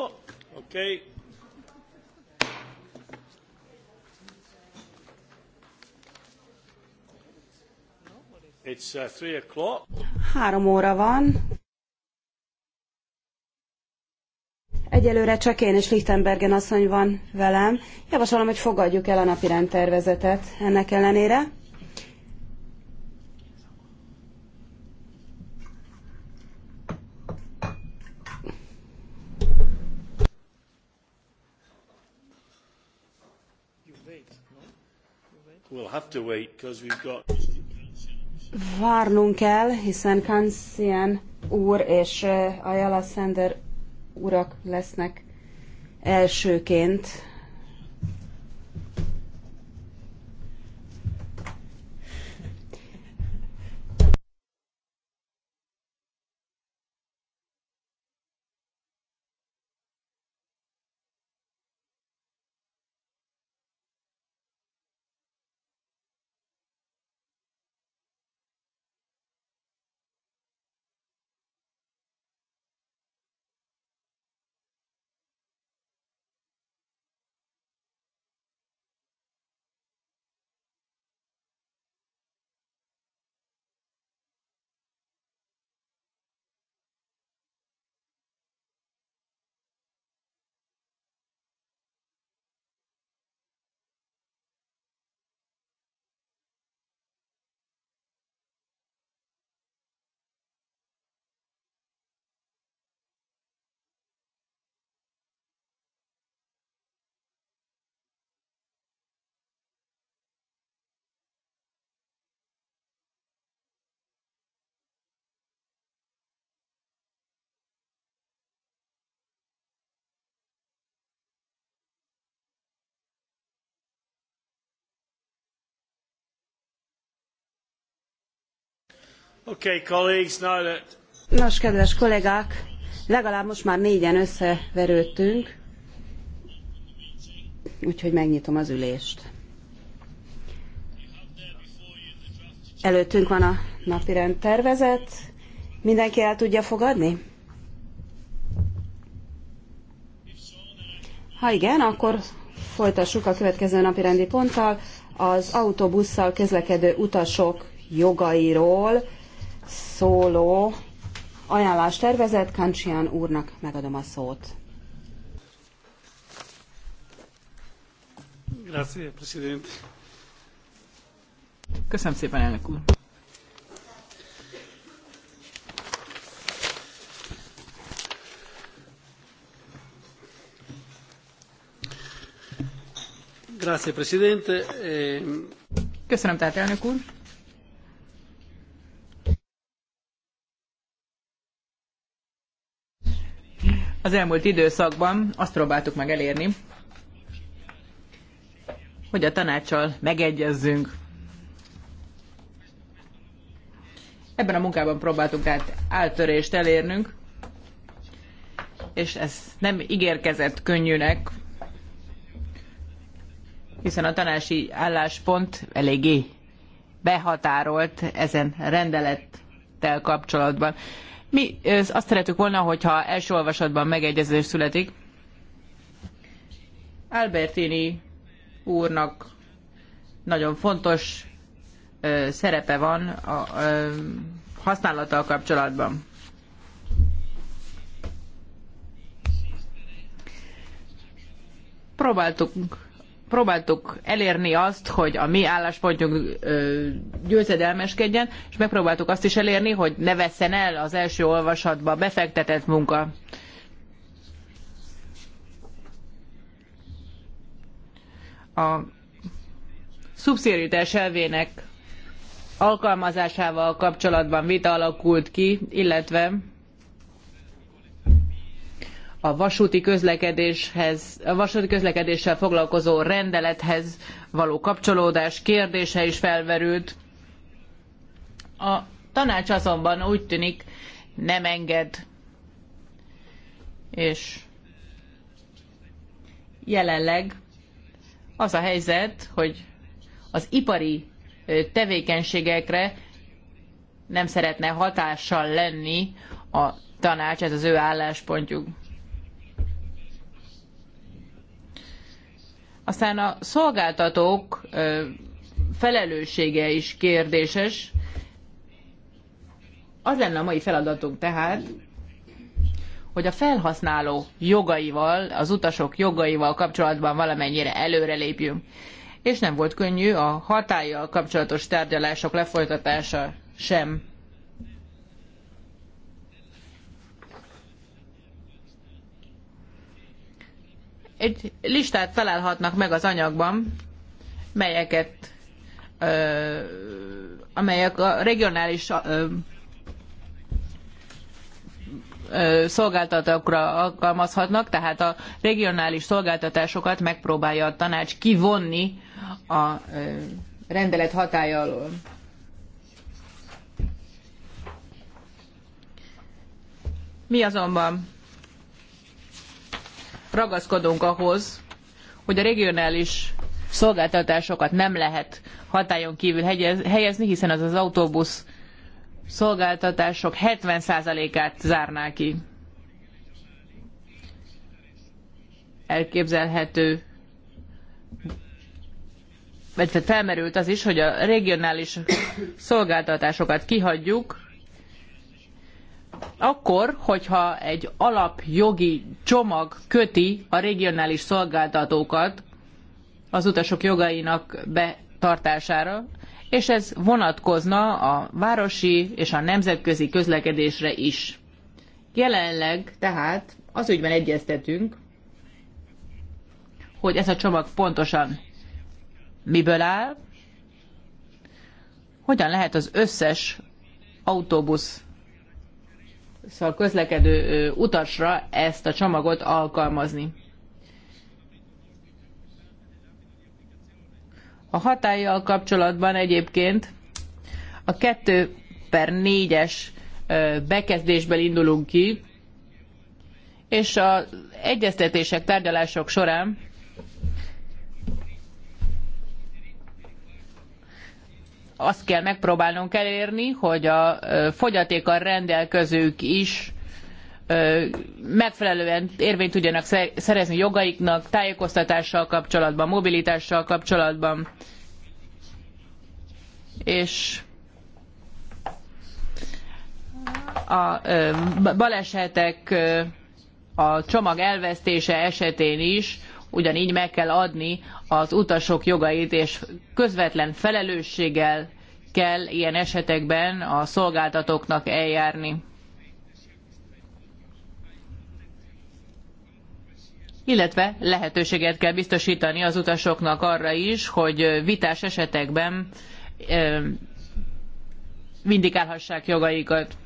Oh, okay. It's uh, three o'clock. Három óra van. Egyelőre csak én és Lichtenbergen asszony van velem. Javasolom, hogy fogadjuk el a napi rendtervezetet ennek ellenére. Várnunk kell, hiszen Kansian úr és eh, Ayala Sender urak lesznek elsőként Nos, kedves kollégák, legalább most már négyen összeverődtünk, úgyhogy megnyitom az ülést. Előttünk van a napirend tervezet. Mindenki el tudja fogadni? Ha igen, akkor folytassuk a következő napirendi ponttal az autóbusszal közlekedő utasok jogairól szóló ajánlás tervezett Kancsián úrnak megadom a szót. Grazie, Presidente. Köszönöm szépen, elnök úr. Grazie, Presidente. Ehm, Köszönöm, tehát elnök úr. az elmúlt időszakban azt próbáltuk meg elérni, hogy a tanácssal megegyezzünk. Ebben a munkában próbáltunk át áltörést elérnünk, és ez nem ígérkezett könnyűnek, hiszen a tanási álláspont eléggé behatárolt ezen rendelettel kapcsolatban. Mi azt szeretük volna, hogyha első olvasatban megegyezés születik. Albertini úrnak nagyon fontos ö, szerepe van a használattal kapcsolatban. Próbáltuk próbáltuk elérni azt, hogy a mi álláspontjunk ö, győzedelmeskedjen, és megpróbáltuk azt is elérni, hogy ne vesszen el az első olvasatba befektetett munka. A szubszidiaritás elvének alkalmazásával kapcsolatban vita alakult ki, illetve a vasúti közlekedéshez, a vasúti közlekedéssel foglalkozó rendelethez való kapcsolódás kérdése is felverült. A tanács azonban úgy tűnik nem enged, és jelenleg az a helyzet, hogy az ipari tevékenységekre nem szeretne hatással lenni a tanács, ez az ő álláspontjuk. Aztán a szolgáltatók felelőssége is kérdéses. Az lenne a mai feladatunk tehát, hogy a felhasználó jogaival, az utasok jogaival kapcsolatban valamennyire előrelépjünk. És nem volt könnyű a hatállyal kapcsolatos tárgyalások lefolytatása sem. Egy listát találhatnak meg az anyagban, melyeket ö, amelyek a regionális ö, ö, szolgáltatókra alkalmazhatnak, tehát a regionális szolgáltatásokat megpróbálja a tanács kivonni a ö, rendelet hatája alól. Mi azonban ragaszkodunk ahhoz, hogy a regionális szolgáltatásokat nem lehet hatályon kívül helyezni, hiszen az az autóbusz szolgáltatások 70%-át zárná ki. Elképzelhető, vagy felmerült az is, hogy a regionális szolgáltatásokat kihagyjuk, akkor, hogyha egy alapjogi csomag köti a regionális szolgáltatókat az utasok jogainak betartására, és ez vonatkozna a városi és a nemzetközi közlekedésre is. Jelenleg tehát az ügyben egyeztetünk, hogy ez a csomag pontosan miből áll, hogyan lehet az összes autóbusz szóval közlekedő utasra ezt a csomagot alkalmazni. A hatállyal kapcsolatban egyébként a 2 per 4-es bekezdésből indulunk ki, és az egyeztetések, tárgyalások során azt kell megpróbálnunk elérni, hogy a fogyatékkal rendelkezők is megfelelően érvényt tudjanak szerezni jogaiknak, tájékoztatással kapcsolatban, mobilitással kapcsolatban. És a balesetek, a csomag elvesztése esetén is ugyanígy meg kell adni az utasok jogait, és közvetlen felelősséggel kell ilyen esetekben a szolgáltatóknak eljárni. illetve lehetőséget kell biztosítani az utasoknak arra is, hogy vitás esetekben vindikálhassák jogaikat.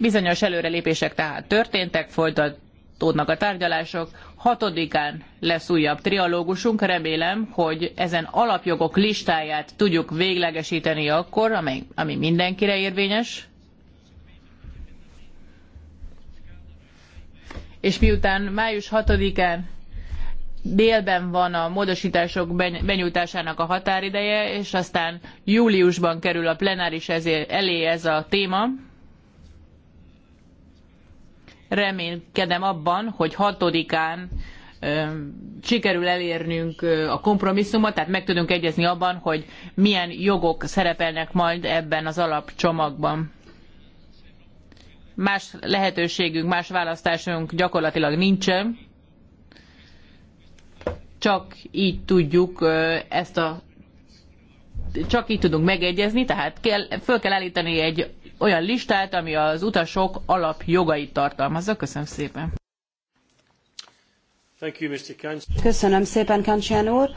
Bizonyos előrelépések tehát történtek, folytatódnak a tárgyalások. Hatodikán lesz újabb trialógusunk, remélem, hogy ezen alapjogok listáját tudjuk véglegesíteni akkor, ami, ami mindenkire érvényes. És miután május 6-án délben van a módosítások benyújtásának a határideje, és aztán júliusban kerül a plenáris elé ez a téma. Reménykedem abban, hogy hatodikán sikerül elérnünk a kompromisszumot, tehát meg tudunk egyezni abban, hogy milyen jogok szerepelnek majd ebben az alapcsomagban. Más lehetőségünk, más választásunk gyakorlatilag nincsen, csak így tudjuk ezt a csak így tudunk megegyezni, tehát kell, föl kell állítani egy olyan listát, ami az utasok alapjogait tartalmazza. Köszönöm szépen. Köszönöm szépen, Kancsán úr.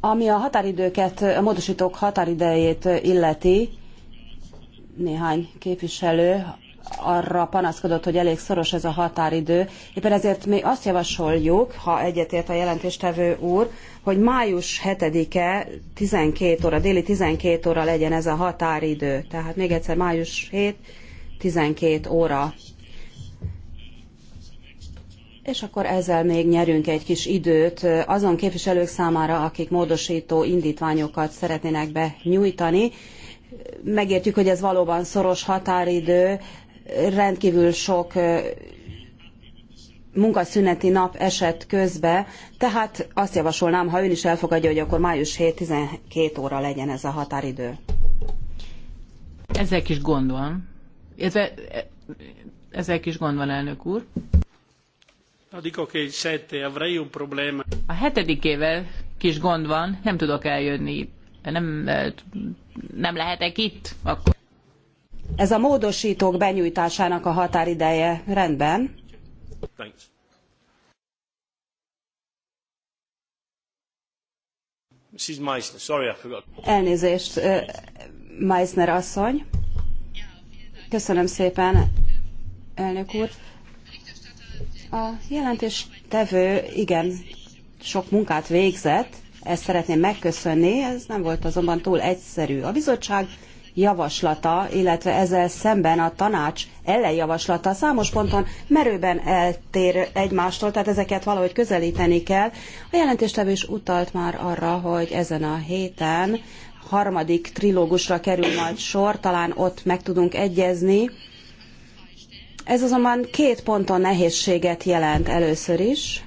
Ami a határidőket, a módosítók határidejét illeti, néhány képviselő arra panaszkodott, hogy elég szoros ez a határidő. Éppen ezért mi azt javasoljuk, ha egyetért a jelentéstevő úr, hogy május 7-e 12 óra, déli 12 óra legyen ez a határidő. Tehát még egyszer május 7, 12 óra. És akkor ezzel még nyerünk egy kis időt azon képviselők számára, akik módosító indítványokat szeretnének benyújtani. Megértjük, hogy ez valóban szoros határidő, rendkívül sok munkaszüneti nap esett közbe, tehát azt javasolnám, ha ön is elfogadja, hogy akkor május 7-12 óra legyen ez a határidő. Ezek is gond van. E, Ezek, is gond van, elnök úr. A hetedikével kis gond van, nem tudok eljönni. Nem, e, nem lehetek itt, akkor ez a módosítók benyújtásának a határideje rendben. Thanks. Mrs. Meissner, sorry, I forgot. Elnézést, Meissner asszony. Köszönöm szépen, elnök úr. A jelentéstevő igen sok munkát végzett, ezt szeretném megköszönni, ez nem volt azonban túl egyszerű. A bizottság javaslata, illetve ezzel szemben a tanács ellenjavaslata számos ponton merőben eltér egymástól, tehát ezeket valahogy közelíteni kell. A jelentéstevő is utalt már arra, hogy ezen a héten harmadik trilógusra kerül majd sor, talán ott meg tudunk egyezni. Ez azonban két ponton nehézséget jelent először is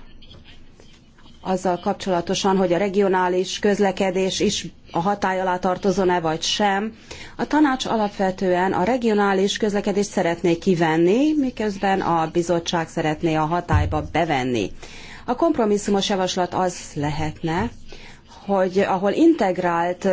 azzal kapcsolatosan, hogy a regionális közlekedés is a hatály alá tartozon-e vagy sem. A tanács alapvetően a regionális közlekedést szeretné kivenni, miközben a bizottság szeretné a hatályba bevenni. A kompromisszumos javaslat az lehetne, hogy ahol integrált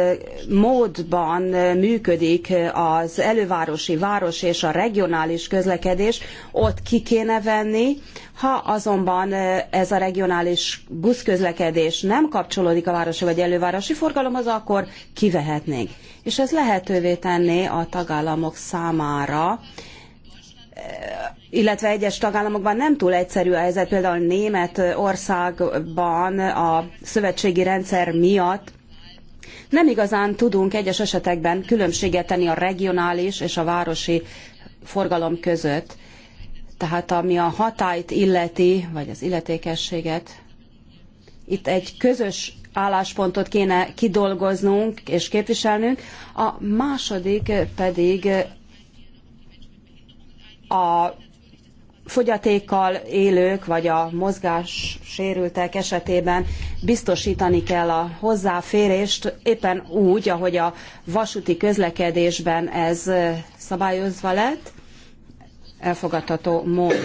módban működik az elővárosi, város és a regionális közlekedés, ott ki kéne venni, ha azonban ez a regionális buszközlekedés nem kapcsolódik a városi vagy elővárosi forgalomhoz, akkor kivehetnénk. És ez lehetővé tenné a tagállamok számára, illetve egyes tagállamokban nem túl egyszerű a helyzet, például Németországban a szövetségi rendszer miatt nem igazán tudunk egyes esetekben különbséget tenni a regionális és a városi forgalom között. Tehát ami a hatályt illeti, vagy az illetékességet, itt egy közös álláspontot kéne kidolgoznunk és képviselnünk, a második pedig a fogyatékkal élők vagy a mozgássérültek esetében biztosítani kell a hozzáférést éppen úgy, ahogy a vasúti közlekedésben ez szabályozva lett elfogadható módon.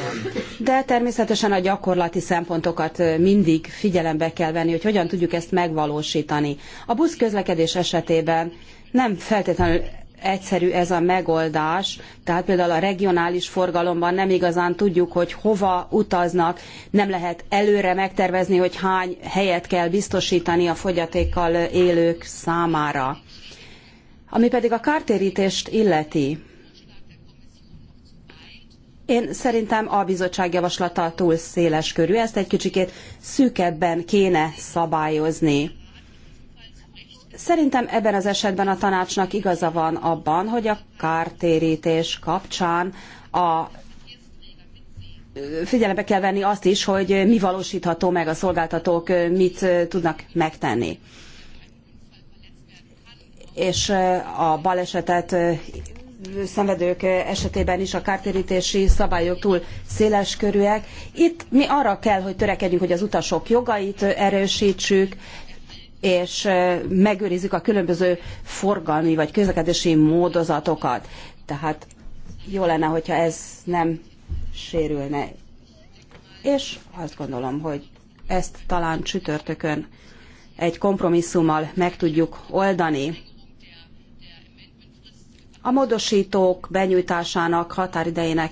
De természetesen a gyakorlati szempontokat mindig figyelembe kell venni, hogy hogyan tudjuk ezt megvalósítani. A buszközlekedés esetében nem feltétlenül egyszerű ez a megoldás, tehát például a regionális forgalomban nem igazán tudjuk, hogy hova utaznak, nem lehet előre megtervezni, hogy hány helyet kell biztosítani a fogyatékkal élők számára. Ami pedig a kártérítést illeti, én szerintem a bizottság javaslata túl széles körű, ezt egy kicsikét szűkebben kéne szabályozni Szerintem ebben az esetben a tanácsnak igaza van abban, hogy a kártérítés kapcsán a figyelembe kell venni azt is, hogy mi valósítható meg a szolgáltatók, mit tudnak megtenni. És a balesetet szenvedők esetében is a kártérítési szabályok túl széles körűek. Itt mi arra kell, hogy törekedjünk, hogy az utasok jogait erősítsük, és megőrizzük a különböző forgalmi vagy közlekedési módozatokat. Tehát jó lenne, hogyha ez nem sérülne. És azt gondolom, hogy ezt talán csütörtökön egy kompromisszummal meg tudjuk oldani. A módosítók benyújtásának határidejének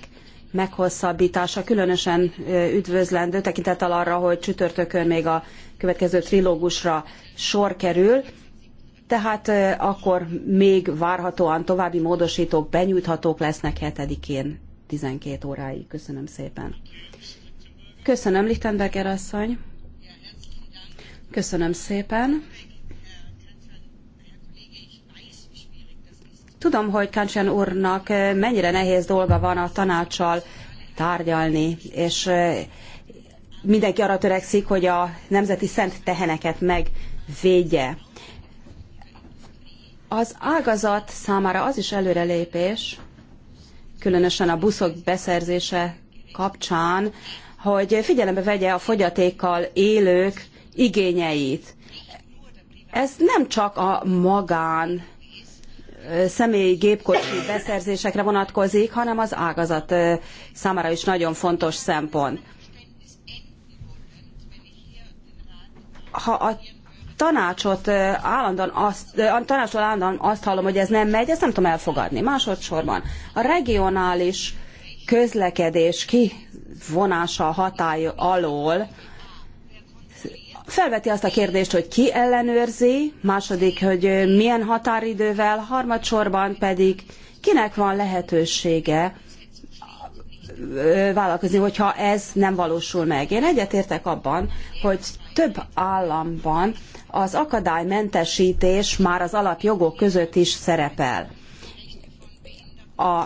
meghosszabbítása különösen üdvözlendő tekintettel arra, hogy csütörtökön még a következő trilógusra sor kerül, tehát akkor még várhatóan további módosítók benyújthatók lesznek hetedikén én 12 óráig. Köszönöm szépen. Köszönöm, Lichtenberger asszony. Köszönöm szépen. Tudom, hogy Kancsen úrnak mennyire nehéz dolga van a tanácssal tárgyalni, és mindenki arra törekszik, hogy a nemzeti szent teheneket megvédje. Az ágazat számára az is előrelépés, különösen a buszok beszerzése kapcsán, hogy figyelembe vegye a fogyatékkal élők igényeit. Ez nem csak a magán személyi gépkocsi beszerzésekre vonatkozik, hanem az ágazat számára is nagyon fontos szempont. ha a tanácsot állandóan azt, a tanácsot állandóan azt hallom, hogy ez nem megy, ezt nem tudom elfogadni. Másodszorban a regionális közlekedés kivonása a hatály alól felveti azt a kérdést, hogy ki ellenőrzi, második, hogy milyen határidővel, harmadsorban pedig kinek van lehetősége vállalkozni, hogyha ez nem valósul meg. Én egyetértek abban, hogy több államban az akadálymentesítés már az alapjogok között is szerepel a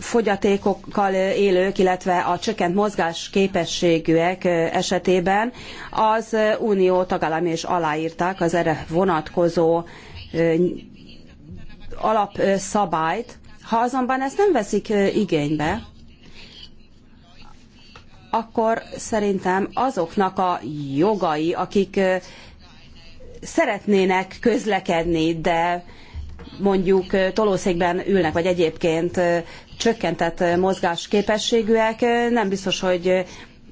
fogyatékokkal élők, illetve a csökkent mozgásképességűek esetében az unió tagállami is aláírták az erre vonatkozó alapszabályt. Ha azonban ezt nem veszik igénybe, akkor szerintem azoknak a jogai, akik szeretnének közlekedni, de mondjuk tolószékben ülnek, vagy egyébként csökkentett mozgásképességűek, nem biztos, hogy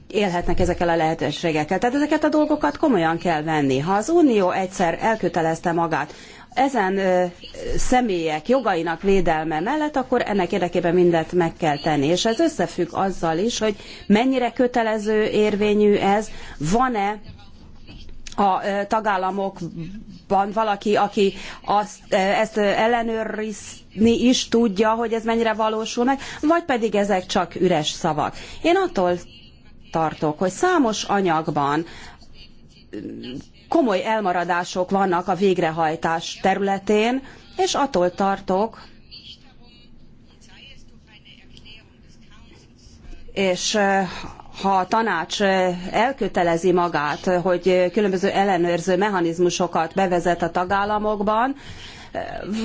élhetnek ezekkel a lehetőségekkel. Tehát ezeket a dolgokat komolyan kell venni. Ha az Unió egyszer elkötelezte magát ezen személyek jogainak védelme mellett, akkor ennek érdekében mindent meg kell tenni. És ez összefügg azzal is, hogy mennyire kötelező érvényű ez, van-e a tagállamokban valaki, aki azt, ezt ellenőrizni is tudja, hogy ez mennyire valósul meg, vagy pedig ezek csak üres szavak. Én attól tartok, hogy számos anyagban komoly elmaradások vannak a végrehajtás területén, és attól tartok, és eh, ha a tanács eh, elkötelezi magát, eh, hogy különböző ellenőrző mechanizmusokat bevezet a tagállamokban,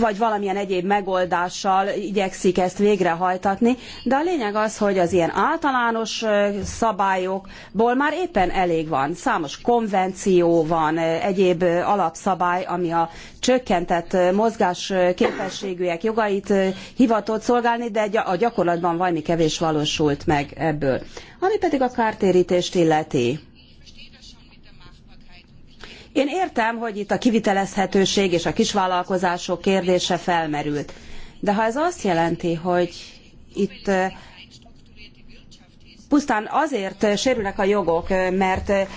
vagy valamilyen egyéb megoldással igyekszik ezt végrehajtatni, de a lényeg az, hogy az ilyen általános szabályokból már éppen elég van. Számos konvenció van, egyéb alapszabály, ami a csökkentett mozgás képességűek jogait hivatott szolgálni, de a gyakorlatban valami kevés valósult meg ebből. Ami pedig a kártérítést illeti én értem, hogy itt a kivitelezhetőség és a kisvállalkozások kérdése felmerült. De ha ez azt jelenti, hogy itt eh, pusztán azért sérülnek a jogok, eh, mert eh,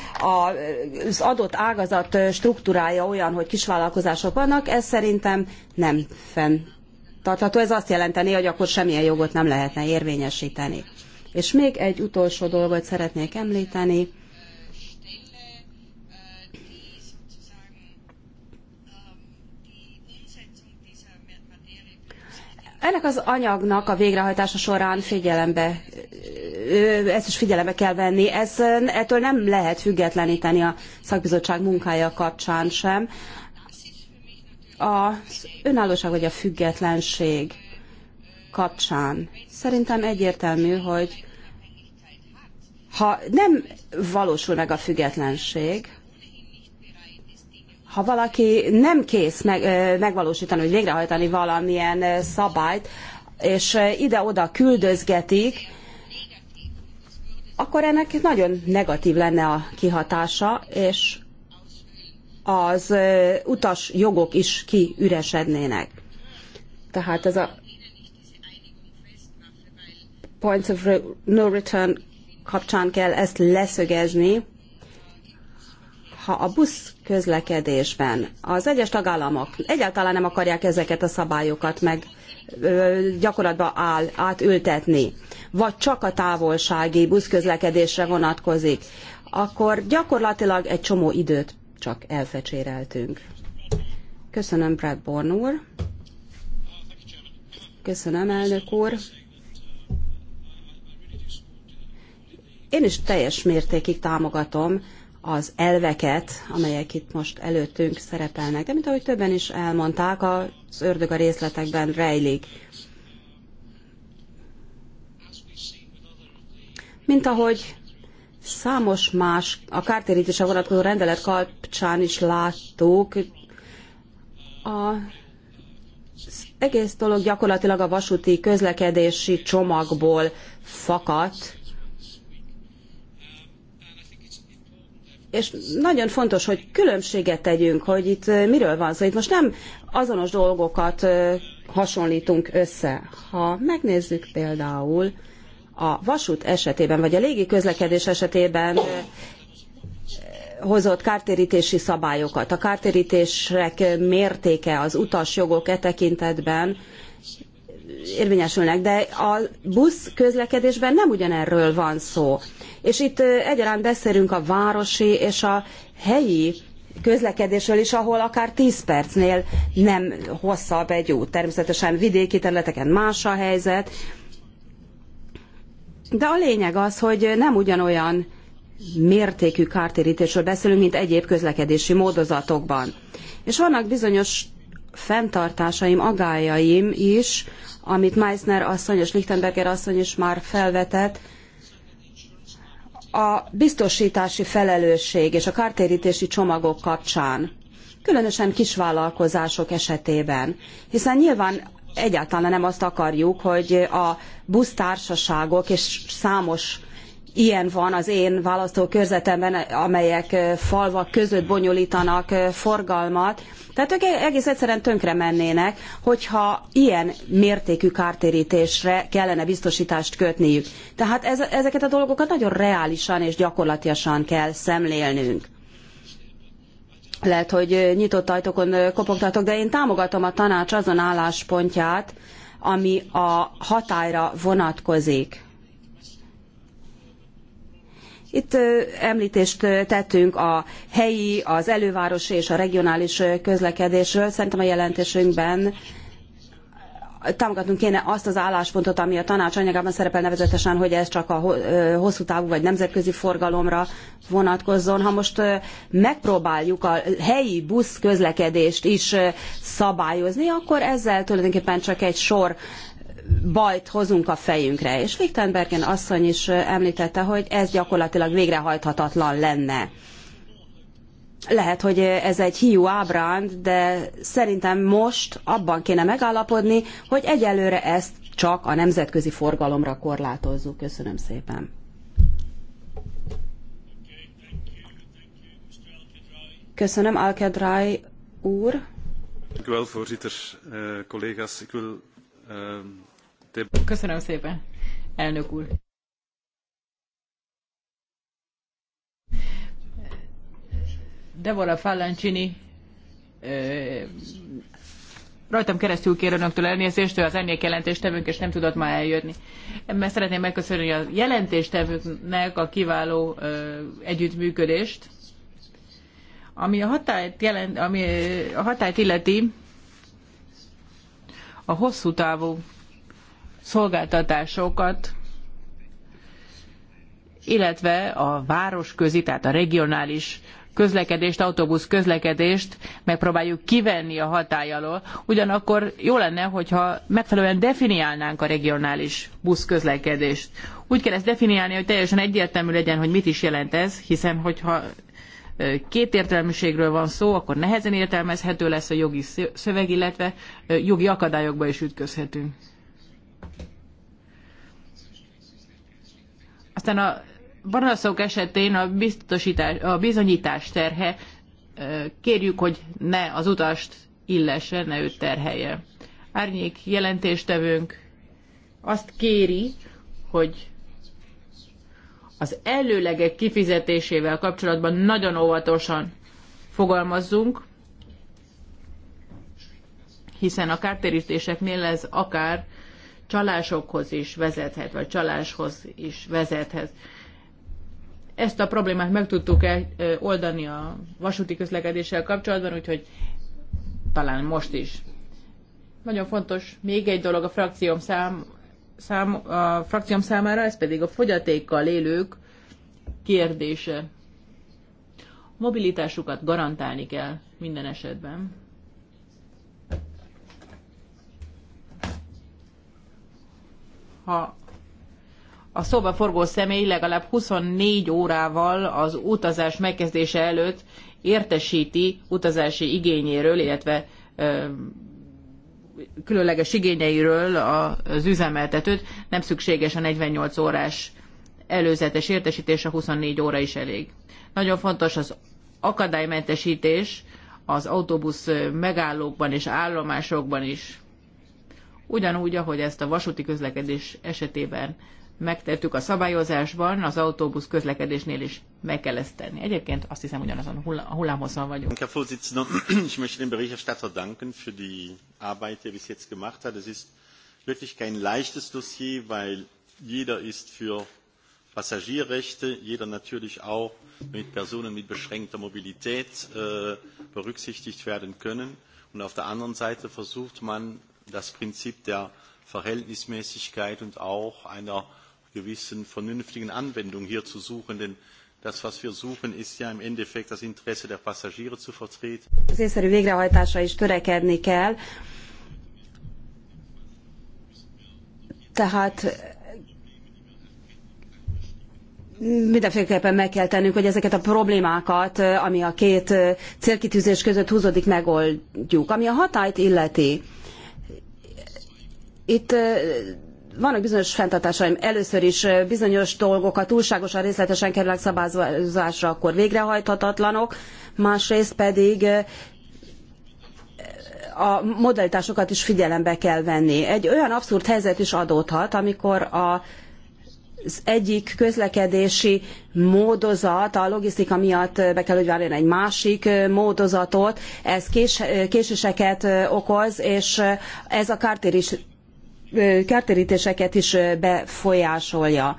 az adott ágazat struktúrája olyan, hogy kisvállalkozások vannak, ez szerintem nem fenntartható. Ez azt jelenteni, hogy akkor semmilyen jogot nem lehetne érvényesíteni. És még egy utolsó dolgot szeretnék említeni. Ennek az anyagnak a végrehajtása során figyelembe, ezt is figyelembe kell venni. Ez, ettől nem lehet függetleníteni a szakbizottság munkája kapcsán sem. Az önállóság vagy a függetlenség kapcsán szerintem egyértelmű, hogy ha nem valósul meg a függetlenség, ha valaki nem kész meg, megvalósítani, vagy végrehajtani valamilyen szabályt, és ide-oda küldözgetik, akkor ennek nagyon negatív lenne a kihatása, és az utas jogok is kiüresednének. Tehát ez a points of no return kapcsán kell ezt leszögezni, ha a busz közlekedésben az egyes tagállamok egyáltalán nem akarják ezeket a szabályokat meg gyakorlatba áll, átültetni, vagy csak a távolsági buszközlekedésre vonatkozik, akkor gyakorlatilag egy csomó időt csak elfecséreltünk. Köszönöm, Brad úr. Köszönöm, elnök úr. Én is teljes mértékig támogatom az elveket, amelyek itt most előttünk szerepelnek. De mint ahogy többen is elmondták, az ördög a részletekben rejlik. Mint ahogy számos más, a kártérítése vonatkozó rendelet kapcsán is láttuk, a egész dolog gyakorlatilag a vasúti közlekedési csomagból fakadt, és nagyon fontos, hogy különbséget tegyünk, hogy itt miről van szó. Itt most nem azonos dolgokat hasonlítunk össze. Ha megnézzük például a vasút esetében, vagy a légi közlekedés esetében hozott kártérítési szabályokat, a kártérítések mértéke, az utasjogok e tekintetben, érvényesülnek, de a busz közlekedésben nem ugyanerről van szó. És itt egyaránt beszélünk a városi és a helyi közlekedésről is, ahol akár 10 percnél nem hosszabb egy út. Természetesen vidéki területeken más a helyzet, de a lényeg az, hogy nem ugyanolyan mértékű kártérítésről beszélünk, mint egyéb közlekedési módozatokban. És vannak bizonyos fenntartásaim, agályaim is amit Meissner asszony és Lichtenberger asszony is már felvetett, a biztosítási felelősség és a kártérítési csomagok kapcsán, különösen kisvállalkozások esetében, hiszen nyilván egyáltalán nem azt akarjuk, hogy a busztársaságok és számos ilyen van az én választókörzetemben, amelyek falvak között bonyolítanak eh, forgalmat, tehát ők e- egész egyszerűen tönkre mennének, hogyha ilyen mértékű kártérítésre kellene biztosítást kötniük. Tehát ez, ezeket a dolgokat nagyon reálisan és gyakorlatiasan kell szemlélnünk lehet, hogy nyitott ajtókon kopogtatok, de én támogatom a tanács azon álláspontját, ami a hatályra vonatkozik. Itt említést tettünk a helyi, az elővárosi és a regionális közlekedésről. Szerintem a jelentésünkben támogatnunk kéne azt az álláspontot, ami a tanács anyagában szerepel nevezetesen, hogy ez csak a hosszú távú vagy nemzetközi forgalomra vonatkozzon. Ha most megpróbáljuk a helyi busz közlekedést is szabályozni, akkor ezzel tulajdonképpen csak egy sor bajt hozunk a fejünkre. És Lichtenbergen asszony is említette, hogy ez gyakorlatilag végrehajthatatlan lenne. Lehet, hogy ez egy hiú ábránd, de szerintem most abban kéne megállapodni, hogy egyelőre ezt csak a nemzetközi forgalomra korlátozzuk. Köszönöm szépen. Köszönöm, Alkedráj úr. Köszönöm, voorzitter. Eh, collega's, ik wil eh, Köszönöm szépen, elnök úr. Deborah Fallancini rajtam keresztül kér önöktől elnézést, ő az ennél jelentéstevőnk, és nem tudott ma eljönni. Mert szeretném megköszönni a jelentéstevőknek a kiváló ö, együttműködést. Ami a hatályt, jelent, ami a hatályt illeti, a hosszú távú szolgáltatásokat, illetve a városközi, tehát a regionális közlekedést, autóbusz közlekedést megpróbáljuk kivenni a hatály alól. Ugyanakkor jó lenne, hogyha megfelelően definiálnánk a regionális buszközlekedést. Úgy kell ezt definiálni, hogy teljesen egyértelmű legyen, hogy mit is jelent ez, hiszen hogyha kétértelműségről van szó, akkor nehezen értelmezhető lesz a jogi szöveg, illetve jogi akadályokba is ütközhetünk. Aztán a panaszok esetén a, biztosítás, a bizonyítás terhe, kérjük, hogy ne az utast illesse, ne őt terhelje. Árnyék jelentéstevőnk azt kéri, hogy az előlegek kifizetésével kapcsolatban nagyon óvatosan fogalmazzunk, hiszen a kártérítéseknél ez akár csalásokhoz is vezethet, vagy csaláshoz is vezethet. Ezt a problémát meg tudtuk oldani a vasúti közlekedéssel kapcsolatban, úgyhogy talán most is. Nagyon fontos még egy dolog a frakcióm, szám, szám, a frakcióm számára, ez pedig a fogyatékkal élők kérdése. Mobilitásukat garantálni kell minden esetben. ha a szóba forgó személy legalább 24 órával az utazás megkezdése előtt értesíti utazási igényéről, illetve ö, különleges igényeiről az üzemeltetőt. Nem szükséges a 48 órás előzetes értesítés, a 24 óra is elég. Nagyon fontos az akadálymentesítés az autóbusz megállókban és állomásokban is ugyanúgy, ahogy ezt a vasúti közlekedés esetében megtettük a szabályozásban, az autóbusz közlekedésnél is meg kell ezt tenni. Egyébként azt hiszem ugyanazon a hullámhosszon vagyunk. Herr Vorsitzender, ich möchte dem Berichterstatter danken für die Arbeit, die er bis jetzt gemacht hat. Es ist wirklich kein leichtes Dossier, weil jeder ist für Passagierrechte, jeder natürlich auch mit Personen mit beschränkter Mobilität äh, berücksichtigt werden können. Und auf der anderen Seite versucht man das Prinzip der Verhältnismäßigkeit und auch einer gewissen vernünftigen Anwendung hier zu suchen, denn das, was wir suchen, ist ja im Endeffekt das Interesse der Passagiere zu vertreten. Az észszerű végrehajtásra is törekedni kell. Tehát eh, mindenféleképpen meg kell tennünk, hogy ezeket a problémákat, eh, ami a két eh, célkitűzés között húzódik, megoldjuk. Ami a hatályt illeti, itt vannak bizonyos fenntartásaim. Először is bizonyos dolgok a túlságosan részletesen kerülnek szabályozásra, akkor végrehajthatatlanok, másrészt pedig a modalitásokat is figyelembe kell venni. Egy olyan abszurd helyzet is adódhat, amikor a az egyik közlekedési módozat a logisztika miatt be kell, hogy várjon egy másik módozatot, ez kés, késéseket okoz, és ez a kártér is kártérítéseket is befolyásolja.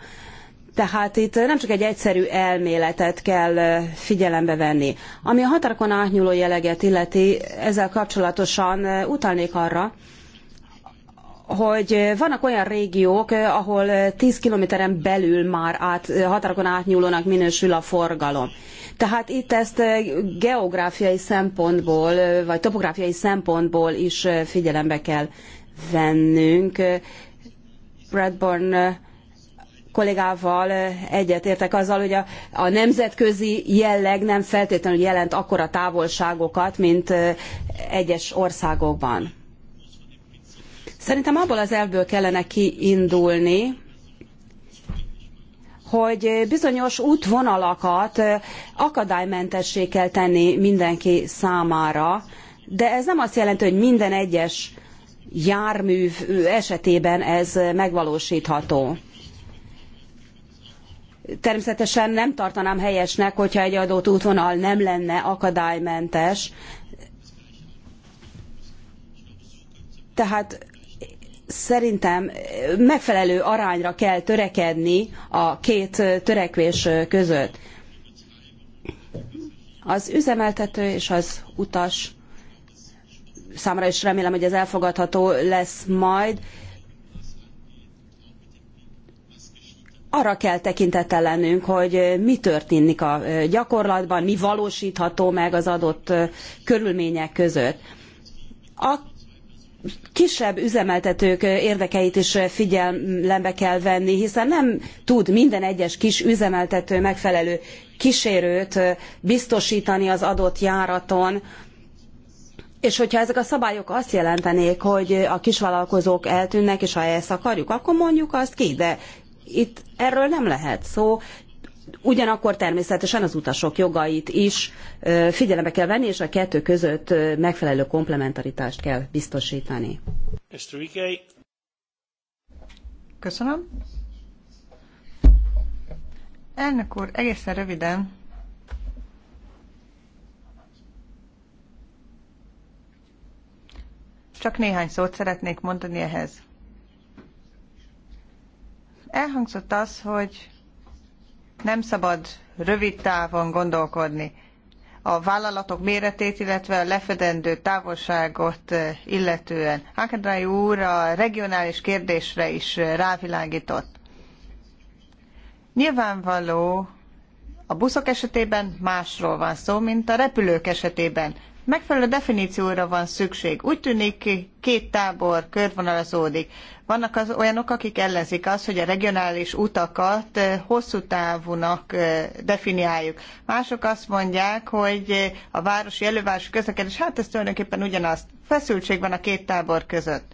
Tehát itt nem csak egy egyszerű elméletet kell figyelembe venni. Ami a határokon átnyúló jelleget illeti, ezzel kapcsolatosan utalnék arra, hogy vannak olyan régiók, ahol 10 kilométeren belül már át, határokon átnyúlónak minősül a forgalom. Tehát itt ezt geográfiai szempontból, vagy topográfiai szempontból is figyelembe kell vennünk. Bradburn kollégával egyetértek azzal, hogy a, a, nemzetközi jelleg nem feltétlenül jelent akkora távolságokat, mint egyes országokban. Szerintem abból az elvből kellene kiindulni, hogy bizonyos útvonalakat akadálymentessé kell tenni mindenki számára, de ez nem azt jelenti, hogy minden egyes jármű esetében ez megvalósítható. Természetesen nem tartanám helyesnek, hogyha egy adott útvonal nem lenne akadálymentes. Tehát szerintem megfelelő arányra kell törekedni a két törekvés között. Az üzemeltető és az utas számára is remélem, hogy ez elfogadható lesz majd. Arra kell tekintettel lennünk, hogy mi történik a gyakorlatban, mi valósítható meg az adott körülmények között. A kisebb üzemeltetők érdekeit is figyelembe kell venni, hiszen nem tud minden egyes kis üzemeltető megfelelő kísérőt biztosítani az adott járaton, és hogyha ezek a szabályok azt jelentenék, hogy a kisvállalkozók eltűnnek, és ha ezt akarjuk, akkor mondjuk azt ki, de itt erről nem lehet szó. Ugyanakkor természetesen az utasok jogait is figyelembe kell venni, és a kettő között megfelelő komplementaritást kell biztosítani. Köszönöm. Elnök úr, egészen röviden Csak néhány szót szeretnék mondani ehhez. Elhangzott az, hogy nem szabad rövid távon gondolkodni. A vállalatok méretét, illetve a lefedendő távolságot eh, illetően. Hákedrai úr a regionális kérdésre is eh, rávilágított. Nyilvánvaló, a buszok esetében másról van szó, mint a repülők esetében. Megfelelő definícióra van szükség. Úgy tűnik, két tábor körvonalazódik. Vannak az olyanok, akik ellenzik azt, hogy a regionális utakat eh, hosszú távúnak eh, definiáljuk. Mások azt mondják, hogy eh, a városi elővárosi közlekedés, hát ez tulajdonképpen ugyanaz. Feszültség van a két tábor között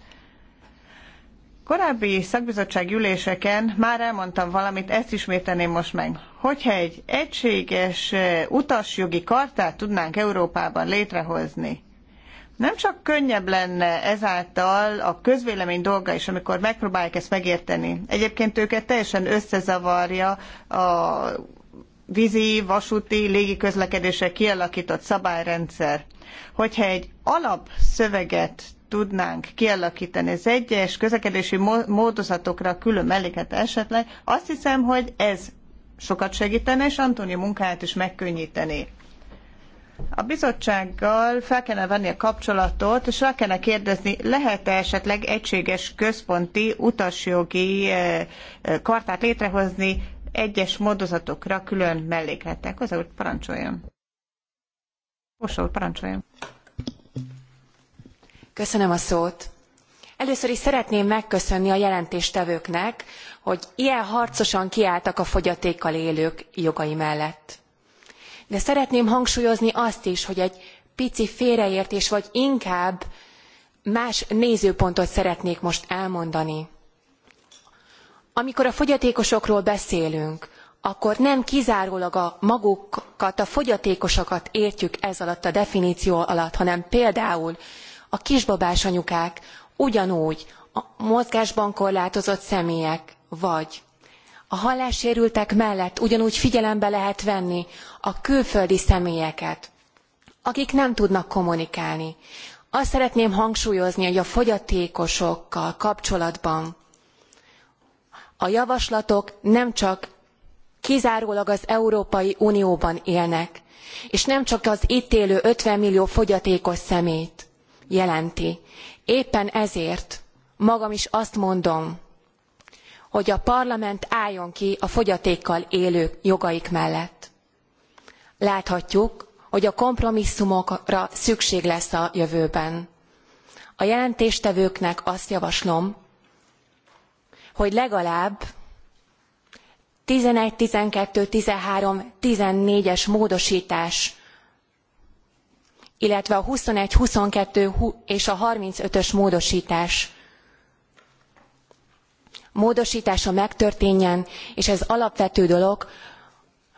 korábbi szakbizottsági üléseken már elmondtam valamit, ezt ismételném most meg. Hogyha egy egységes eh, utasjogi kartát tudnánk Európában létrehozni, nem csak könnyebb lenne ezáltal a közvélemény dolga is, amikor megpróbálják ezt megérteni. Egyébként őket teljesen összezavarja a vízi, vasúti, légiközlekedése kialakított szabályrendszer. Hogyha egy alapszöveget tudnánk kialakítani az egyes közlekedési módozatokra külön melléket esetleg, azt hiszem, hogy ez sokat segítene, és Antónia munkáját is megkönnyíteni. A bizottsággal fel kellene venni a kapcsolatot, és fel kellene kérdezni, lehet-e esetleg egységes központi utasjogi eh, eh, kartát létrehozni egyes módozatokra külön mellékletek? Az úr parancsoljon. Osol, parancsoljon. Köszönöm a szót. Először is szeretném megköszönni a jelentéstevőknek, hogy ilyen harcosan kiálltak a fogyatékkal élők jogai mellett. De szeretném hangsúlyozni azt is, hogy egy pici félreértés, vagy inkább más nézőpontot szeretnék most elmondani. Amikor a fogyatékosokról beszélünk, akkor nem kizárólag a magukat, a fogyatékosokat értjük ez alatt a definíció alatt, hanem például a kisbabás anyukák ugyanúgy a mozgásban korlátozott személyek vagy a hallássérültek mellett ugyanúgy figyelembe lehet venni a külföldi személyeket akik nem tudnak kommunikálni. azt szeretném hangsúlyozni hogy a fogyatékosokkal kapcsolatban a javaslatok nem csak kizárólag az európai unióban élnek és nem csak az itt élő fifty millió fogyatékos személyt jelenti. Éppen ezért magam is azt mondom, hogy a parlament álljon ki a fogyatékkal élők jogaik mellett. Láthatjuk, hogy a kompromisszumokra szükség lesz a jövőben. A jelentéstevőknek azt javaslom, hogy legalább 11, 12, 13, 14-es módosítás illetve a twenty one twenty two és a thirty five ös módostás módostása megtörténjen és ez alapvető dolog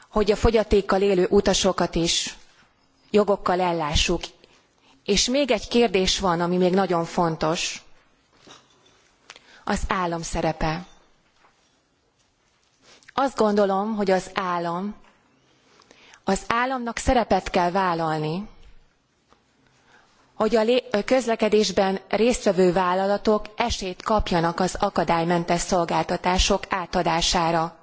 hogy a fogyatékkal élő utasokat is jogokkal ellássuk. és még egy kérdés van ami még nagyon fontos az állam szerepe. Azt gondolom, hogy az állam, az államnak szerepet kell vállalni hogy a közlekedésben résztvevő vállalatok esélyt kapjanak az akadálymentes szolgáltatások átadására.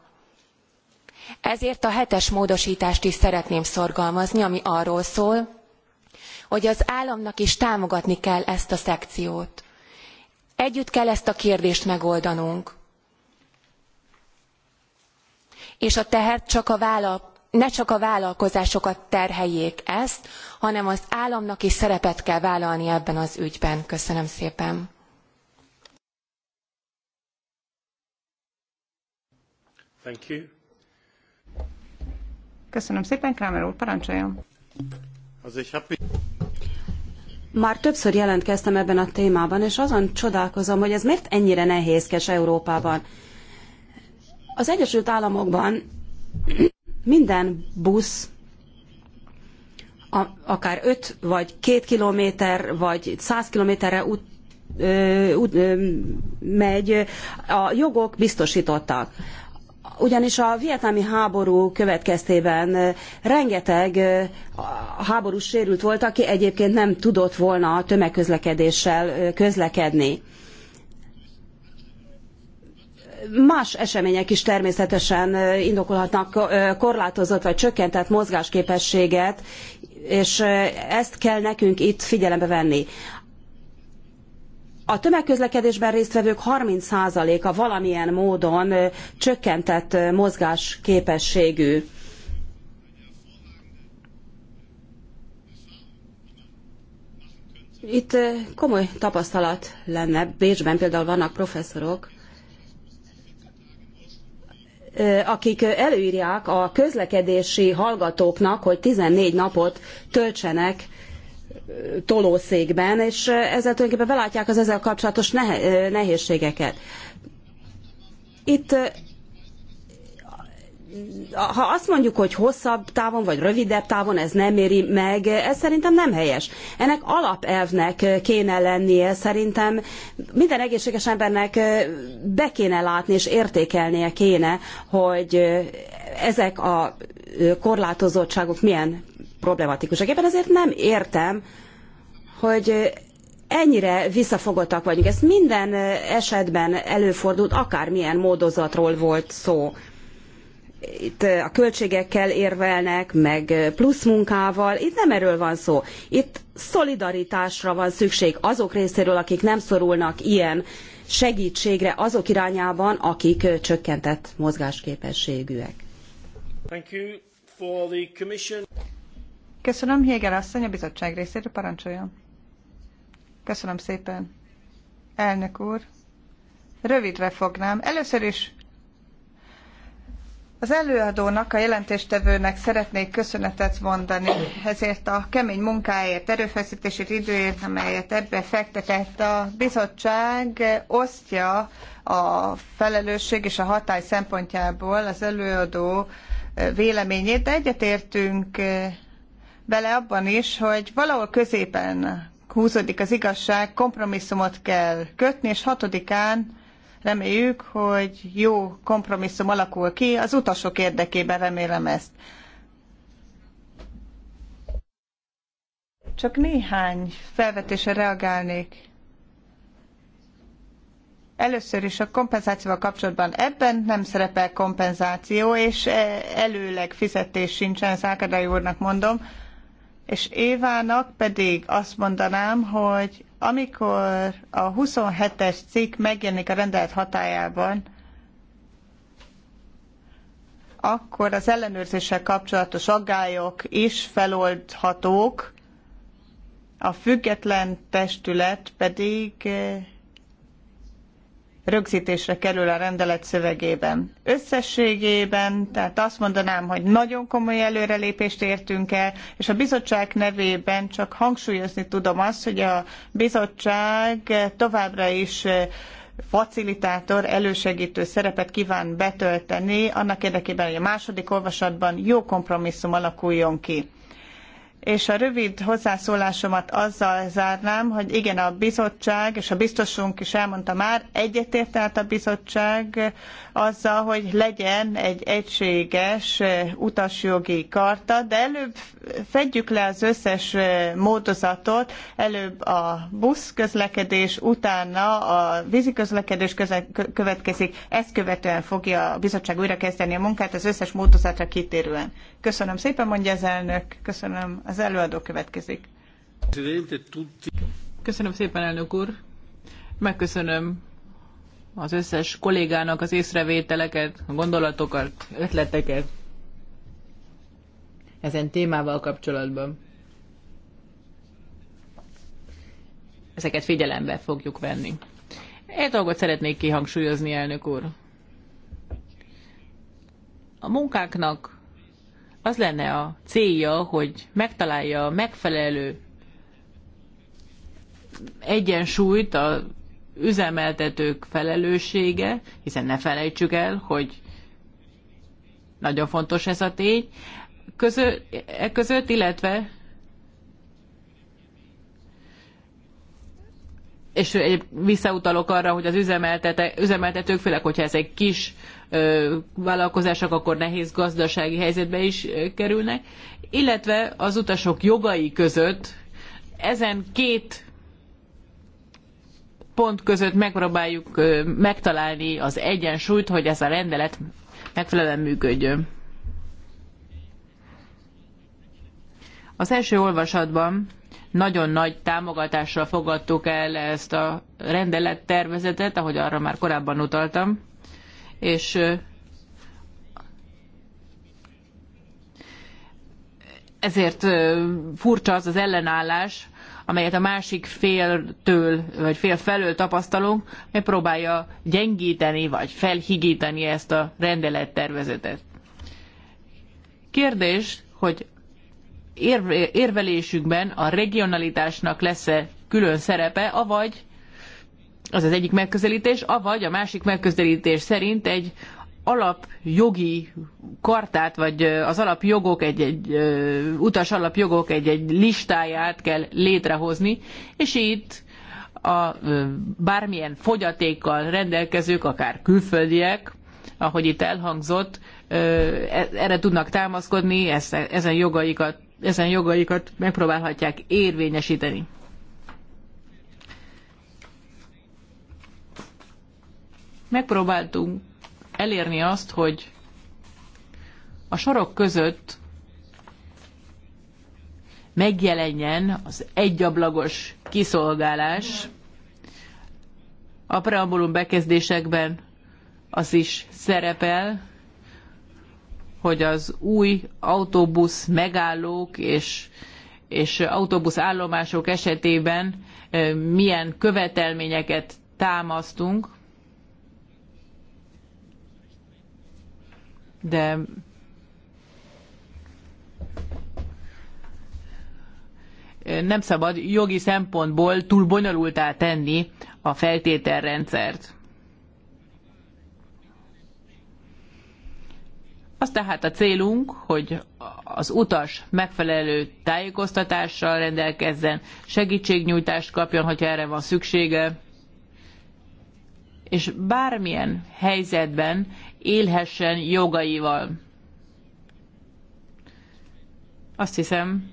Ezért a hetes módosítást is szeretném szorgalmazni, ami arról szól, hogy az államnak is támogatni kell ezt a szekciót. Együtt kell ezt a kérdést megoldanunk. És a teher csak a vállal ne csak a vállalkozásokat terheljék ezt, hanem az államnak is szerepet kell vállalni ebben az ügyben. Köszönöm szépen. Thank you. Köszönöm szépen, Kramer úr, parancsoljon. Már többször jelentkeztem ebben a témában, és azon csodálkozom, hogy ez miért ennyire nehézkes Európában. Az Egyesült Államokban minden busz akár 5 vagy 2 kilométer, vagy 100 kilométerre út, megy, a jogok biztosítottak. Ugyanis a vietnámi háború következtében rengeteg háborús sérült volt, aki egyébként nem tudott volna tömegközlekedéssel közlekedni. Más események is természetesen indokolhatnak korlátozott vagy csökkentett mozgásképességet, és ezt kell nekünk itt figyelembe venni. A tömegközlekedésben résztvevők 30%-a valamilyen módon csökkentett mozgásképességű. Itt komoly tapasztalat lenne. Bécsben például vannak professzorok, akik előírják a közlekedési hallgatóknak, hogy 14 napot töltsenek tolószékben, és ezzel tulajdonképpen belátják az ezzel kapcsolatos nehézségeket. Itt ha azt mondjuk, hogy hosszabb távon vagy rövidebb távon ez nem éri meg, ez szerintem nem helyes. Ennek alapelvnek kéne lennie, szerintem minden egészséges embernek be kéne látni és értékelnie kéne, hogy ezek a korlátozottságok milyen problematikusak. Éppen ezért nem értem, hogy ennyire visszafogottak vagyunk. Ez minden esetben előfordult, akármilyen módozatról volt szó itt a költségekkel érvelnek, meg plusz munkával. Itt nem erről van szó. Itt szolidaritásra van szükség azok részéről, akik nem szorulnak ilyen segítségre azok irányában, akik csökkentett mozgásképességűek. Köszönöm, Hégel asszony, a bizottság részéről parancsoljon. Köszönöm szépen. Elnök úr, rövidre fognám. Először is az előadónak, a jelentéstevőnek szeretnék köszönetet mondani ezért a kemény munkáért, erőfeszítését, időért, amelyet ebbe fektetett. A bizottság osztja a felelősség és a hatály szempontjából az előadó véleményét, de egyetértünk bele abban is, hogy valahol középen húzódik az igazság, kompromisszumot kell kötni, és hatodikán Reméljük, hogy jó kompromisszum alakul ki, az utasok érdekében remélem ezt. Csak néhány felvetésre reagálnék. Először is a kompenzációval kapcsolatban ebben nem szerepel kompenzáció, és e, előleg fizetés sincsen, Szákadály úrnak mondom, és Évának pedig azt mondanám, hogy amikor a 27-es cikk megjelenik a rendelet hatájában, akkor az ellenőrzéssel kapcsolatos aggályok is feloldhatók, a független testület pedig rögzítésre kerül a rendelet szövegében. Összességében, tehát azt mondanám, hogy nagyon komoly előrelépést értünk el, és a bizottság nevében csak hangsúlyozni tudom azt, hogy a bizottság továbbra is eh, facilitátor, elősegítő szerepet kíván betölteni, annak érdekében, hogy a második olvasatban jó kompromisszum alakuljon ki és a rövid hozzászólásomat azzal zárnám, hogy igen, a bizottság, és a biztosunk is elmondta már, egyetért a bizottság azzal, hogy legyen egy egységes utasjogi karta, de előbb fedjük le az összes módozatot, előbb a buszközlekedés, utána a közlekedés következik, ezt követően fogja a bizottság újrakezdeni a munkát az összes módozatra kitérően. Köszönöm szépen, mondja az elnök, köszönöm az az előadó következik. Köszönöm szépen, elnök úr. Megköszönöm az összes kollégának az észrevételeket, a gondolatokat, ötleteket ezen témával kapcsolatban. Ezeket figyelembe fogjuk venni. Egy dolgot szeretnék kihangsúlyozni, elnök úr. A munkáknak az lenne a célja, hogy megtalálja a megfelelő egyensúlyt a üzemeltetők felelőssége, hiszen ne felejtsük el, hogy nagyon fontos ez a tény, közö, e között, illetve és visszautalok arra, hogy az üzemeltetők, főleg hogyha egy kis vállalkozások akkor nehéz gazdasági helyzetbe is kerülnek, illetve az utasok jogai között ezen két pont között megpróbáljuk megtalálni az egyensúlyt, hogy ez a rendelet megfelelően működjön. Az első olvasatban nagyon nagy támogatással fogadtuk el ezt a rendelettervezetet, ahogy arra már korábban utaltam és ezért furcsa az az ellenállás, amelyet a másik féltől, vagy fél felől tapasztalunk, mely próbálja gyengíteni, vagy felhigíteni ezt a rendelettervezetet. Kérdés, hogy érvelésükben a regionalitásnak lesz-e külön szerepe, avagy az az egyik megközelítés, avagy a másik megközelítés szerint egy alapjogi kartát, vagy az alapjogok, egy, egy utas alapjogok egy, egy listáját kell létrehozni, és itt a bármilyen fogyatékkal rendelkezők, akár külföldiek, ahogy itt elhangzott, e, erre tudnak támaszkodni, ezen jogaikat, ezen jogaikat megpróbálhatják érvényesíteni. megpróbáltunk elérni azt, hogy a sorok között megjelenjen az egyablagos kiszolgálás. A preambulum bekezdésekben az is szerepel, hogy az új autóbusz megállók és, és autóbusz állomások esetében eh, milyen követelményeket támasztunk. de nem szabad jogi szempontból túl bonyolultá tenni a feltételrendszert. Az tehát a célunk, hogy az utas megfelelő tájékoztatással rendelkezzen, segítségnyújtást kapjon, hogyha erre van szüksége, és bármilyen helyzetben élhessen jogaival. Azt hiszem,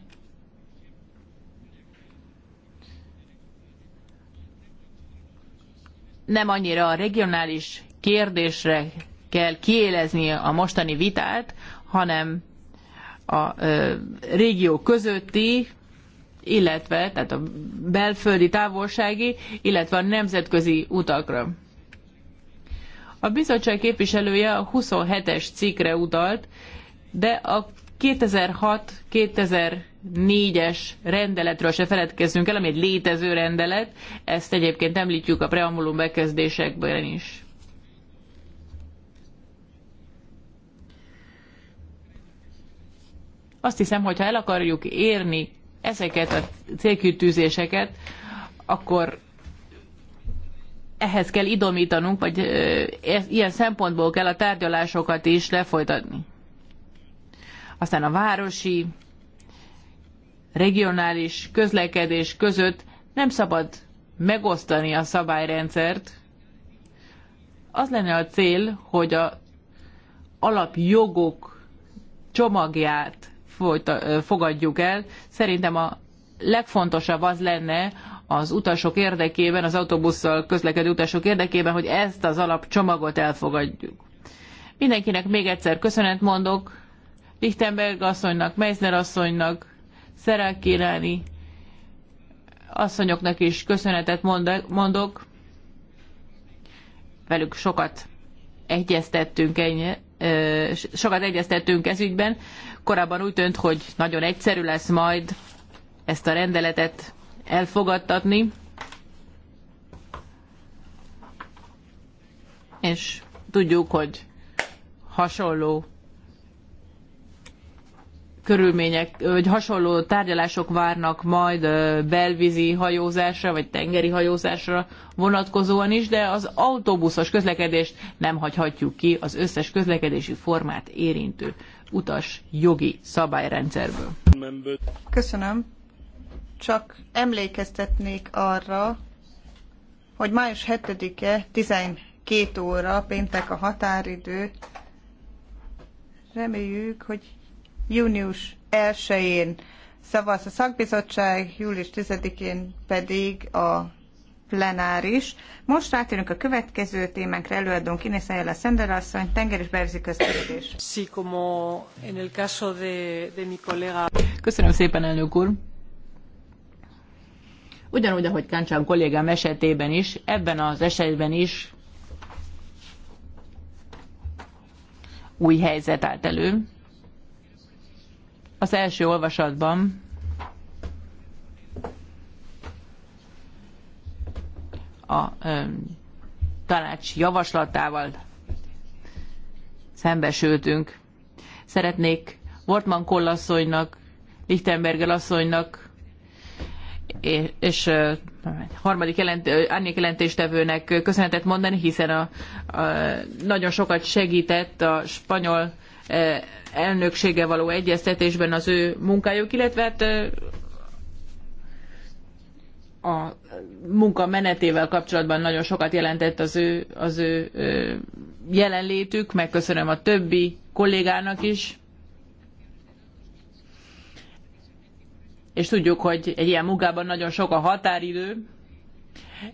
nem annyira a regionális kérdésre kell kiélezni a mostani vitát, hanem a ö, régió közötti, illetve tehát a belföldi távolsági, illetve a nemzetközi utakra. A bizottság képviselője a 27-es cikkre utalt, de a 2006-2004-es rendeletről se feledkezzünk el, ami egy létező rendelet, ezt egyébként említjük a preambulum bekezdésekben is. Azt hiszem, hogy ha el akarjuk érni ezeket a célkütűzéseket, akkor ehhez kell idomítanunk, vagy e, ilyen szempontból kell a tárgyalásokat is lefolytatni. Aztán a városi, regionális közlekedés között nem szabad megosztani a szabályrendszert. Az lenne a cél, hogy a alapjogok csomagját fogadjuk el. Szerintem a legfontosabb az lenne, az utasok érdekében, az autóbusszal közlekedő utasok érdekében, hogy ezt az alapcsomagot elfogadjuk. Mindenkinek még egyszer köszönet mondok, Lichtenberg asszonynak, Meissner asszonynak, Szerák Kiráni asszonyoknak is köszönetet mondok. Velük sokat egyeztettünk ennyi, sokat egyeztettünk ez ügyben. Korábban úgy tűnt, hogy nagyon egyszerű lesz majd ezt a rendeletet elfogadtatni. És tudjuk, hogy hasonló körülmények, vagy hasonló tárgyalások várnak majd belvízi hajózásra, vagy tengeri hajózásra vonatkozóan is, de az autóbuszos közlekedést nem hagyhatjuk ki az összes közlekedési formát érintő utas jogi szabályrendszerből. Köszönöm. Csak emlékeztetnék arra, hogy május 7-e 12 óra, péntek a határidő. Reméljük, hogy június 1-én szavaz a szakbizottság, július 10-én pedig a plenáris. Most rátérünk a következő témánkra, előadónk Inés Ayala Szender asszony, tenger és berzi közlekedés. Köszönöm szépen, elnök úr! Ugyanúgy, ahogy Káncsán kollégám esetében is, ebben az esetben is új helyzet állt elő. Az első olvasatban a ö, tanács javaslatával szembesültünk. Szeretnék Wortmann kollasszonynak, Lichtenberger asszonynak és harmadik jelent, árnyék jelentéstevőnek köszönetet mondani, hiszen a, a, nagyon sokat segített a spanyol elnöksége való egyeztetésben az ő munkájuk, illetve hát a munka menetével kapcsolatban nagyon sokat jelentett az ő, az ő jelenlétük. Megköszönöm a többi kollégának is, és tudjuk, hogy egy ilyen munkában nagyon sok a határidő,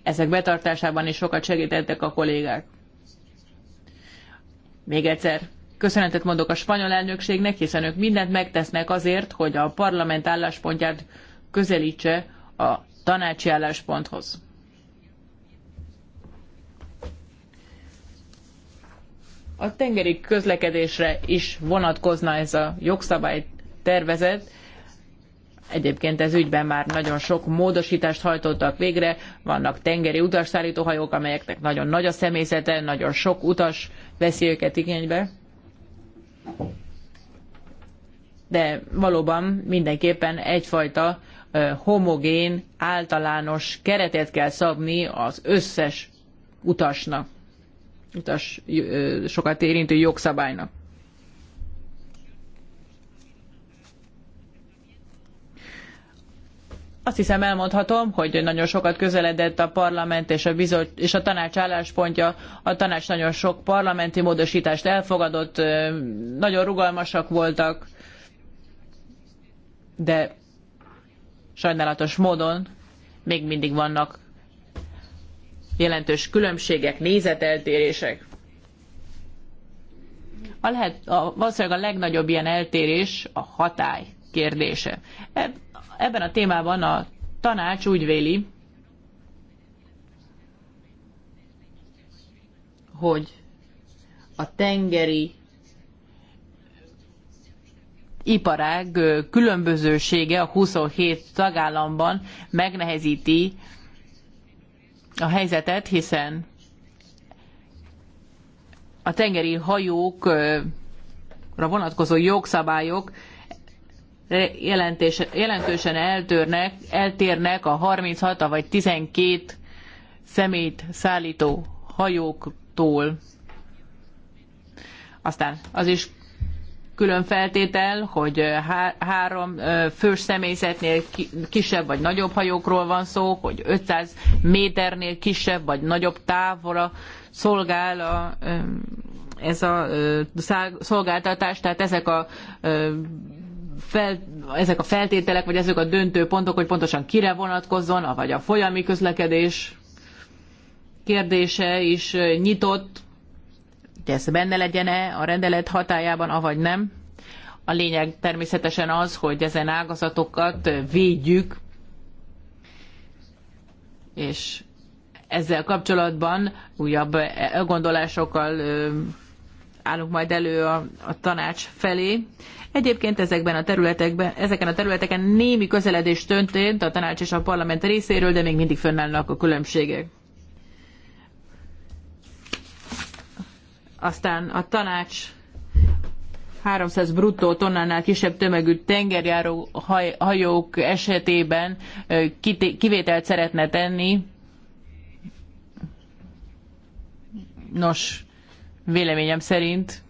ezek betartásában is sokat segítettek a kollégák. Még egyszer köszönetet mondok a spanyol elnökségnek, hiszen ők mindent megtesznek azért, hogy a parlament álláspontját közelítse a tanácsi állásponthoz. A tengeri közlekedésre is vonatkozna ez a jogszabály tervezet, Egyébként ez ügyben már nagyon sok módosítást hajtottak végre, vannak tengeri utasszállító hajók, amelyeknek nagyon nagy a személyzete, nagyon sok utas veszi őket igénybe. De valóban mindenképpen egyfajta homogén, általános keretet kell szabni az összes utasnak, utas sokat érintő jogszabálynak. Azt hiszem elmondhatom, hogy nagyon sokat közeledett a parlament és a, bizot, és a tanács álláspontja. A tanács nagyon sok parlamenti módosítást elfogadott, nagyon rugalmasak voltak, de sajnálatos módon még mindig vannak jelentős különbségek, nézeteltérések. A lehet, a, valószínűleg a legnagyobb ilyen eltérés a hatály kérdése. E- ebben a témában a tanács úgy véli, hogy a tengeri iparág különbözősége a 27 tagállamban megnehezíti a helyzetet, hiszen a tengeri hajókra vonatkozó jogszabályok jelentősen eltörnek, eltérnek a 36 vagy 12 szemét szállító hajóktól. Aztán az is külön feltétel, hogy három fős személyzetnél kisebb vagy nagyobb hajókról van szó, hogy 500 méternél kisebb vagy nagyobb távra szolgál a, ez a szolgáltatás, tehát ezek a fel, ezek a feltételek, vagy ezek a döntő pontok, hogy pontosan kire vonatkozzon, vagy a folyami közlekedés kérdése is nyitott, hogy ez benne legyen-e a rendelet hatájában, avagy nem. A lényeg természetesen az, hogy ezen ágazatokat védjük, és ezzel kapcsolatban újabb gondolásokkal állunk majd elő a, a tanács felé. Egyébként ezekben a területekben, ezeken a területeken némi közeledés történt a tanács és a parlament részéről, de még mindig fönnállnak a különbségek. Aztán a tanács 300 bruttó tonnánál kisebb tömegű tengerjáró hajók esetében kivételt szeretne tenni. Nos, véleményem szerint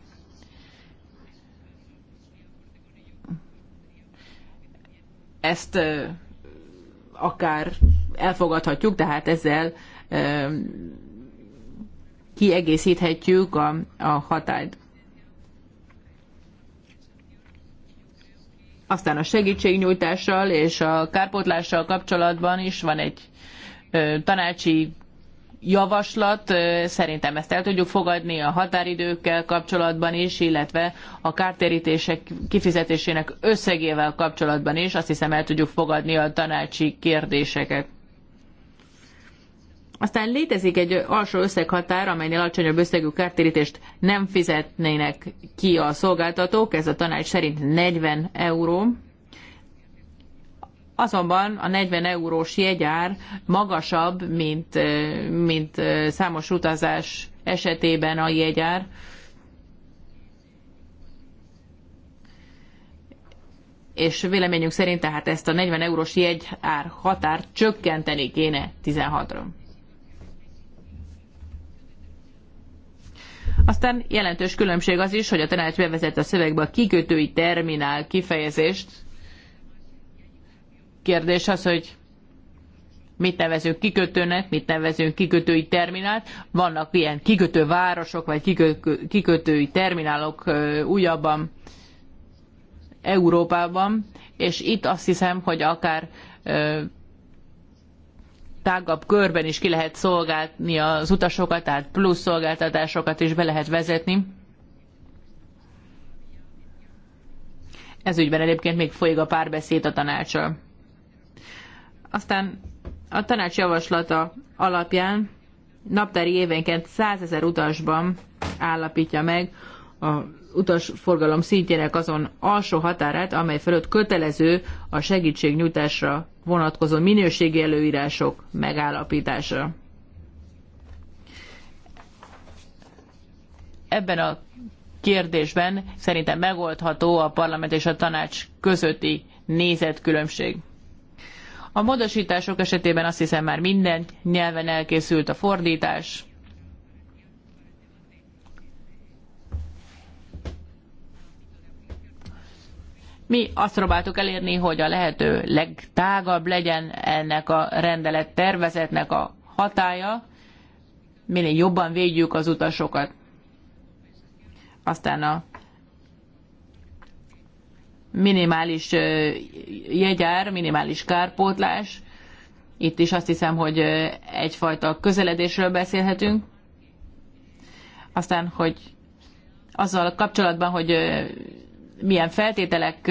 ezt akár elfogadhatjuk, tehát ezzel kiegészíthetjük a, a hatályt. Aztán a segítségnyújtással és a kárpótlással kapcsolatban is van egy tanácsi javaslat, szerintem ezt el tudjuk fogadni a határidőkkel kapcsolatban is, illetve a kártérítések kifizetésének összegével kapcsolatban is, azt hiszem el tudjuk fogadni a tanácsi kérdéseket. Aztán létezik egy alsó összeghatár, amelynél alacsonyabb összegű kártérítést nem fizetnének ki a szolgáltatók, ez a tanács szerint 40 euró. Azonban a 40 eurós jegyár magasabb, mint, mint számos utazás esetében a jegyár. és véleményünk szerint tehát ezt a 40 eurós jegyár határt csökkenteni kéne 16-ra. Aztán jelentős különbség az is, hogy a tanács bevezette a szövegbe a kikötői terminál kifejezést, kérdés az, hogy mit nevezünk kikötőnek, mit nevezünk kikötői terminált. Vannak ilyen kikötővárosok, vagy kikötői terminálok újabban Európában, és itt azt hiszem, hogy akár tágabb körben is ki lehet szolgálni az utasokat, tehát plusz szolgáltatásokat is be lehet vezetni. Ez ügyben egyébként még folyik a párbeszéd a tanácsal. Aztán a tanács javaslata alapján naptári évenként 100 ezer utasban állapítja meg a utasforgalom szintjének azon alsó határát, amely fölött kötelező a segítségnyújtásra vonatkozó minőségi előírások megállapítása. Ebben a kérdésben szerintem megoldható a parlament és a tanács közötti nézetkülönbség. A módosítások esetében azt hiszem már minden nyelven elkészült a fordítás. Mi azt próbáltuk elérni, hogy a lehető legtágabb legyen ennek a rendelet tervezetnek a hatája, minél jobban védjük az utasokat. Aztán a minimális jegyár, minimális kárpótlás. Itt is azt hiszem, hogy egyfajta közeledésről beszélhetünk. Aztán, hogy azzal kapcsolatban, hogy milyen feltételek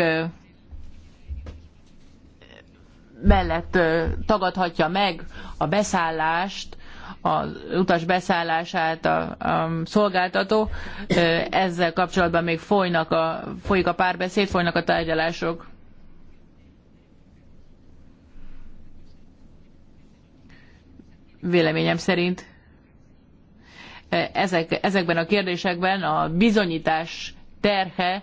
mellett tagadhatja meg a beszállást az utas beszállását a, a szolgáltató. Ezzel kapcsolatban még folynak a, folyik a párbeszéd, folynak a tárgyalások. Véleményem szerint ezek, ezekben a kérdésekben a bizonyítás terhe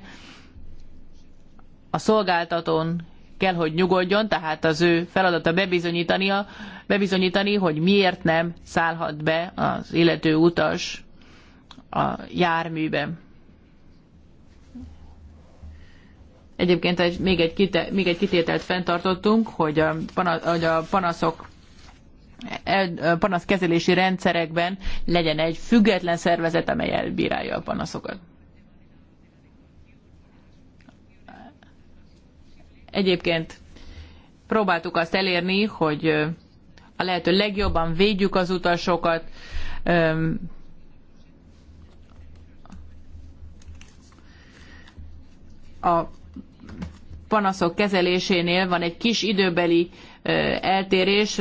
a szolgáltatón kell, hogy nyugodjon, tehát az ő feladata bebizonyítania, bebizonyítani, hogy miért nem szállhat be az illető utas a járműbe. Egyébként egy, még, egy kite, még egy kitételt fenntartottunk, hogy a, hogy a panaszok e, e, panaszkezelési rendszerekben legyen egy független szervezet, amely elbírálja a panaszokat. Egyébként próbáltuk azt elérni, hogy a lehető legjobban védjük az utasokat, a panaszok kezelésénél van egy kis időbeli eltérés,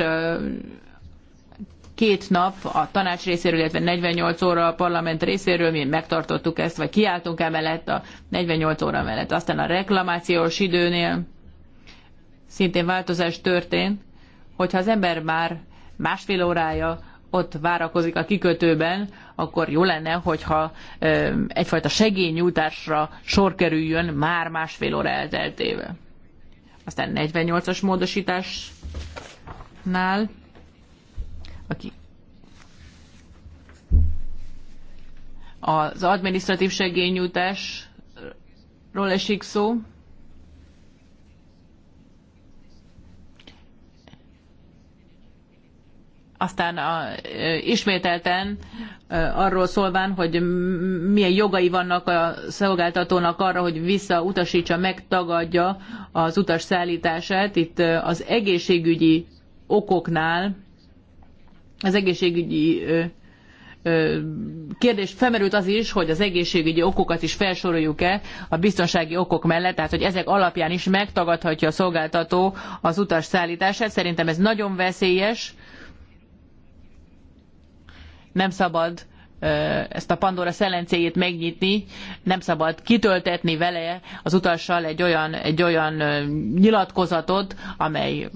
két nap a tanács részéről, illetve 48 óra a parlament részéről, mi megtartottuk ezt, vagy kiálltunk emellett a 48 óra mellett. Aztán a reklamációs időnél szintén változás történt, hogyha az ember már másfél órája ott várakozik a kikötőben, akkor jó lenne, hogyha egyfajta segélynyújtásra sor kerüljön már másfél óra elteltével. Aztán 48-as módosításnál, aki az administratív segélynyújtásról esik szó, aztán a, ismételten arról szólván, hogy milyen jogai vannak a szolgáltatónak arra, hogy visszautasítsa, megtagadja az utas szállítását. Itt az egészségügyi okoknál, az egészségügyi kérdés felmerült az is, hogy az egészségügyi okokat is felsoroljuk-e a biztonsági okok mellett, tehát hogy ezek alapján is megtagadhatja a szolgáltató az utas szállítását. Szerintem ez nagyon veszélyes, nem szabad ezt a Pandora szelencéjét megnyitni, nem szabad kitöltetni vele az utassal egy olyan, egy olyan nyilatkozatot, amely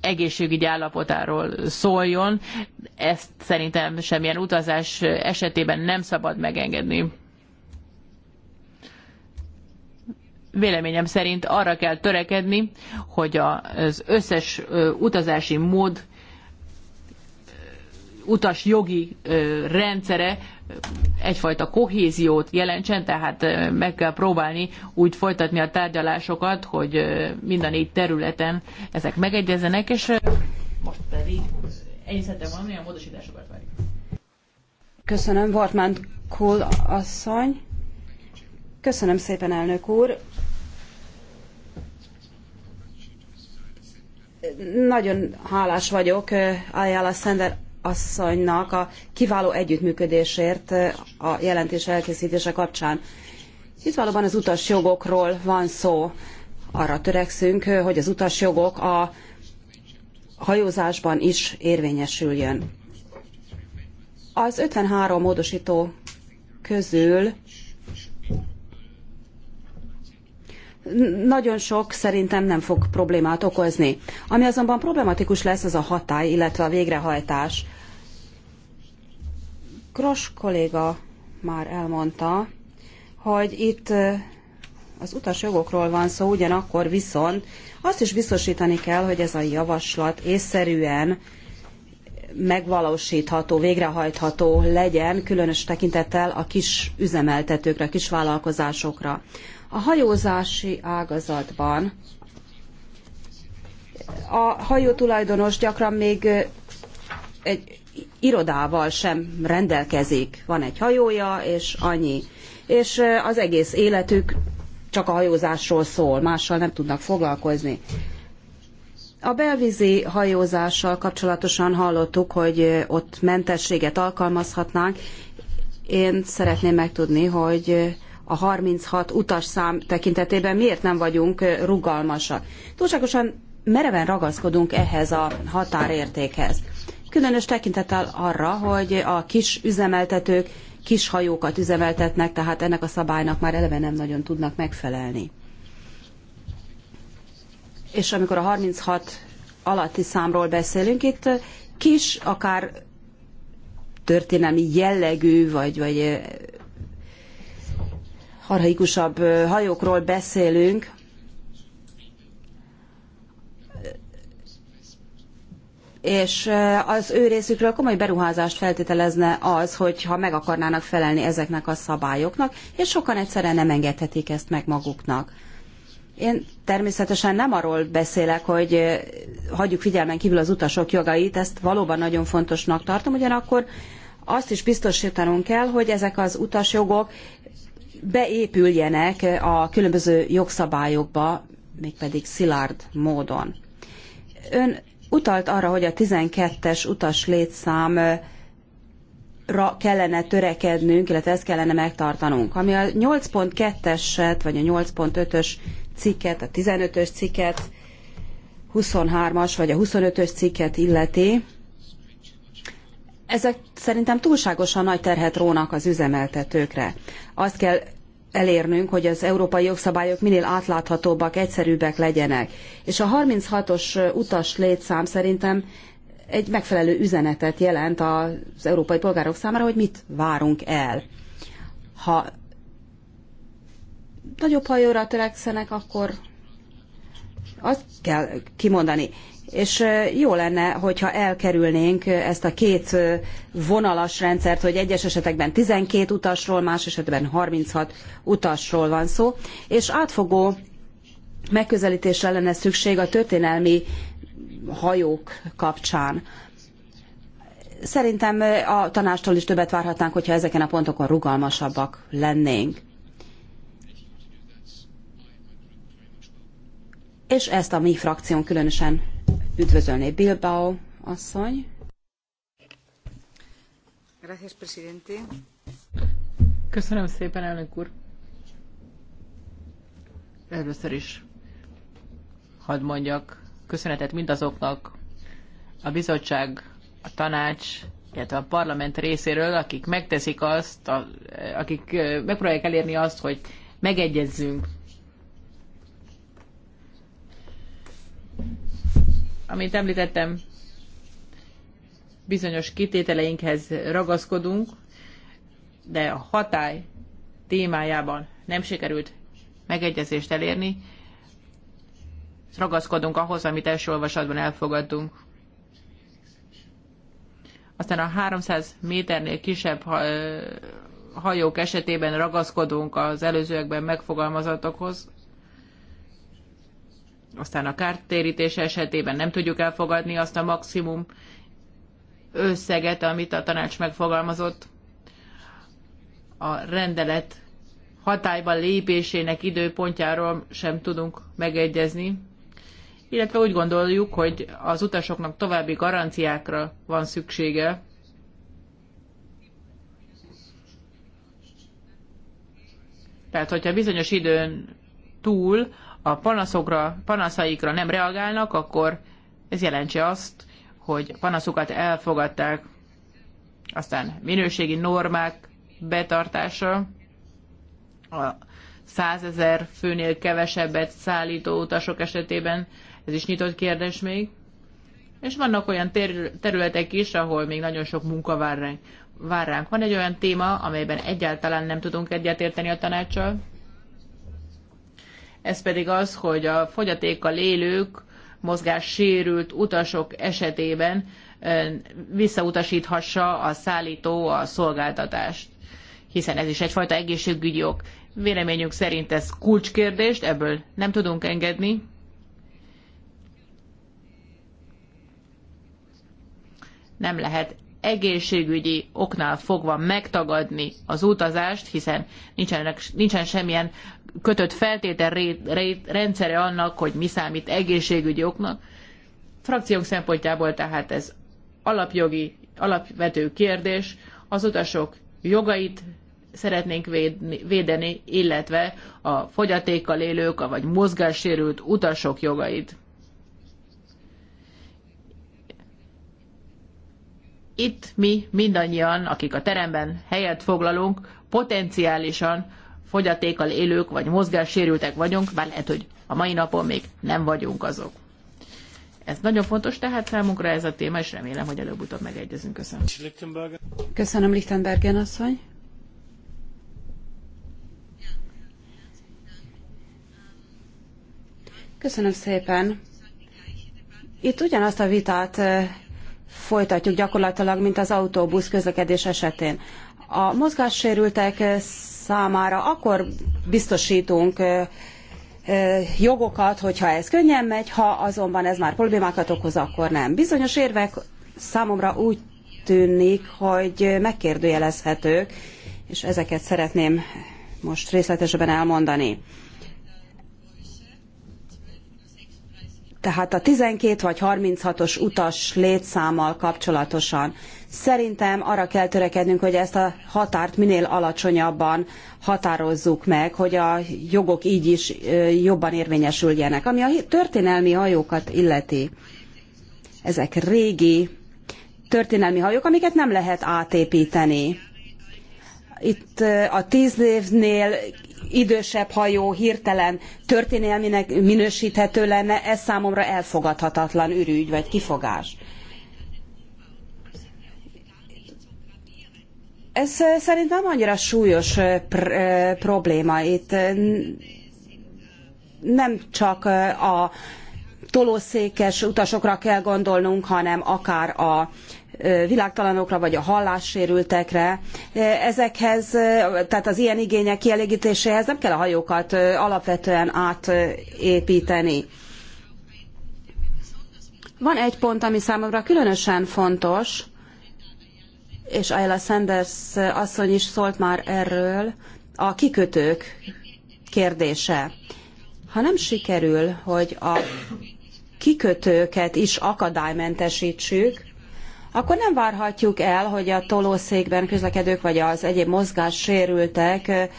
egészségügyi állapotáról szóljon. Ezt szerintem semmilyen utazás esetében nem szabad megengedni. Véleményem szerint arra kell törekedni, hogy az összes utazási mód utas jogi rendszere egyfajta kohéziót jelentsen, tehát meg kell próbálni úgy folytatni a tárgyalásokat, hogy mind a négy területen ezek megegyezzenek, és most pedig egyszerűen van, olyan módosításokat várjuk. Köszönöm, Vartmán Kull asszony. Köszönöm szépen, elnök úr. Nagyon hálás vagyok Ayala Sender asszonynak a kiváló együttműködésért a jelentés elkészítése kapcsán. Itt valóban az utasjogokról van szó. Arra törekszünk, hogy az utasjogok a hajózásban is érvényesüljön. Az 53 módosító közül nagyon sok szerintem nem fog problémát okozni. Ami azonban problematikus lesz, az a hatály, illetve a végrehajtás. Kros kolléga már elmondta, hogy itt az utasjogokról van szó, ugyanakkor viszont azt is biztosítani kell, hogy ez a javaslat észszerűen megvalósítható, végrehajtható legyen, különös tekintettel a kis üzemeltetőkre, a kis vállalkozásokra. A hajózási ágazatban a hajótulajdonos gyakran még egy irodával sem rendelkezik. Van egy hajója, és annyi. És az egész életük csak a hajózásról szól, mással nem tudnak foglalkozni. A belvízi hajózással kapcsolatosan hallottuk, hogy ott mentességet alkalmazhatnánk. Én szeretném megtudni, hogy a 36 utasszám tekintetében miért nem vagyunk rugalmasak. Túlságosan mereven ragaszkodunk ehhez a határértékhez különös tekintettel arra, hogy a kis üzemeltetők kis hajókat üzemeltetnek, tehát ennek a szabálynak már eleve nem nagyon tudnak megfelelni. És amikor a 36 alatti számról beszélünk, itt kis, akár történelmi jellegű, vagy, vagy eh, harhaikusabb eh, hajókról beszélünk, és az ő részükről komoly beruházást feltételezne az, hogyha meg akarnának felelni ezeknek a szabályoknak, és sokan egyszerűen nem engedhetik ezt meg maguknak. Én természetesen nem arról beszélek, hogy hagyjuk figyelmen kívül az utasok jogait, ezt valóban nagyon fontosnak tartom, ugyanakkor azt is biztosítanunk kell, hogy ezek az utasjogok beépüljenek a különböző jogszabályokba, mégpedig szilárd módon. Ön utalt arra, hogy a 12-es utas létszám ra kellene törekednünk, illetve ezt kellene megtartanunk. Ami a 8.2-eset, vagy a 8.5-ös cikket, a 15-ös cikket, 23-as vagy a 25-ös cikket illeti, ezek szerintem túlságosan nagy terhet rónak az üzemeltetőkre. Azt kell elérnünk, hogy az európai jogszabályok minél átláthatóbbak, egyszerűbbek legyenek. És a 36-os utas létszám szerintem egy megfelelő üzenetet jelent az európai polgárok számára, hogy mit várunk el. Ha nagyobb hajóra törekszenek, akkor azt kell kimondani és jó lenne, hogyha elkerülnénk ezt a két vonalas rendszert, hogy egyes esetekben 12 utasról, más esetben 36 utasról van szó, és átfogó megközelítésre lenne szükség a történelmi hajók kapcsán. Szerintem a tanástól is többet várhatnánk, hogyha ezeken a pontokon rugalmasabbak lennénk. És ezt a mi frakción különösen üdvözölni. Bilbao asszony. Gracias, presidente. Köszönöm szépen, elnök úr. Először is hadd mondjak köszönetet mindazoknak a bizottság, a tanács, illetve a parlament részéről, akik megteszik azt, a, akik megpróbálják elérni azt, hogy megegyezzünk Amint említettem, bizonyos kitételeinkhez ragaszkodunk, de a hatály témájában nem sikerült megegyezést elérni, ragaszkodunk ahhoz, amit első olvasatban elfogadtunk. Aztán a 300 méternél kisebb hajók esetében ragaszkodunk az előzőekben megfogalmazatokhoz, aztán a kártérítés esetében nem tudjuk elfogadni azt a maximum összeget, amit a tanács megfogalmazott. A rendelet hatályba lépésének időpontjáról sem tudunk megegyezni, illetve úgy gondoljuk, hogy az utasoknak további garanciákra van szüksége, Tehát, hogyha bizonyos időn túl a panaszokra, panaszaikra nem reagálnak, akkor ez jelentse azt, hogy panaszokat elfogadták. Aztán minőségi normák betartása, a százezer főnél kevesebbet szállító utasok esetében, ez is nyitott kérdés még. És vannak olyan területek is, ahol még nagyon sok munka vár ránk. Vár ránk. Van egy olyan téma, amelyben egyáltalán nem tudunk egyetérteni a tanácssal, ez pedig az, hogy a fogyatékkal élők, mozgássérült utasok esetében visszautasíthassa a szállító a szolgáltatást, hiszen ez is egyfajta egészségügyi ok. Véleményünk szerint ez kulcskérdést, ebből nem tudunk engedni. Nem lehet egészségügyi oknál fogva megtagadni az utazást, hiszen nincsen, nincsen semmilyen kötött feltétel rendszere annak, hogy mi számít egészségügyi oknak. Frakciónk szempontjából tehát ez alapjogi, alapvető kérdés. Az utasok jogait szeretnénk védeni, illetve a fogyatékkal élők, vagy mozgássérült utasok jogait. Itt mi mindannyian, akik a teremben helyet foglalunk, potenciálisan fogyatékkal élők vagy mozgássérültek vagyunk, bár lehet, hogy a mai napon még nem vagyunk azok. Ez nagyon fontos, tehát számunkra ez a téma, és remélem, hogy előbb-utóbb megegyezünk. Köszönöm. Köszönöm, Lichtenbergen asszony. Köszönöm szépen. Itt ugyanazt a vitát eh, folytatjuk gyakorlatilag, mint az autóbusz közlekedés esetén a mozgássérültek számára akkor biztosítunk jogokat, hogyha ez könnyen megy, ha azonban ez már problémákat okoz, akkor nem. Bizonyos érvek számomra úgy tűnik, hogy megkérdőjelezhetők, és ezeket szeretném most részletesebben elmondani. Tehát a 12 vagy 36-os utas létszámmal kapcsolatosan Szerintem arra kell törekednünk, hogy ezt a határt minél alacsonyabban határozzuk meg, hogy a jogok így is jobban érvényesüljenek. Ami a történelmi hajókat illeti, ezek régi történelmi hajók, amiket nem lehet átépíteni. Itt a tíz évnél idősebb hajó hirtelen történelminek minősíthető lenne, ez számomra elfogadhatatlan ürügy vagy kifogás. Ez szerintem annyira súlyos pr- probléma. Itt nem csak a tolószékes utasokra kell gondolnunk, hanem akár a világtalanokra vagy a hallássérültekre. Ezekhez, tehát az ilyen igények kielégítéséhez nem kell a hajókat alapvetően átépíteni. Van egy pont, ami számomra különösen fontos, és Ayla Sanders asszony is szólt már erről, a kikötők kérdése. Ha nem sikerül, hogy a kikötőket is akadálymentesítsük, akkor nem várhatjuk el, hogy a tolószékben közlekedők vagy az egyéb mozgássérültek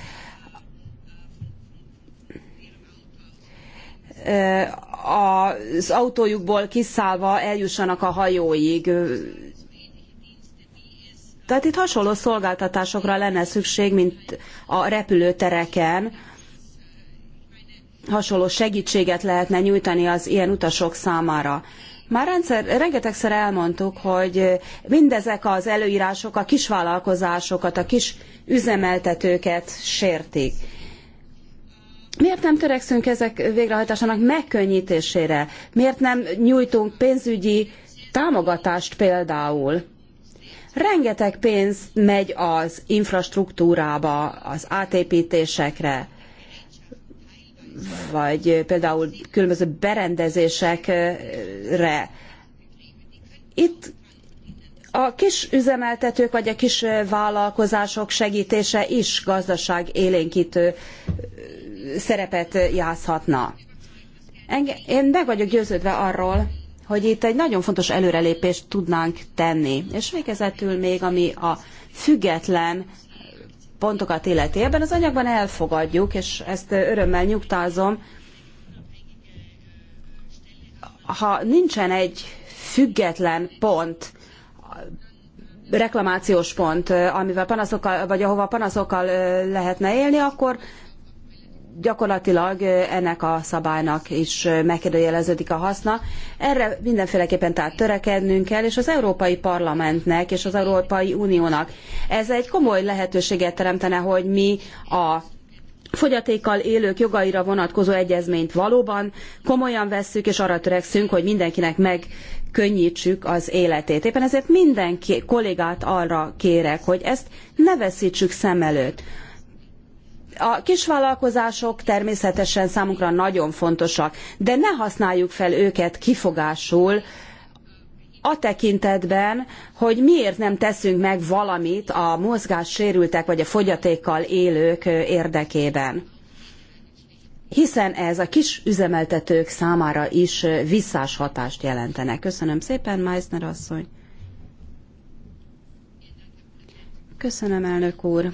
az autójukból kiszállva eljussanak a hajóig. Tehát itt hasonló szolgáltatásokra lenne szükség, mint a repülőtereken. Hasonló segítséget lehetne nyújtani az ilyen utasok számára. Már rendszer, rengetegszer elmondtuk, hogy mindezek az előírások a kisvállalkozásokat, a kis üzemeltetőket sértik. Miért nem törekszünk ezek végrehajtásának megkönnyítésére? Miért nem nyújtunk pénzügyi támogatást például? rengeteg pénz megy az infrastruktúrába, az átépítésekre, vagy például különböző berendezésekre. Itt a kis üzemeltetők vagy a kis vállalkozások segítése is gazdaság élénkítő szerepet játszhatna. Én meg vagyok győződve arról, hogy itt egy nagyon fontos előrelépést tudnánk tenni. És végezetül még, ami a független pontokat illeti. Ebben az anyagban elfogadjuk, és ezt örömmel nyugtázom, ha nincsen egy független pont, reklamációs pont, amivel panaszokkal, vagy ahova panaszokkal lehetne élni, akkor gyakorlatilag ennek a szabálynak is megkérdőjeleződik a haszna. Erre mindenféleképpen tehát törekednünk kell, és az Európai Parlamentnek és az Európai Uniónak ez egy komoly lehetőséget teremtene, hogy mi a fogyatékkal élők jogaira vonatkozó egyezményt valóban komolyan vesszük, és arra törekszünk, hogy mindenkinek megkönnyítsük az életét. Éppen ezért minden kollégát arra kérek, hogy ezt ne veszítsük szem előtt. A kisvállalkozások természetesen számunkra nagyon fontosak, de ne használjuk fel őket kifogásul a tekintetben, hogy miért nem teszünk meg valamit a mozgássérültek vagy a fogyatékkal élők érdekében. Hiszen ez a kis üzemeltetők számára is visszás hatást jelentene. Köszönöm szépen, Meissner asszony. Köszönöm, elnök úr.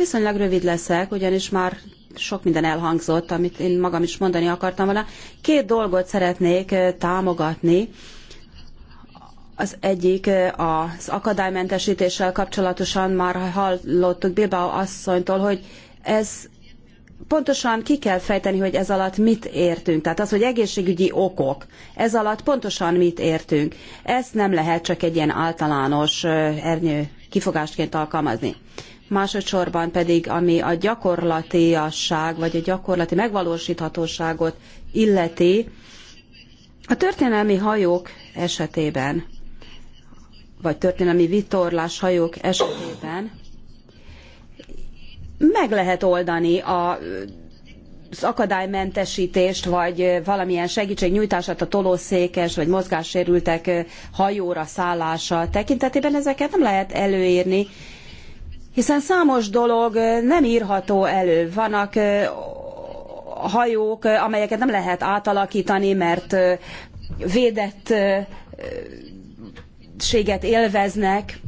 Viszonylag rövid leszek, ugyanis már sok minden elhangzott, amit én magam is mondani akartam volna. Két dolgot szeretnék eh, támogatni. Az egyik eh, az akadálymentesítéssel kapcsolatosan már hallottuk Bilbao asszonytól, hogy ez pontosan ki kell fejteni, hogy ez alatt mit értünk. Tehát az, hogy egészségügyi okok, ez alatt pontosan mit értünk. Ezt nem lehet csak egy ilyen általános eh, ernyő kifogástként alkalmazni másodszorban pedig ami a gyakorlatiasság, vagy a gyakorlati megvalósíthatóságot illeti, a történelmi hajók esetében, vagy történelmi vitorlás hajók esetében meg lehet oldani a az akadálymentesítést, vagy valamilyen segítségnyújtását a tolószékes, vagy mozgássérültek hajóra szállása tekintetében ezeket nem lehet előírni, hiszen számos dolog nem írható elő. Vannak hajók, amelyeket nem lehet átalakítani, mert védett séget élveznek.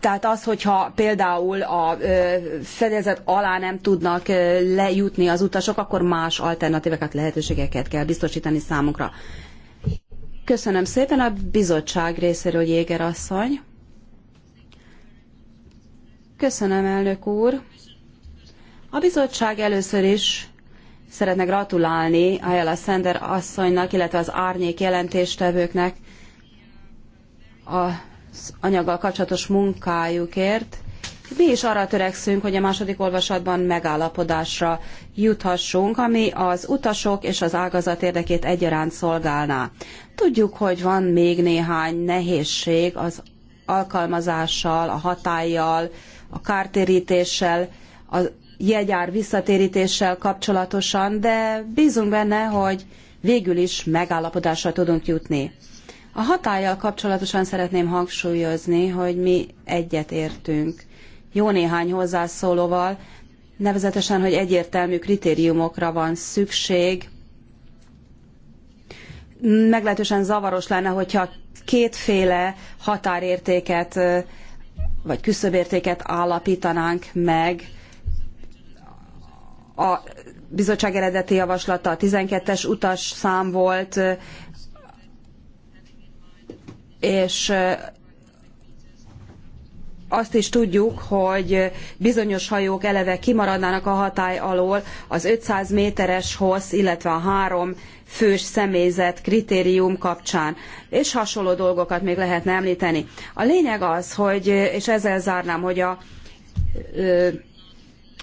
Tehát az, hogyha például a fedezet alá nem tudnak lejutni az utasok, akkor más alternatíveket, lehetőségeket kell biztosítani számukra. Köszönöm szépen a bizottság részéről, Jéger asszony. Köszönöm, elnök úr. A bizottság először is szeretne gratulálni Ayala Sender asszonynak, illetve az árnyék jelentéstevőknek az anyaggal kapcsolatos munkájukért. Mi is arra törekszünk, hogy a második olvasatban megállapodásra juthassunk, ami az utasok és az ágazat érdekét egyaránt szolgálná. Tudjuk, hogy van még néhány nehézség az alkalmazással, a hatállyal, a kártérítéssel, a jegyár visszatérítéssel kapcsolatosan, de bízunk benne, hogy végül is megállapodásra tudunk jutni. A hatállyal kapcsolatosan szeretném hangsúlyozni, hogy mi egyetértünk jó néhány hozzászólóval, nevezetesen, hogy egyértelmű kritériumokra van szükség. Meglehetősen zavaros lenne, hogyha kétféle határértéket vagy küszöbértéket állapítanánk meg a bizottság eredeti javaslata a 12-es utas szám volt, és azt is tudjuk, hogy bizonyos hajók eleve kimaradnának a hatály alól az 500 méteres hossz, illetve a három fős személyzet kritérium kapcsán, és hasonló dolgokat még lehetne említeni. A lényeg az, hogy, és ezzel zárnám, hogy a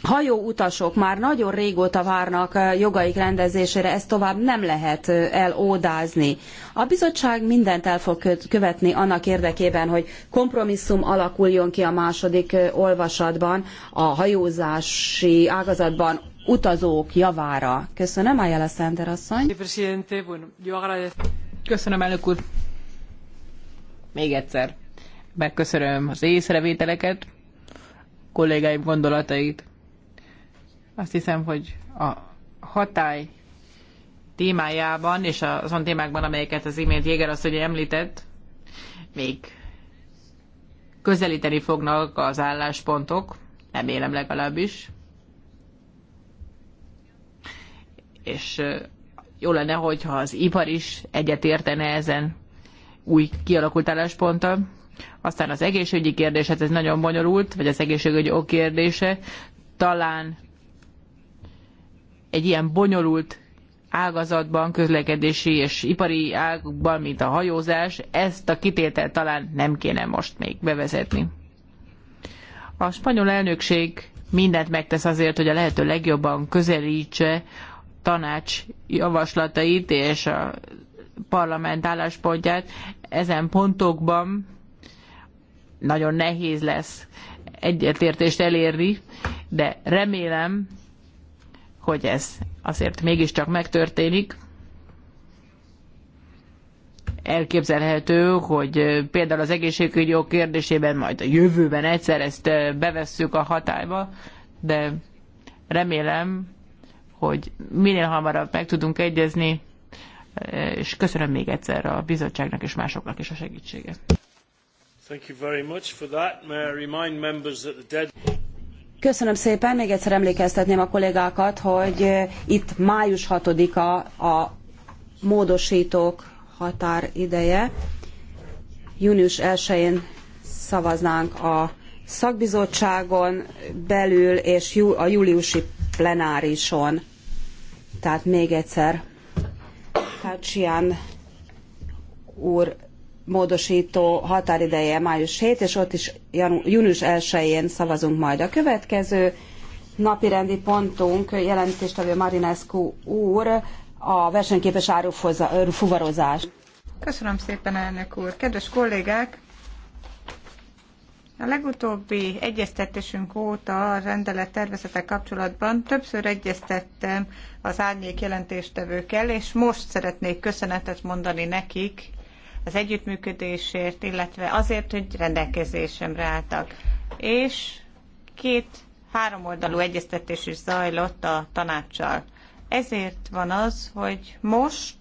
hajóutasok már nagyon régóta várnak eh, jogaik rendezésére, ezt tovább nem lehet eh, elódázni. A bizottság mindent el fog követni annak érdekében, hogy kompromisszum alakuljon ki a második eh, olvasatban, a hajózási ágazatban utazók javára. Köszönöm, Ayala Szenter asszony. Köszönöm, elnök úr. Még egyszer. Megköszönöm az észrevételeket, kollégáim gondolatait azt hiszem, hogy a hatály témájában és azon témákban, amelyeket az imént Jéger azt, hogy említett, még közelíteni fognak az álláspontok, remélem legalábbis. És jó lenne, hogyha az ipar is egyetértene ezen új kialakult állásponttal. Aztán az egészségügyi kérdés, hát ez nagyon bonyolult, vagy az egészségügyi ok kérdése. Talán egy ilyen bonyolult ágazatban, közlekedési és ipari ágban, mint a hajózás, ezt a kitételt talán nem kéne most még bevezetni. A spanyol elnökség mindent megtesz azért, hogy a lehető legjobban közelítse tanács javaslatait és a parlament álláspontját. Ezen pontokban nagyon nehéz lesz egyetértést elérni, de remélem, hogy ez azért mégiscsak megtörténik. Elképzelhető, hogy például az egészségügyi jog kérdésében majd a jövőben egyszer ezt bevesszük a hatályba, de remélem, hogy minél hamarabb meg tudunk egyezni, és köszönöm még egyszer a bizottságnak és másoknak is a segítséget. Köszönöm szépen, még egyszer emlékeztetném a kollégákat, hogy itt május 6-a a módosítók határideje. Június 1-én szavaznánk a szakbizottságon belül és a júliusi plenárison. Tehát még egyszer Kácsián úr módosító határideje május 7, és ott is janu- június 1-én szavazunk majd. A következő napirendi pontunk jelentéstevő Marinescu úr a versenyképes árufuvarozás. Köszönöm szépen, elnök úr. Kedves kollégák, a legutóbbi egyeztetésünk óta a rendelet tervezete kapcsolatban többször egyeztettem az árnyék jelentéstevőkkel, és most szeretnék köszönetet mondani nekik az együttműködésért, illetve azért, hogy rendelkezésemre álltak. És két oldalú egyeztetés is zajlott a tanácssal. Ezért van az, hogy most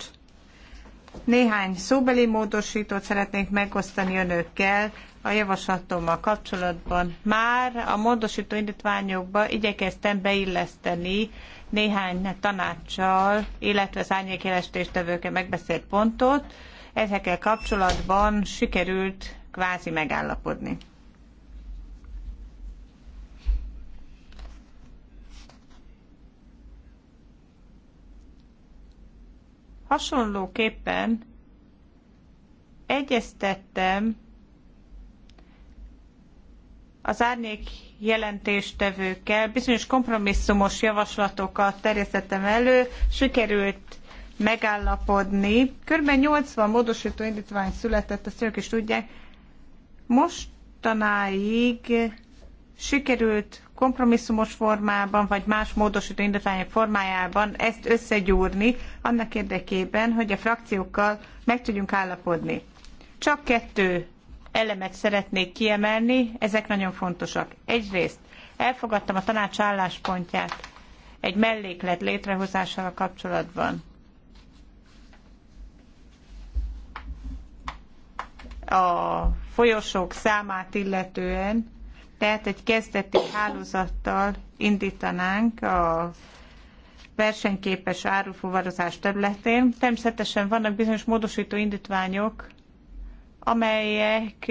néhány szóbeli módosítót szeretnék megosztani önökkel a javaslatommal kapcsolatban. Már a módosító indítványokba igyekeztem beilleszteni néhány tanácssal, illetve az árnyékjelentéstevőkkel megbeszélt pontot, ezekkel kapcsolatban sikerült kvázi megállapodni. Hasonlóképpen egyeztettem az árnyék jelentéstevőkkel, bizonyos kompromisszumos javaslatokat terjesztettem elő, sikerült megállapodni. Körben 80 módosító indítvány született, a ők is tudják. Mostanáig sikerült kompromisszumos formában, vagy más módosító indítványok formájában ezt összegyúrni, annak érdekében, hogy a frakciókkal meg tudjunk állapodni. Csak kettő elemet szeretnék kiemelni, ezek nagyon fontosak. Egyrészt elfogadtam a tanács álláspontját egy melléklet létrehozásával kapcsolatban. a folyosók számát illetően, tehát egy kezdeti hálózattal indítanánk a versenyképes árufuvarozás területén. Természetesen vannak bizonyos módosító indítványok, amelyek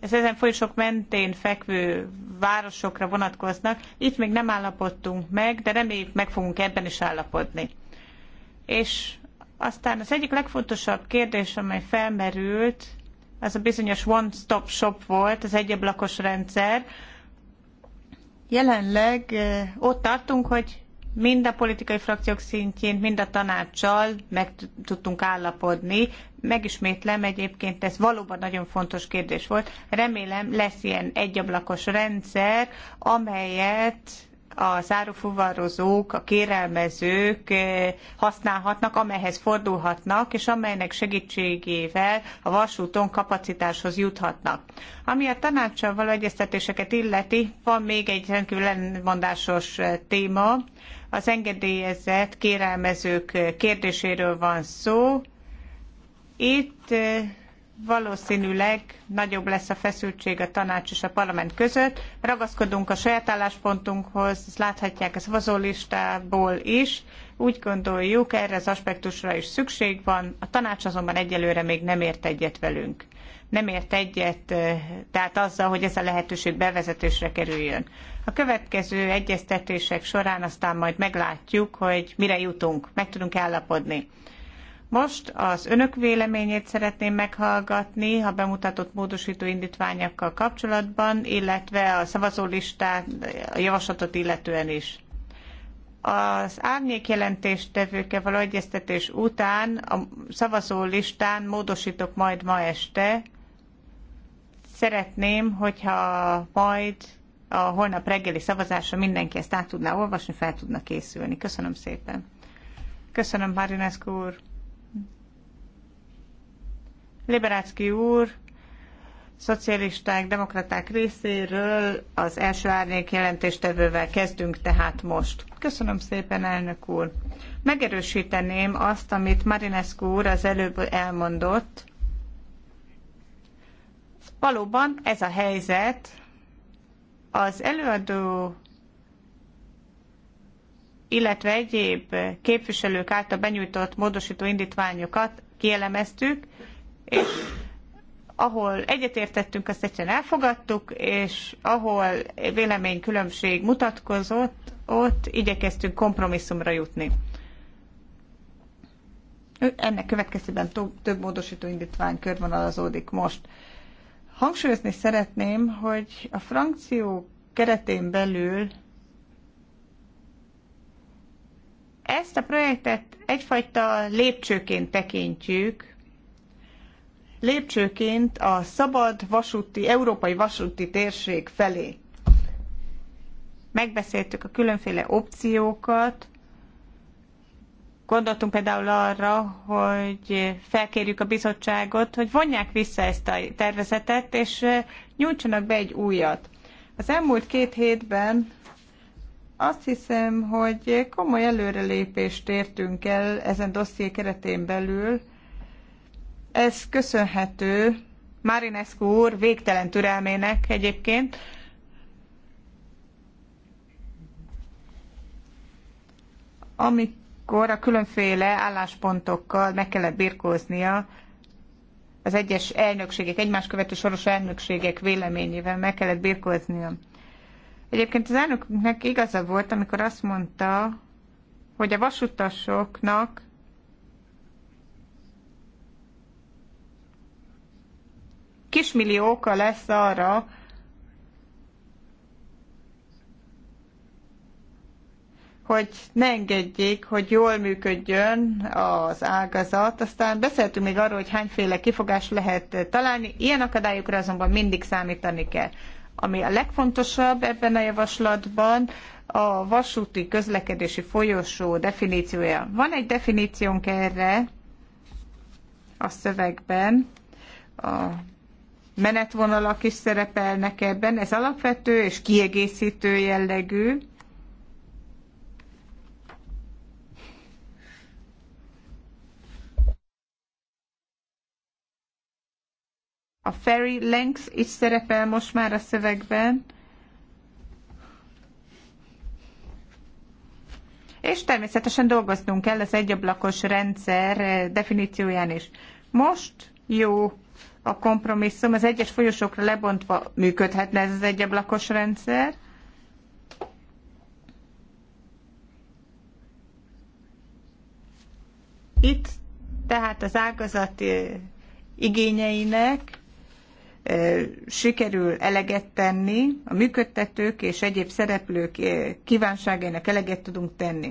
ezen folyosók mentén fekvő városokra vonatkoznak. Itt még nem állapodtunk meg, de reméljük meg fogunk ebben is állapodni. És aztán az egyik legfontosabb kérdés, amely felmerült, ez a bizonyos one-stop shop volt, az egyablakos rendszer. Jelenleg ott tartunk, hogy mind a politikai frakciók szintjén, mind a tanácssal meg tudtunk állapodni. Megismétlem egyébként, ez valóban nagyon fontos kérdés volt. Remélem lesz ilyen egyablakos rendszer, amelyet a zárófuvarozók, a kérelmezők eh, használhatnak, amelyhez fordulhatnak, és amelynek segítségével a vasúton kapacitáshoz juthatnak. Ami a tanácssal való egyeztetéseket illeti, van még egy rendkívül ellenmondásos eh, téma. Az engedélyezett kérelmezők eh, kérdéséről van szó. Itt valószínűleg nagyobb lesz a feszültség a tanács és a parlament között. Ragaszkodunk a saját álláspontunkhoz, ezt láthatják a szavazólistából is. Úgy gondoljuk, erre az aspektusra is szükség van, a tanács azonban egyelőre még nem ért egyet velünk. Nem ért egyet, eh, tehát azzal, hogy ez a lehetőség bevezetésre kerüljön. A következő egyeztetések során aztán majd meglátjuk, hogy mire jutunk, meg tudunk állapodni. Most az önök véleményét szeretném meghallgatni a bemutatott módosító indítványokkal kapcsolatban, illetve a szavazólistát, a javaslatot illetően is. Az árnyék jelentéstevőke való egyeztetés után a szavazólistán módosítok majd ma este. Szeretném, hogyha majd a holnap reggeli szavazásra mindenki ezt át tudná olvasni, fel tudna készülni. Köszönöm szépen. Köszönöm, Marinescu úr. Liberácki úr, szocialisták, demokraták részéről az első árnyék jelentéstevővel kezdünk tehát most. Köszönöm szépen, elnök úr. Megerősíteném azt, amit Marinescu úr az előbb elmondott. Valóban ez a helyzet. Az előadó illetve egyéb képviselők által benyújtott módosító indítványokat kielemeztük, és ahol egyetértettünk, azt egyszerűen elfogadtuk, és ahol véleménykülönbség mutatkozott, ott igyekeztünk kompromisszumra jutni. Ennek következtében több módosító indítvány körvonalazódik most. Hangsúlyozni szeretném, hogy a frankció keretén belül ezt a projektet egyfajta lépcsőként tekintjük, lépcsőként a szabad vasúti, európai vasúti térség felé. Megbeszéltük a különféle opciókat, gondoltunk például arra, hogy felkérjük a bizottságot, hogy vonják vissza ezt a tervezetet, és nyújtsanak be egy újat. Az elmúlt két hétben azt hiszem, hogy komoly előrelépést értünk el ezen dosszié keretén belül, ez köszönhető Marinescu úr végtelen türelmének egyébként, amikor a különféle álláspontokkal meg kellett birkóznia, az egyes elnökségek, egymás követő soros elnökségek véleményével meg kellett birkóznia. Egyébként az elnöknek igaza volt, amikor azt mondta, hogy a vasutasoknak kismillió oka lesz arra, hogy ne engedjék, hogy jól működjön az ágazat. Aztán beszéltünk még arról, hogy hányféle kifogás lehet találni. Ilyen akadályokra azonban mindig számítani kell. Ami a legfontosabb ebben a javaslatban, a vasúti közlekedési folyosó definíciója. Van egy definíciónk erre a szövegben, a menetvonalak is szerepelnek ebben. Ez alapvető és kiegészítő jellegű. A ferry length is szerepel most már a szövegben. És természetesen dolgoznunk kell az egyablakos rendszer definícióján is. Most jó a kompromisszum az egyes folyosókra lebontva működhetne ez az egyablakos rendszer. Itt tehát az ágazat igényeinek sikerül eleget tenni, a működtetők és egyéb szereplők kívánságainak eleget tudunk tenni.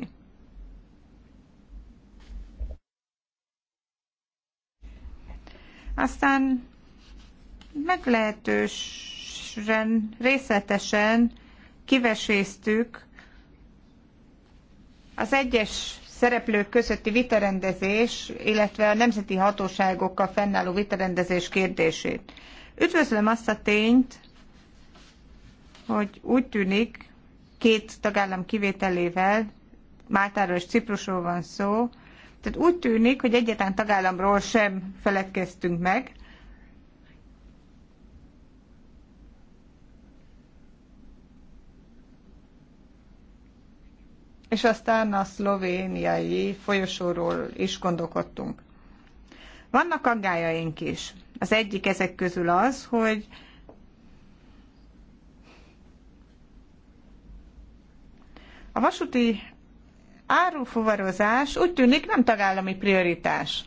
Aztán meglehetősen részletesen kiveséztük az egyes szereplők közötti vitarendezés, illetve a nemzeti hatóságokkal fennálló vitarendezés kérdését. Üdvözlöm azt a tényt, hogy úgy tűnik, két tagállam kivételével, Máltáról és Ciprusról van szó, tehát úgy tűnik, hogy egyetlen tagállamról sem feledkeztünk meg. És aztán a szlovéniai folyosóról is gondolkodtunk. Vannak aggájaink is. Az egyik ezek közül az, hogy a vasúti árufuvarozás úgy tűnik nem tagállami prioritás.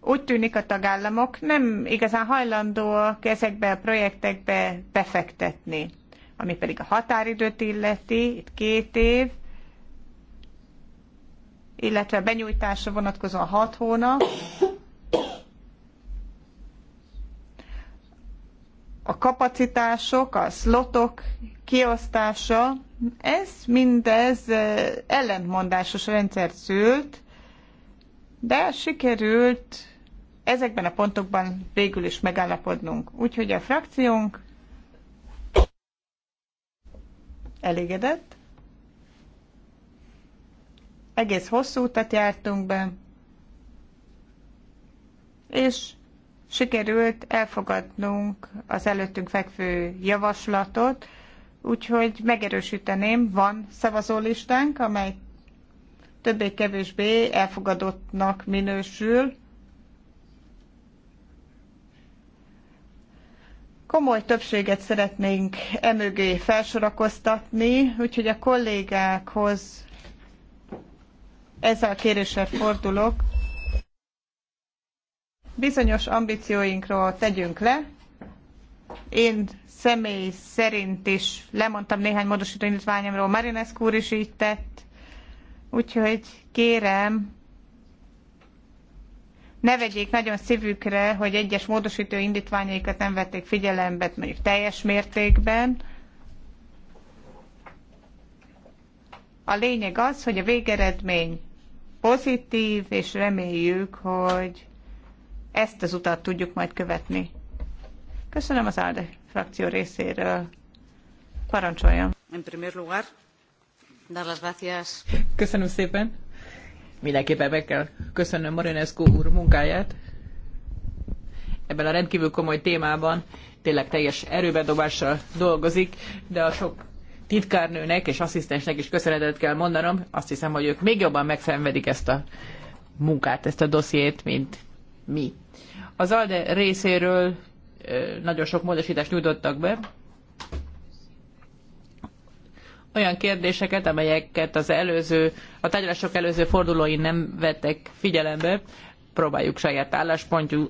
Úgy tűnik a tagállamok nem igazán hajlandóak ezekbe a projektekbe befektetni. Ami pedig a határidőt illeti, itt két év, illetve benyújtásra vonatkozóan hat hónap. a kapacitások, a szlotok kiosztása, ez mindez ellentmondásos rendszer szült, de sikerült ezekben a pontokban végül is megállapodnunk. Úgyhogy a frakciónk elégedett. Egész hosszú utat jártunk be, és sikerült elfogadnunk az előttünk fekvő javaslatot, úgyhogy megerősíteném, van szavazólistánk, amely többé-kevésbé elfogadottnak minősül. Komoly többséget szeretnénk emögé felsorakoztatni, úgyhogy a kollégákhoz ezzel a kéréssel fordulok bizonyos ambícióinkról tegyünk le. Én személy szerint is lemondtam néhány módosító indítványomról, Marinescu úr is így tett. Úgyhogy kérem, ne vegyék nagyon szívükre, hogy egyes módosító indítványaikat nem vették figyelembe, mondjuk teljes mértékben. A lényeg az, hogy a végeredmény pozitív, és reméljük, hogy ezt az utat tudjuk majd követni. Köszönöm az ALDE frakció részéről. Parancsoljon! Köszönöm szépen! Mindenképpen meg kell köszönnöm Marinescu úr munkáját. Ebben a rendkívül komoly témában tényleg teljes erőbedobással dolgozik, de a sok titkárnőnek és asszisztensnek is köszönetet kell mondanom. Azt hiszem, hogy ők még jobban megszenvedik ezt a munkát, ezt a dossziét, mint mi. Az ALDE részéről nagyon sok módosítást nyújtottak be, olyan kérdéseket, amelyeket az előző, a tárgyalások előző fordulóin nem vettek figyelembe, próbáljuk saját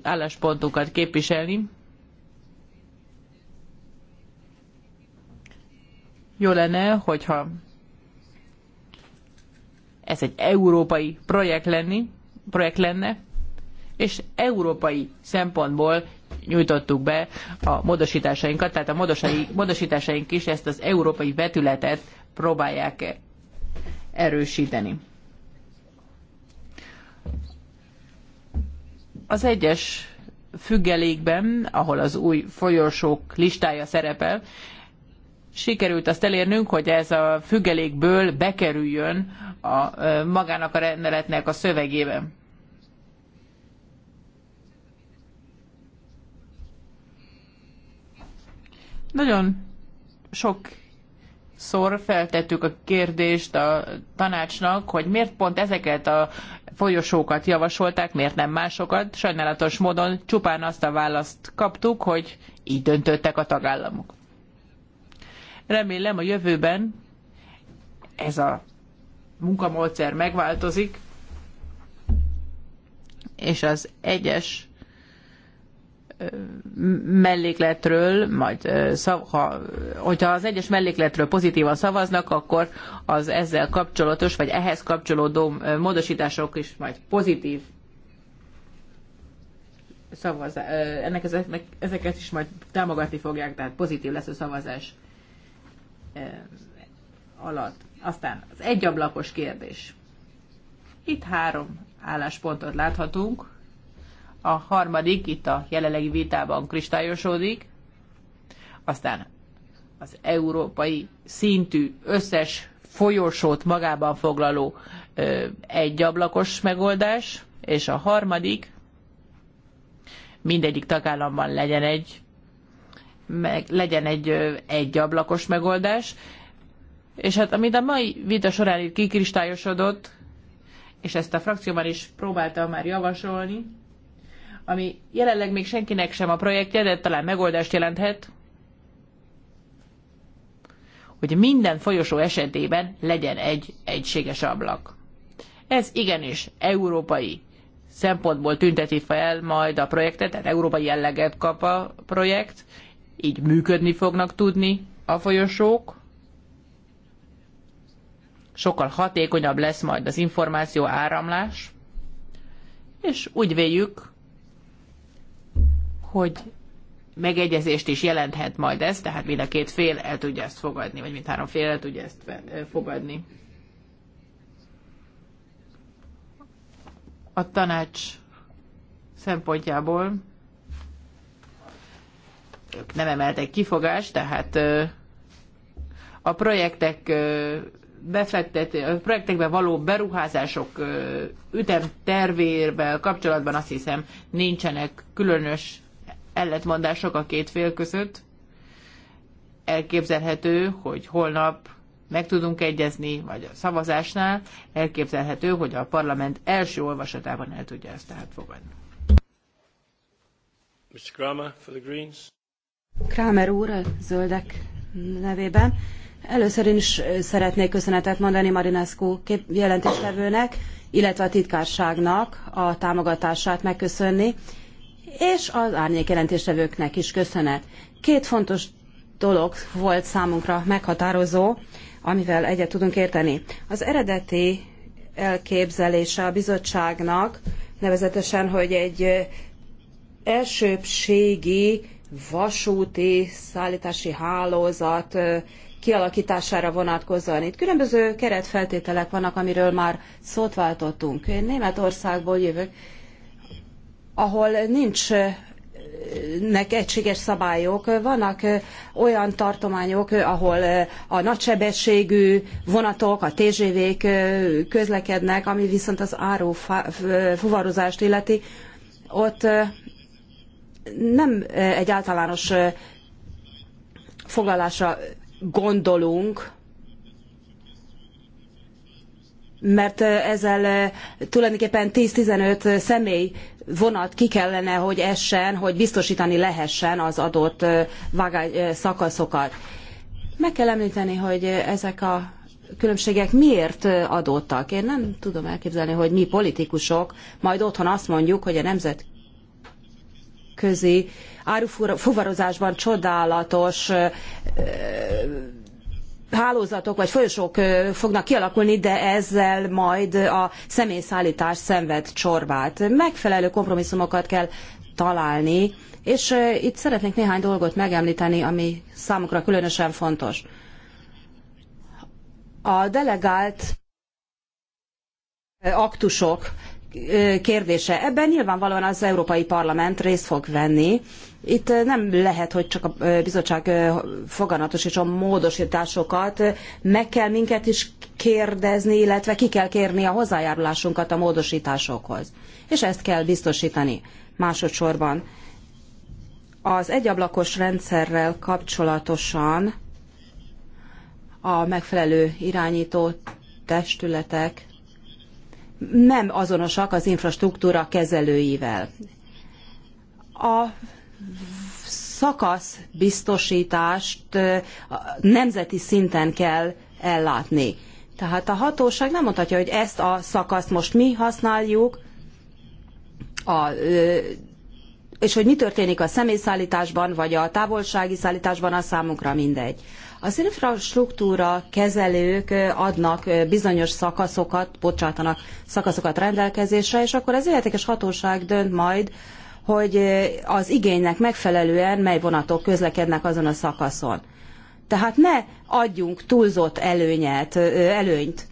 álláspontunkat képviselni. Jó lenne, hogyha ez egy európai projekt, lenni, projekt lenne, és európai szempontból nyújtottuk be a módosításainkat, tehát a módosításaink is ezt az európai vetületet próbálják erősíteni. Az egyes függelékben, ahol az új folyosók listája szerepel, sikerült azt elérnünk, hogy ez a függelékből bekerüljön a, magának a rendeletnek a szövegében. Nagyon sok szor feltettük a kérdést a tanácsnak, hogy miért pont ezeket a folyosókat javasolták, miért nem másokat. Sajnálatos módon csupán azt a választ kaptuk, hogy így döntöttek a tagállamok. Remélem a jövőben ez a munkamódszer megváltozik, és az egyes mellékletről, majd szav, ha, hogyha az egyes mellékletről pozitívan szavaznak, akkor az ezzel kapcsolatos, vagy ehhez kapcsolódó módosítások is majd pozitív szavazás, ennek ezeknek, ezeket is majd támogatni fogják, tehát pozitív lesz a szavazás alatt. Aztán az egyablakos kérdés. Itt három álláspontot láthatunk a harmadik itt a jelenlegi vitában kristályosodik, aztán az európai szintű összes folyosót magában foglaló egyablakos megoldás, és a harmadik, mindegyik tagállamban legyen egy, meg, legyen egy egyablakos megoldás, és hát amit a mai vita során itt kikristályosodott, és ezt a frakcióban is próbáltam már javasolni, ami jelenleg még senkinek sem a projektje, de talán megoldást jelenthet, hogy minden folyosó esetében legyen egy egységes ablak. Ez igenis európai szempontból tünteti fel majd a projektet, tehát európai jelleget kap a projekt, így működni fognak tudni a folyosók, sokkal hatékonyabb lesz majd az információ áramlás, és úgy véljük, hogy megegyezést is jelenthet majd ez, tehát mind a két fél el tudja ezt fogadni, vagy mind három fél el tudja ezt fogadni. A tanács szempontjából ők nem emeltek kifogást, tehát a projektek befektető, a projektekben való beruházások ütemtervével kapcsolatban azt hiszem nincsenek különös ellentmondások a két fél között. Elképzelhető, hogy holnap meg tudunk egyezni, vagy a szavazásnál elképzelhető, hogy a parlament első olvasatában el tudja ezt tehát fogadni. Mr. Kramer, for the Greens. Kramer úr, a zöldek nevében. Először is szeretnék köszönetet mondani Marinescu jelentéstevőnek, illetve a titkárságnak a támogatását megköszönni és az árnyék jelentéstevőknek is köszönet. Két fontos dolog volt számunkra meghatározó, amivel egyet tudunk érteni. Az eredeti elképzelése a bizottságnak, nevezetesen, hogy egy elsőbségi vasúti szállítási hálózat kialakítására vonatkozóan. Itt különböző keretfeltételek vannak, amiről már szót váltottunk. Én Németországból jövök, ahol nincs nek egységes szabályok. Vannak olyan tartományok, ahol a nagysebességű vonatok, a TGV-k közlekednek, ami viszont az áru fuvarozást illeti. Ott nem egy általános foglalásra gondolunk, mert ezzel tulajdonképpen 10-15 személy vonat ki kellene, hogy essen, hogy biztosítani lehessen az adott vágány szakaszokat. Meg kell említeni, hogy ezek a különbségek miért adódtak. Én nem tudom elképzelni, hogy mi politikusok majd otthon azt mondjuk, hogy a nemzetközi árufuvarozásban csodálatos hálózatok vagy folyosók fognak kialakulni, de ezzel majd a személyszállítás szenved csorbát. Megfelelő kompromisszumokat kell találni, és itt szeretnék néhány dolgot megemlíteni, ami számukra különösen fontos. A delegált aktusok kérdése. Ebben nyilvánvalóan az Európai Parlament részt fog venni, itt nem lehet, hogy csak a bizottság a módosításokat, meg kell minket is kérdezni, illetve ki kell kérni a hozzájárulásunkat a módosításokhoz. És ezt kell biztosítani másodszorban. Az egyablakos rendszerrel kapcsolatosan a megfelelő irányító testületek nem azonosak az infrastruktúra kezelőivel. A szakasz biztosítást nemzeti szinten kell ellátni. Tehát a hatóság nem mondhatja, hogy ezt a szakaszt most mi használjuk, a, és hogy mi történik a személyszállításban, vagy a távolsági szállításban, az számunkra mindegy. Az infrastruktúra kezelők adnak bizonyos szakaszokat, bocsátanak szakaszokat rendelkezésre, és akkor az illetékes hatóság dönt majd hogy az igénynek megfelelően mely vonatok közlekednek azon a szakaszon. Tehát ne adjunk túlzott előnyet, előnyt,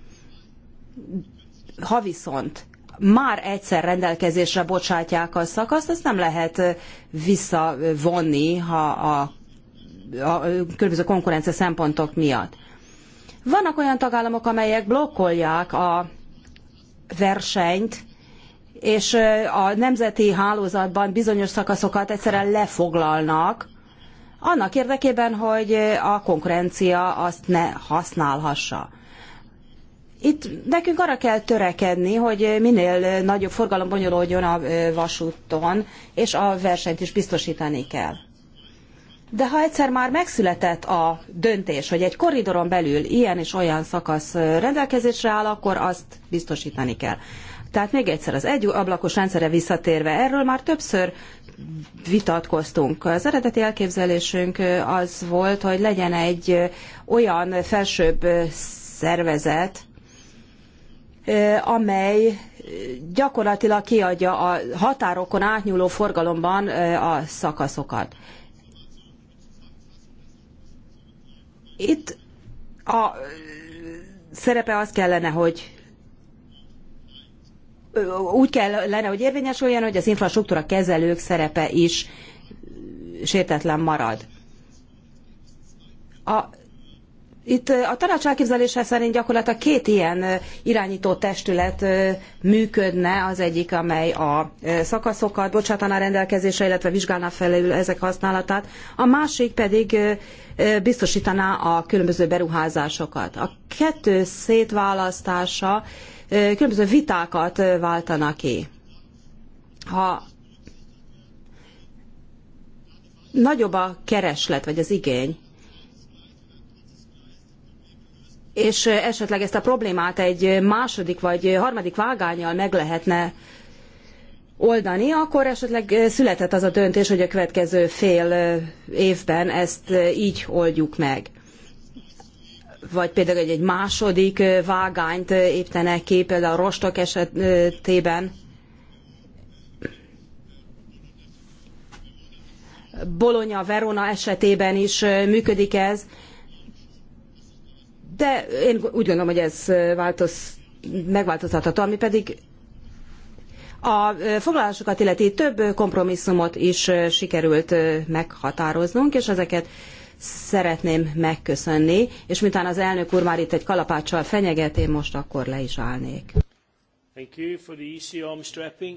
ha viszont már egyszer rendelkezésre bocsátják a szakaszt, azt nem lehet visszavonni, ha a, a különböző konkurencia szempontok miatt. Vannak olyan tagállamok, amelyek blokkolják a versenyt és a nemzeti hálózatban bizonyos szakaszokat egyszerűen lefoglalnak, annak érdekében, hogy a konkurencia azt ne használhassa. Itt nekünk arra kell törekedni, hogy minél nagyobb forgalom bonyolódjon a vasúton, és a versenyt is biztosítani kell. De ha egyszer már megszületett a döntés, hogy egy korridoron belül ilyen és olyan szakasz rendelkezésre áll, akkor azt biztosítani kell. Tehát még egyszer az egy ablakos rendszerre visszatérve, erről már többször vitatkoztunk. Az eredeti elképzelésünk az volt, hogy legyen egy olyan felsőbb szervezet, amely gyakorlatilag kiadja a határokon átnyúló forgalomban a szakaszokat. Itt a szerepe az kellene, hogy úgy kellene, hogy érvényesüljön, hogy az infrastruktúra kezelők szerepe is sértetlen marad. A, itt a tanács elképzelése szerint gyakorlatilag két ilyen irányító testület működne, az egyik, amely a szakaszokat bocsátaná rendelkezésre, illetve vizsgálná felül ezek használatát, a másik pedig biztosítaná a különböző beruházásokat. A kettő szétválasztása különböző vitákat váltanak ki. Ha nagyobb a kereslet, vagy az igény, és esetleg ezt a problémát egy második vagy harmadik vágányjal meg lehetne oldani, akkor esetleg született az a döntés, hogy a következő fél évben ezt így oldjuk meg vagy például egy második vágányt éptenek ki, például a rostok esetében. Bologna, Verona esetében is működik ez, de én úgy gondolom, hogy ez változ, megváltoztatható, ami pedig a foglalásokat illeti több kompromisszumot is sikerült meghatároznunk, és ezeket szeretném megköszönni, és miután az elnök úr már itt egy kalapáccsal fenyeget, én most akkor le is állnék. Thank you for the e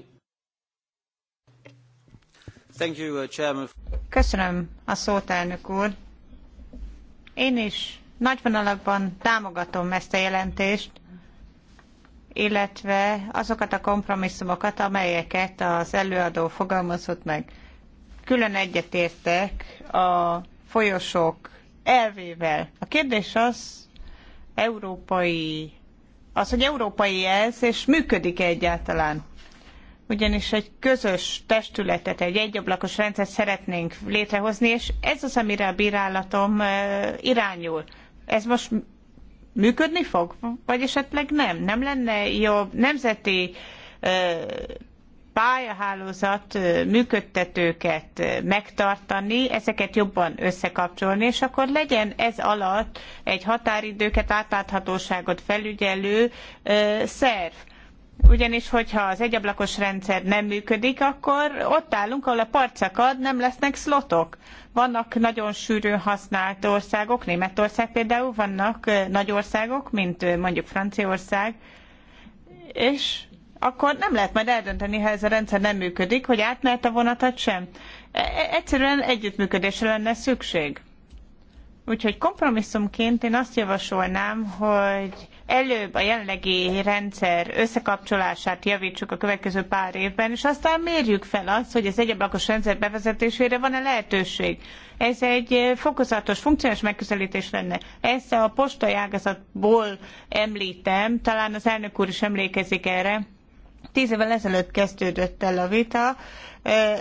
Thank you, uh, Chairman. Köszönöm a szót, elnök úr. Én is nagy vonalakban támogatom ezt a jelentést, illetve azokat a kompromisszumokat, amelyeket az előadó fogalmazott meg. Külön egyetértek a folyosók elvével. A kérdés az, európai, az, hogy európai ez, és működik-e egyáltalán? Ugyanis egy közös testületet, egy egyablakos rendszert szeretnénk létrehozni, és ez az, amire a bírálatom irányul. Ez most működni fog? Vagy esetleg nem? Nem lenne jobb nemzeti pályahálózat működtetőket megtartani, ezeket jobban összekapcsolni, és akkor legyen ez alatt egy határidőket, átláthatóságot felügyelő szerv. Ugyanis, hogyha az egyablakos rendszer nem működik, akkor ott állunk, ahol a parcakad, nem lesznek szlotok. Vannak nagyon sűrűn használt országok, Németország például, vannak nagy országok, mint mondjuk Franciaország, és akkor nem lehet majd eldönteni, ha ez a rendszer nem működik, hogy átmehet a vonatat sem. E, e, egyszerűen együttműködésre lenne szükség. Úgyhogy kompromisszumként én azt javasolnám, hogy előbb a jelenlegi rendszer összekapcsolását javítsuk a következő pár évben, és aztán mérjük fel azt, hogy az egyablakos rendszer bevezetésére van-e lehetőség. Ez egy eh, fokozatos, funkcionális megközelítés lenne. Ezt a postai ágazatból említem, talán az elnök úr is emlékezik erre Tíz évvel ezelőtt kezdődött el a vita. E,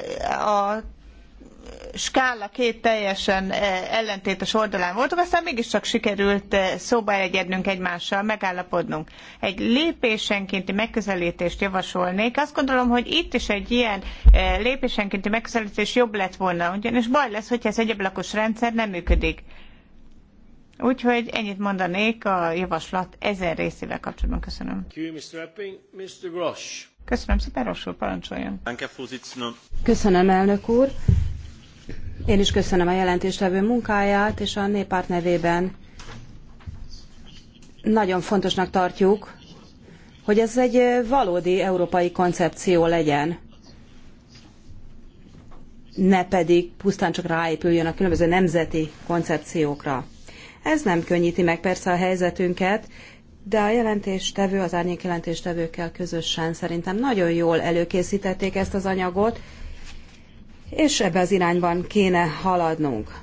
a skála két teljesen e, ellentétes oldalán voltunk, aztán mégiscsak sikerült e, szóba egyednünk egymással, megállapodnunk. Egy lépésenkénti megközelítést javasolnék. Azt gondolom, hogy itt is egy ilyen lépésenkénti megközelítés jobb lett volna, ugyanis baj lesz, hogyha ez egyablakos rendszer nem működik. Úgyhogy ennyit mondanék a javaslat ezen részével kapcsolatban. Köszönöm. Köszönöm szépen, úr, parancsoljon. Köszönöm, elnök úr. Én is köszönöm a jelentéstevő munkáját, és a néppárt nevében nagyon fontosnak tartjuk, hogy ez egy valódi európai koncepció legyen ne pedig pusztán csak ráépüljön a különböző nemzeti koncepciókra. Ez nem könnyíti meg persze a helyzetünket, de a jelentéstevő, az árnyék jelentéstevőkkel közösen szerintem nagyon jól előkészítették ezt az anyagot, és ebbe az irányban kéne haladnunk.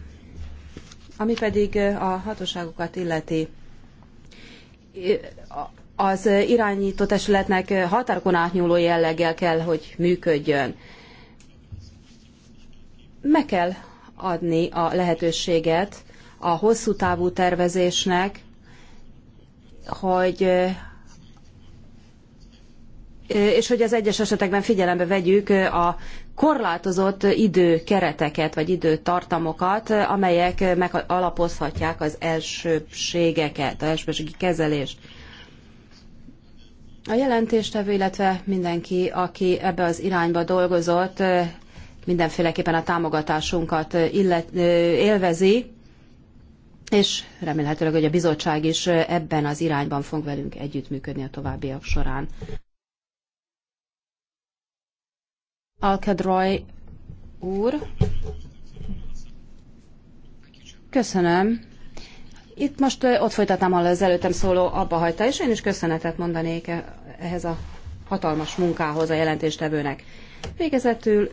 Ami pedig a hatóságokat illeti, az irányított esületnek határkon átnyúló jelleggel kell, hogy működjön. Meg kell adni a lehetőséget a hosszú távú tervezésnek, hogy és hogy az egyes esetekben figyelembe vegyük a korlátozott időkereteket vagy időtartamokat, amelyek megalapozhatják az elsőbségeket, az elsőbségi kezelést. A jelentéstevő, illetve mindenki, aki ebbe az irányba dolgozott, mindenféleképpen a támogatásunkat illet, élvezi és remélhetőleg, hogy a bizottság is ebben az irányban fog velünk együttműködni a továbbiak során. Alkedroy úr, köszönöm. Itt most ott folytatnám, ahol az előttem szóló abba és én is köszönetet mondanék e- ehhez a hatalmas munkához a jelentéstevőnek. Végezetül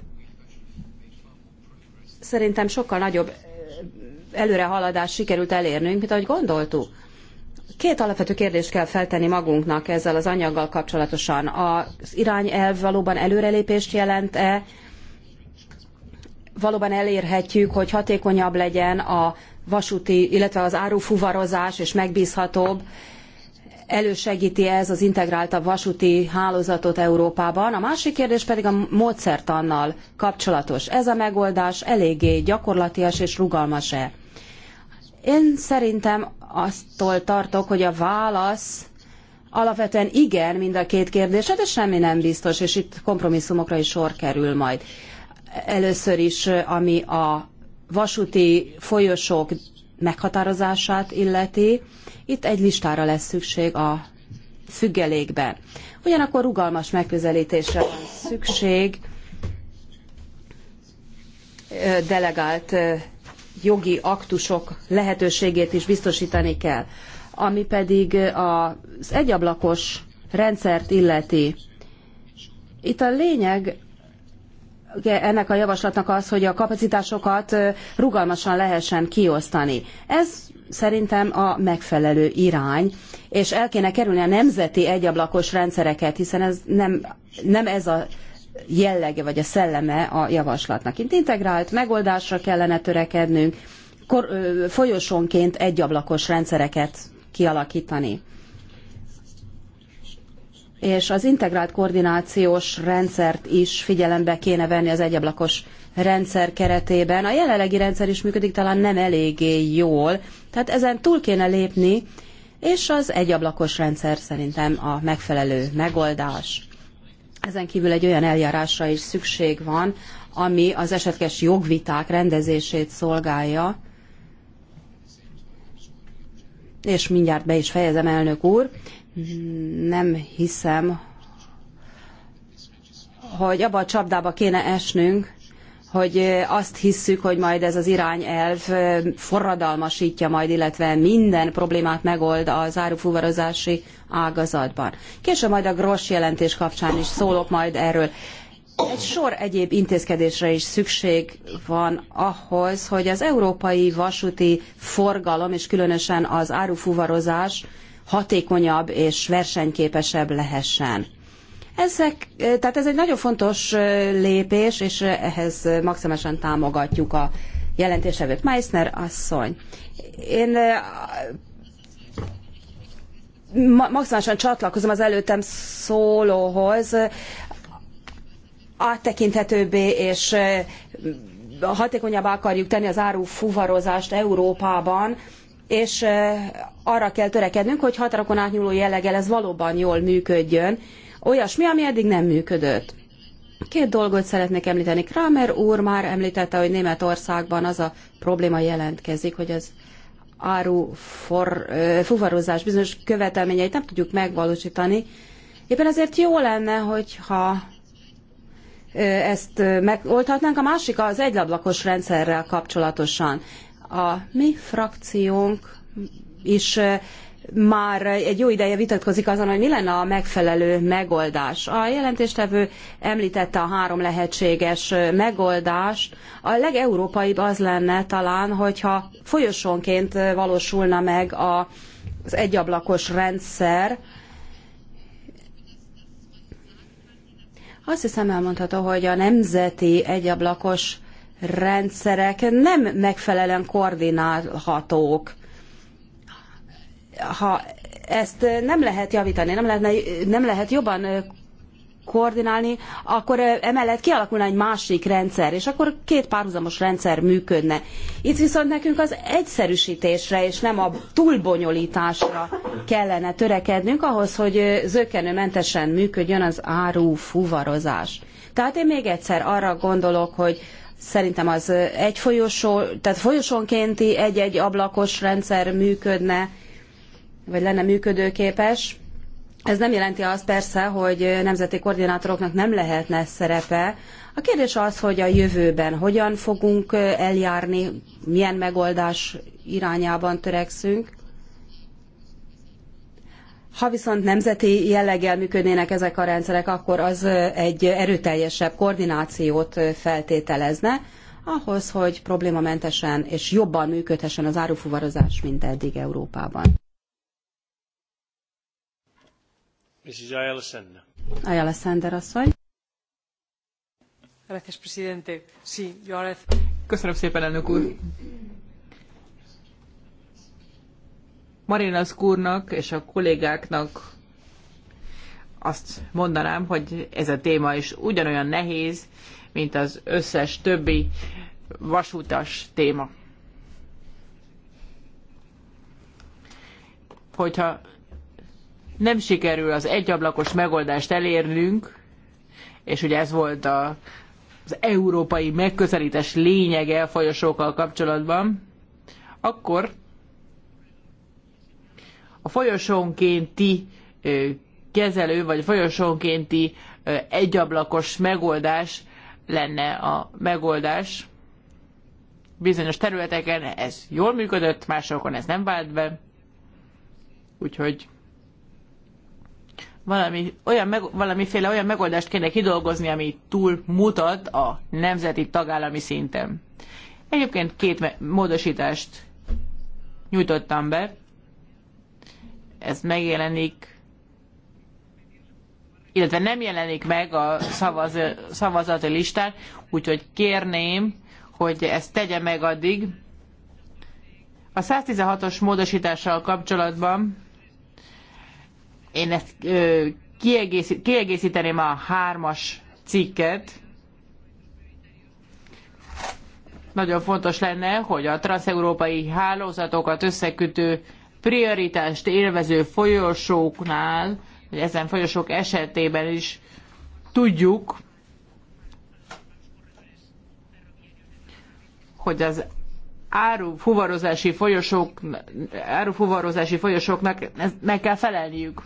szerintem sokkal nagyobb előrehaladást sikerült elérnünk, mint ahogy gondoltuk. Két alapvető kérdést kell feltenni magunknak ezzel az anyaggal kapcsolatosan. Az irányelv valóban előrelépést jelent-e? Valóban elérhetjük, hogy hatékonyabb legyen a vasúti, illetve az árufuvarozás és megbízhatóbb? elősegíti ez az integráltabb vasúti hálózatot Európában. A másik kérdés pedig a módszertannal kapcsolatos. Ez a megoldás eléggé gyakorlatias és rugalmas-e? Én szerintem aztól tartok, hogy a válasz alapvetően igen mind a két kérdésre, hát de semmi nem biztos, és itt kompromisszumokra is sor kerül majd. Először is, ami a vasúti folyosók meghatározását illeti, itt egy listára lesz szükség a függelékben. Ugyanakkor rugalmas megközelítésre van szükség, delegált jogi aktusok lehetőségét is biztosítani kell. Ami pedig eh, az egyablakos rendszert illeti. Itt a lényeg ennek a javaslatnak az, hogy a kapacitásokat eh, rugalmasan lehessen kiosztani. Ez szerintem a megfelelő irány, és el kéne kerülni a nemzeti egyablakos rendszereket, hiszen ez nem, nem ez a jellege vagy a szelleme a javaslatnak. Itt integrált megoldásra kellene törekednünk, kor, folyosónként egyablakos rendszereket kialakítani. És az integrált koordinációs rendszert is figyelembe kéne venni az egyablakos rendszer keretében. A jelenlegi rendszer is működik, talán nem eléggé jól, tehát ezen túl kéne lépni, és az egyablakos rendszer szerintem a megfelelő megoldás. Ezen kívül egy olyan eljárásra is szükség van, ami az esetleges jogviták rendezését szolgálja, és mindjárt be is fejezem, elnök úr, nem hiszem, hogy abba a csapdába kéne esnünk, hogy azt hisszük, hogy majd ez az irányelv forradalmasítja majd, illetve minden problémát megold az árufuvarozási ágazatban. Később majd a gross jelentés kapcsán is szólok majd erről. Egy sor egyéb intézkedésre is szükség van ahhoz, hogy az európai vasúti forgalom, és különösen az árufuvarozás hatékonyabb és versenyképesebb lehessen. Ezek, eh, tehát ez egy nagyon fontos eh, lépés, és eh, ehhez maximálisan támogatjuk a jelentésevőt. Meissner asszony, én maximálisan csatlakozom az előttem szólóhoz, áttekinthetőbbé és hatékonyabbá akarjuk tenni az áru fuvarozást Európában, és arra kell törekednünk, hogy határokon átnyúló jelleggel ez valóban jól működjön olyasmi, ami eddig nem működött. Két dolgot szeretnék említeni. Kramer úr már említette, hogy Németországban az a probléma jelentkezik, hogy az áru for, fuvarozás bizonyos követelményeit nem tudjuk megvalósítani. Éppen ezért jó lenne, hogyha ezt megoldhatnánk. A másik az egylablakos rendszerrel kapcsolatosan. A mi frakciónk is már egy jó ideje vitatkozik azon, hogy mi lenne a megfelelő megoldás. A jelentéstevő említette a három lehetséges megoldást. A legeurópaibb az lenne talán, hogyha folyosónként valósulna meg az egyablakos rendszer, Azt hiszem elmondható, hogy a nemzeti egyablakos rendszerek nem megfelelően koordinálhatók ha ezt nem lehet javítani, nem, lehetne, nem lehet jobban koordinálni, akkor emellett kialakulna egy másik rendszer, és akkor két párhuzamos rendszer működne. Itt viszont nekünk az egyszerűsítésre és nem a túlbonyolításra kellene törekednünk ahhoz, hogy zökkenőmentesen működjön az áru fuvarozás. Tehát én még egyszer arra gondolok, hogy szerintem az egy folyosó, tehát folyosónkénti egy-egy ablakos rendszer működne, vagy lenne működőképes. Ez nem jelenti azt persze, hogy nemzeti koordinátoroknak nem lehetne szerepe. A kérdés az, hogy a jövőben hogyan fogunk eljárni, milyen megoldás irányában törekszünk. Ha viszont nemzeti jelleggel működnének ezek a rendszerek, akkor az egy erőteljesebb koordinációt feltételezne, ahhoz, hogy problémamentesen és jobban működhessen az árufuvarozás, mint eddig Európában. Mrs. Ayala Sender. Ayala Sender asszony. Gracias, presidente. Sí, yo ahora... Köszönöm szépen, elnök úr. Marina úrnak és a kollégáknak azt mondanám, hogy ez a téma is ugyanolyan nehéz, mint az összes többi vasutas téma. Hogyha nem sikerül az egyablakos megoldást elérnünk, és ugye ez volt a, az európai megközelítés lényege a folyosókkal kapcsolatban, akkor a folyosónkénti kezelő, vagy folyosónkénti egyablakos megoldás lenne a megoldás. Bizonyos területeken ez jól működött, másokon ez nem vált be. Úgyhogy valami, olyan meg, valamiféle olyan megoldást kéne kidolgozni, ami túl mutat a nemzeti tagállami szinten. Egyébként két módosítást nyújtottam be. Ez megjelenik, illetve nem jelenik meg a szavaz, szavazati listán, úgyhogy kérném, hogy ezt tegye meg addig. A 116-os módosítással kapcsolatban én ezt ö, kiegészít, kiegészíteném a hármas cikket. Nagyon fontos lenne, hogy a transeurópai hálózatokat összekötő prioritást élvező folyosóknál, vagy ezen folyosók esetében is tudjuk, hogy az árufuvarozási folyosók, árufuvarozási folyosóknak ne kell felelniük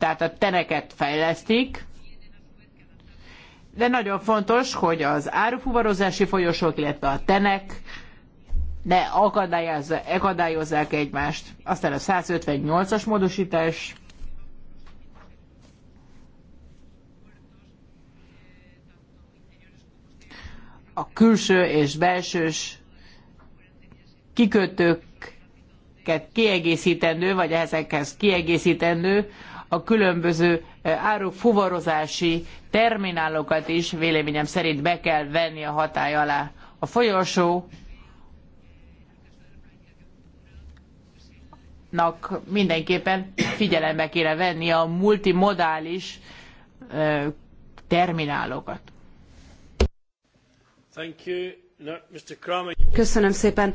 tehát a teneket fejlesztik, de nagyon fontos, hogy az árufuvarozási folyosók, illetve a tenek ne akadályozzák egymást. Aztán a 158-as módosítás. A külső és belsős kikötőket kiegészítendő, vagy ezekhez kiegészítendő a különböző eh, árufuvarozási terminálokat is véleményem szerint be kell venni a hatály alá. A folyosó mindenképpen figyelembe kéne venni a multimodális eh, terminálokat. Köszönöm szépen.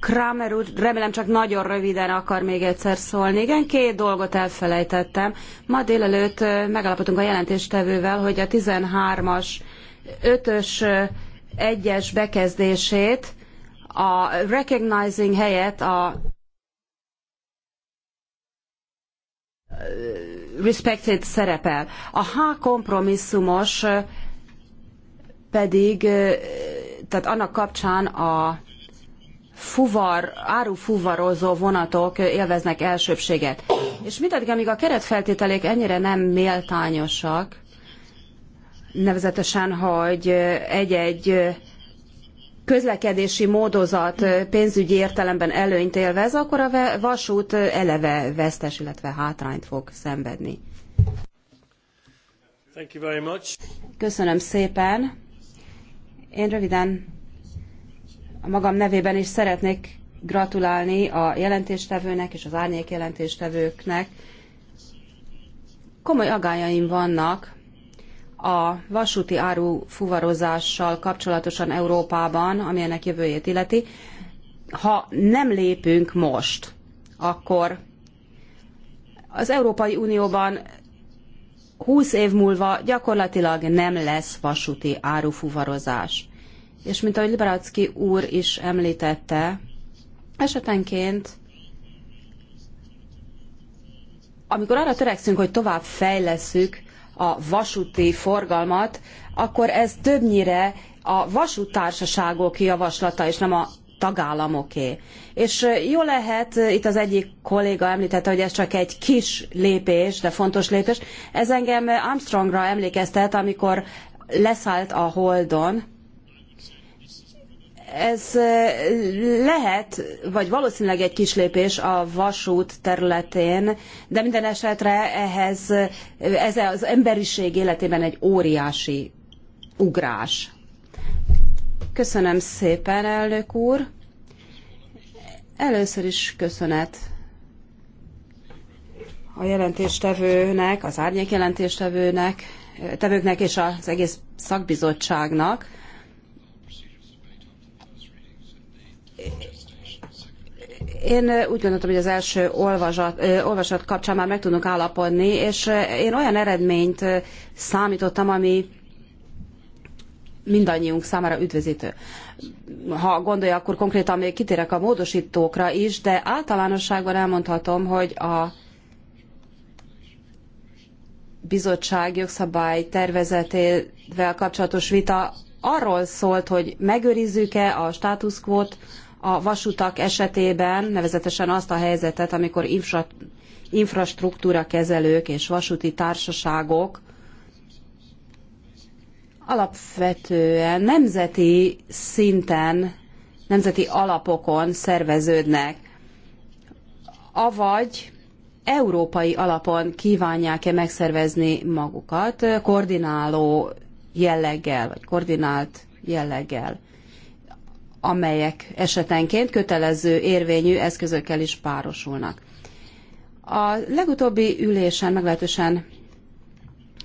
Kramer úr, remélem csak nagyon röviden akar még egyszer szólni. Igen, két dolgot elfelejtettem. Ma délelőtt megállapodtunk a jelentéstevővel, hogy a 13-as, 5-ös, 1-es bekezdését a recognizing helyett a respected szerepel. A H kompromisszumos pedig, tehát annak kapcsán a fuvar, árufuvarozó vonatok élveznek elsőbséget. És mindaddig, amíg a keretfeltételek ennyire nem méltányosak, nevezetesen, hogy egy-egy közlekedési módozat pénzügyi értelemben előnyt élvez, akkor a vasút eleve vesztes, illetve hátrányt fog szenvedni. Köszönöm szépen. Én röviden a magam nevében is szeretnék gratulálni a jelentéstevőnek és az árnyék jelentéstevőknek. Komoly agályaim vannak a vasúti áru fuvarozással kapcsolatosan Európában, ami ennek jövőjét illeti. Ha nem lépünk most, akkor az Európai Unióban 20 év múlva gyakorlatilag nem lesz vasúti árufuvarozás és mint ahogy Liberacki úr is említette, esetenként amikor arra törekszünk, hogy tovább fejleszük a vasúti forgalmat, akkor ez többnyire a vasútársaságok javaslata, és nem a tagállamoké. És jó lehet, itt az egyik kolléga említette, hogy ez csak egy kis lépés, de fontos lépés. Ez engem Armstrongra emlékeztet, amikor leszállt a Holdon, ez lehet, vagy valószínűleg egy kislépés a vasút területén, de minden esetre ehhez, ez az emberiség életében egy óriási ugrás. Köszönöm szépen, elnök úr. Először is köszönet a jelentéstevőnek, az árnyék jelentéstevőnek, tevőknek és az egész szakbizottságnak Én úgy gondoltam, hogy az első olvasat, olvasat kapcsán már meg tudunk állapodni, és én olyan eredményt számítottam, ami mindannyiunk számára üdvözítő. Ha gondolja, akkor konkrétan még kitérek a módosítókra is, de általánosságban elmondhatom, hogy a bizottság jogszabály tervezetével kapcsolatos vita arról szólt, hogy megőrizzük-e a státuszkvót, a vasutak esetében, nevezetesen azt a helyzetet, amikor infra, infrastruktúra kezelők és vasúti társaságok alapvetően nemzeti szinten, nemzeti alapokon szerveződnek, avagy európai alapon kívánják-e megszervezni magukat koordináló jelleggel, vagy koordinált jelleggel amelyek esetenként kötelező érvényű eszközökkel is párosulnak. A legutóbbi ülésen meglehetősen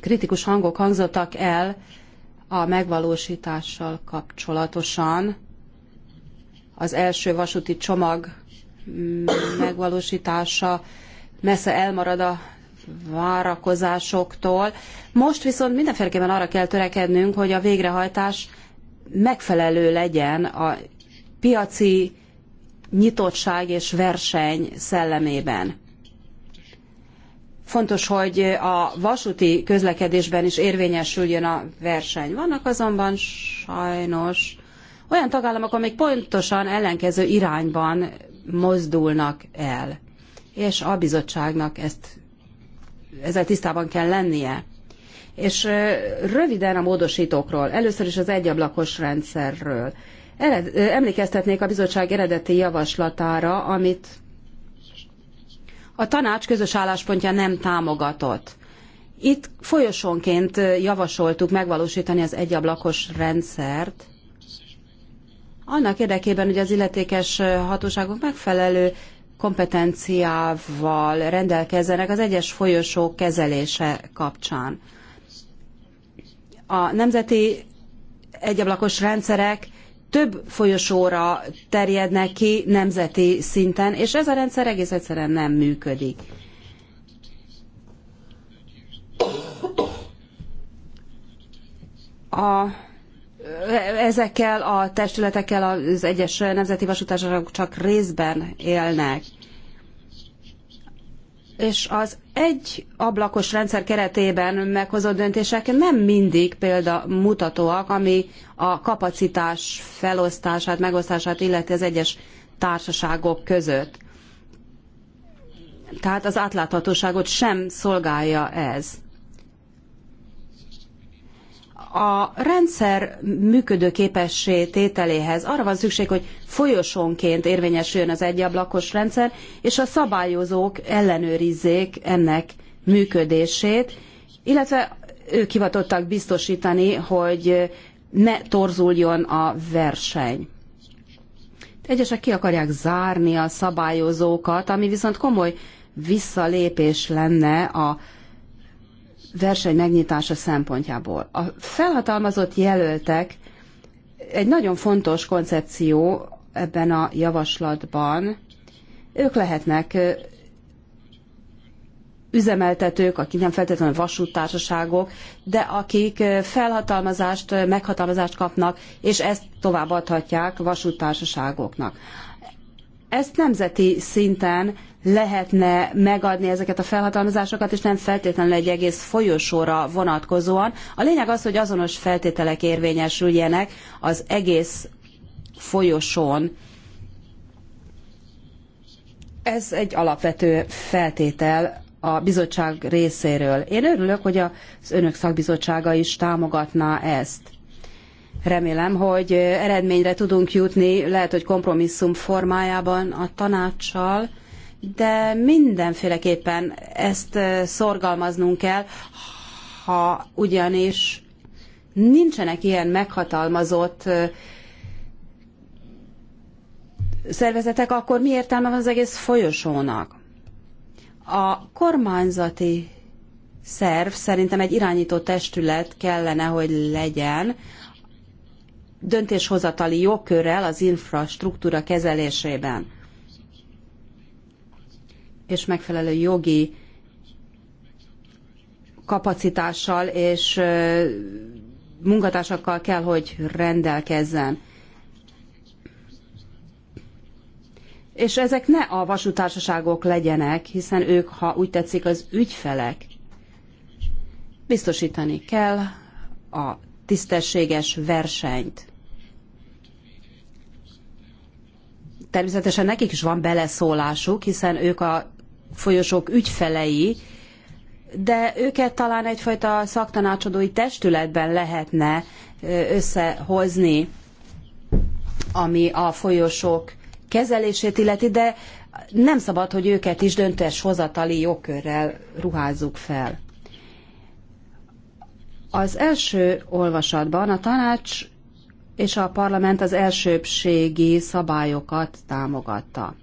kritikus hangok hangzottak el a megvalósítással kapcsolatosan. Az első vasúti csomag megvalósítása messze elmarad a várakozásoktól. Most viszont mindenféleképpen arra kell törekednünk, hogy a végrehajtás megfelelő legyen a piaci nyitottság és verseny szellemében. Fontos, hogy a vasúti közlekedésben is érvényesüljön a verseny. Vannak azonban sajnos olyan tagállamok, amik pontosan ellenkező irányban mozdulnak el. És a bizottságnak ezt, ezzel tisztában kell lennie. És röviden a módosítókról, először is az egyablakos rendszerről. Ered, emlékeztetnék a bizottság eredeti javaslatára, amit a tanács közös álláspontja nem támogatott. Itt folyosónként javasoltuk megvalósítani az egyablakos rendszert, annak érdekében, hogy az illetékes hatóságok megfelelő kompetenciával rendelkezzenek az egyes folyosók kezelése kapcsán. A nemzeti egyablakos rendszerek több folyosóra terjednek ki nemzeti szinten, és ez a rendszer egész egyszerűen nem működik. A, ezekkel a testületekkel az egyes nemzeti vasutársaságok csak részben élnek és az egy ablakos rendszer keretében meghozott döntések nem mindig példamutatóak, ami a kapacitás felosztását, megosztását illeti az egyes társaságok között. Tehát az átláthatóságot sem szolgálja ez a rendszer működőképessé tételéhez arra van szükség, hogy folyosónként érvényesüljön az egyablakos rendszer, és a szabályozók ellenőrizzék ennek működését, illetve ők hivatottak biztosítani, hogy ne torzuljon a verseny. Egyesek ki akarják zárni a szabályozókat, ami viszont komoly visszalépés lenne a verseny megnyitása szempontjából. A felhatalmazott jelöltek egy nagyon fontos koncepció ebben a javaslatban. Ők lehetnek üzemeltetők, akik nem feltétlenül vasúttársaságok, de akik felhatalmazást, meghatalmazást kapnak, és ezt továbbadhatják vasúttársaságoknak ezt nemzeti szinten lehetne megadni ezeket a felhatalmazásokat, és nem feltétlenül egy egész folyosóra vonatkozóan. A lényeg az, hogy azonos feltételek érvényesüljenek az egész folyosón. Ez egy alapvető feltétel a bizottság részéről. Én örülök, hogy az önök szakbizottsága is támogatná ezt. Remélem, hogy eredményre tudunk jutni, lehet, hogy kompromisszum formájában a tanácssal, de mindenféleképpen ezt eh, szorgalmaznunk kell, ha ugyanis nincsenek ilyen meghatalmazott eh, szervezetek, akkor mi értelme van az egész folyosónak? A kormányzati szerv szerintem egy irányító testület kellene, hogy legyen, döntéshozatali jogkörrel az infrastruktúra kezelésében és megfelelő jogi kapacitással és munkatársakkal kell, hogy rendelkezzen. És ezek ne a vasútársaságok legyenek, hiszen ők, ha úgy tetszik, az ügyfelek. Biztosítani kell a tisztességes versenyt. természetesen nekik is van beleszólásuk, hiszen ők a folyosók ügyfelei, de őket talán egyfajta szaktanácsadói testületben lehetne összehozni, ami a folyosók kezelését illeti, de nem szabad, hogy őket is döntés hozatali jogkörrel ruházzuk fel. Az első olvasatban a tanács és a parlament az elsőbségi szabályokat támogatta.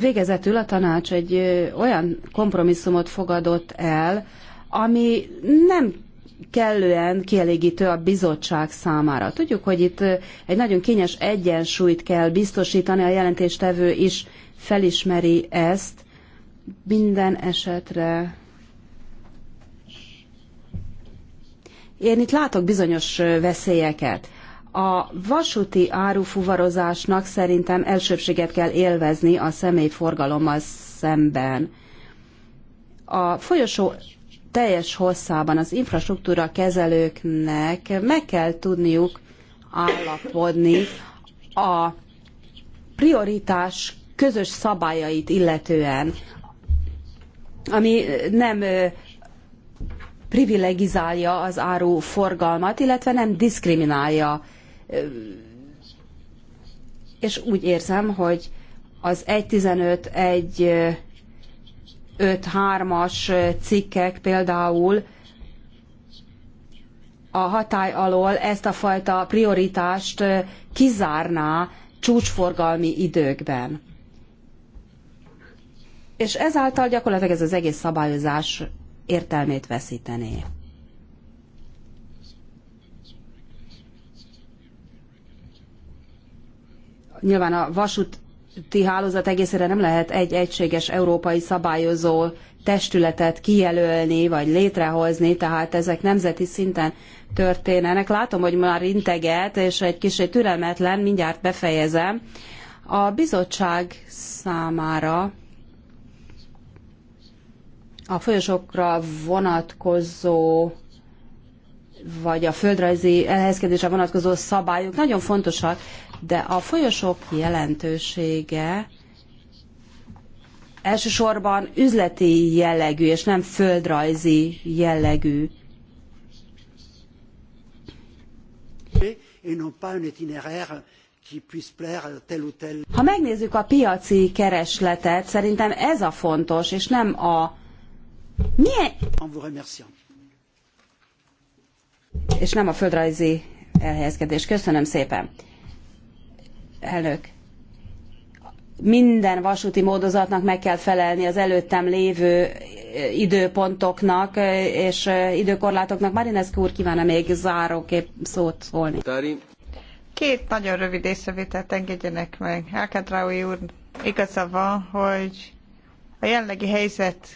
Végezetül a tanács egy olyan kompromisszumot fogadott el, ami nem kellően kielégítő a bizottság számára. Tudjuk, hogy itt egy nagyon kényes egyensúlyt kell biztosítani, a jelentéstevő is felismeri ezt. Minden esetre Én itt látok bizonyos veszélyeket. A vasúti árufuvarozásnak szerintem elsőbséget kell élvezni a személyforgalommal szemben. A folyosó teljes hosszában az infrastruktúra kezelőknek meg kell tudniuk állapodni a prioritás közös szabályait illetően, ami nem privilegizálja az áru forgalmat, illetve nem diszkriminálja. És úgy érzem, hogy az 1.15, 1 5-3-as cikkek például a hatály alól ezt a fajta prioritást kizárná csúcsforgalmi időkben. És ezáltal gyakorlatilag ez az egész szabályozás értelmét veszítené. Nyilván a vasúti hálózat egészére nem lehet egy egységes európai szabályozó testületet kijelölni vagy létrehozni, tehát ezek nemzeti szinten történnek. Látom, hogy már integet, és egy kicsit türelmetlen, mindjárt befejezem. A bizottság számára a folyosokra vonatkozó vagy a földrajzi elhelyezkedésre vonatkozó szabályok nagyon fontosak, de a folyosok jelentősége elsősorban üzleti jellegű, és nem földrajzi jellegű. Ha megnézzük a piaci keresletet, szerintem ez a fontos, és nem a és nem a földrajzi elhelyezkedés. Köszönöm szépen. Elnök. Minden vasúti módozatnak meg kell felelni az előttem lévő időpontoknak és időkorlátoknak. Marinescu úr kívánna még záróképp szót szólni. Két nagyon rövid észrevételt engedjenek meg. Alcatraui úr igaza van, hogy a jelenlegi helyzet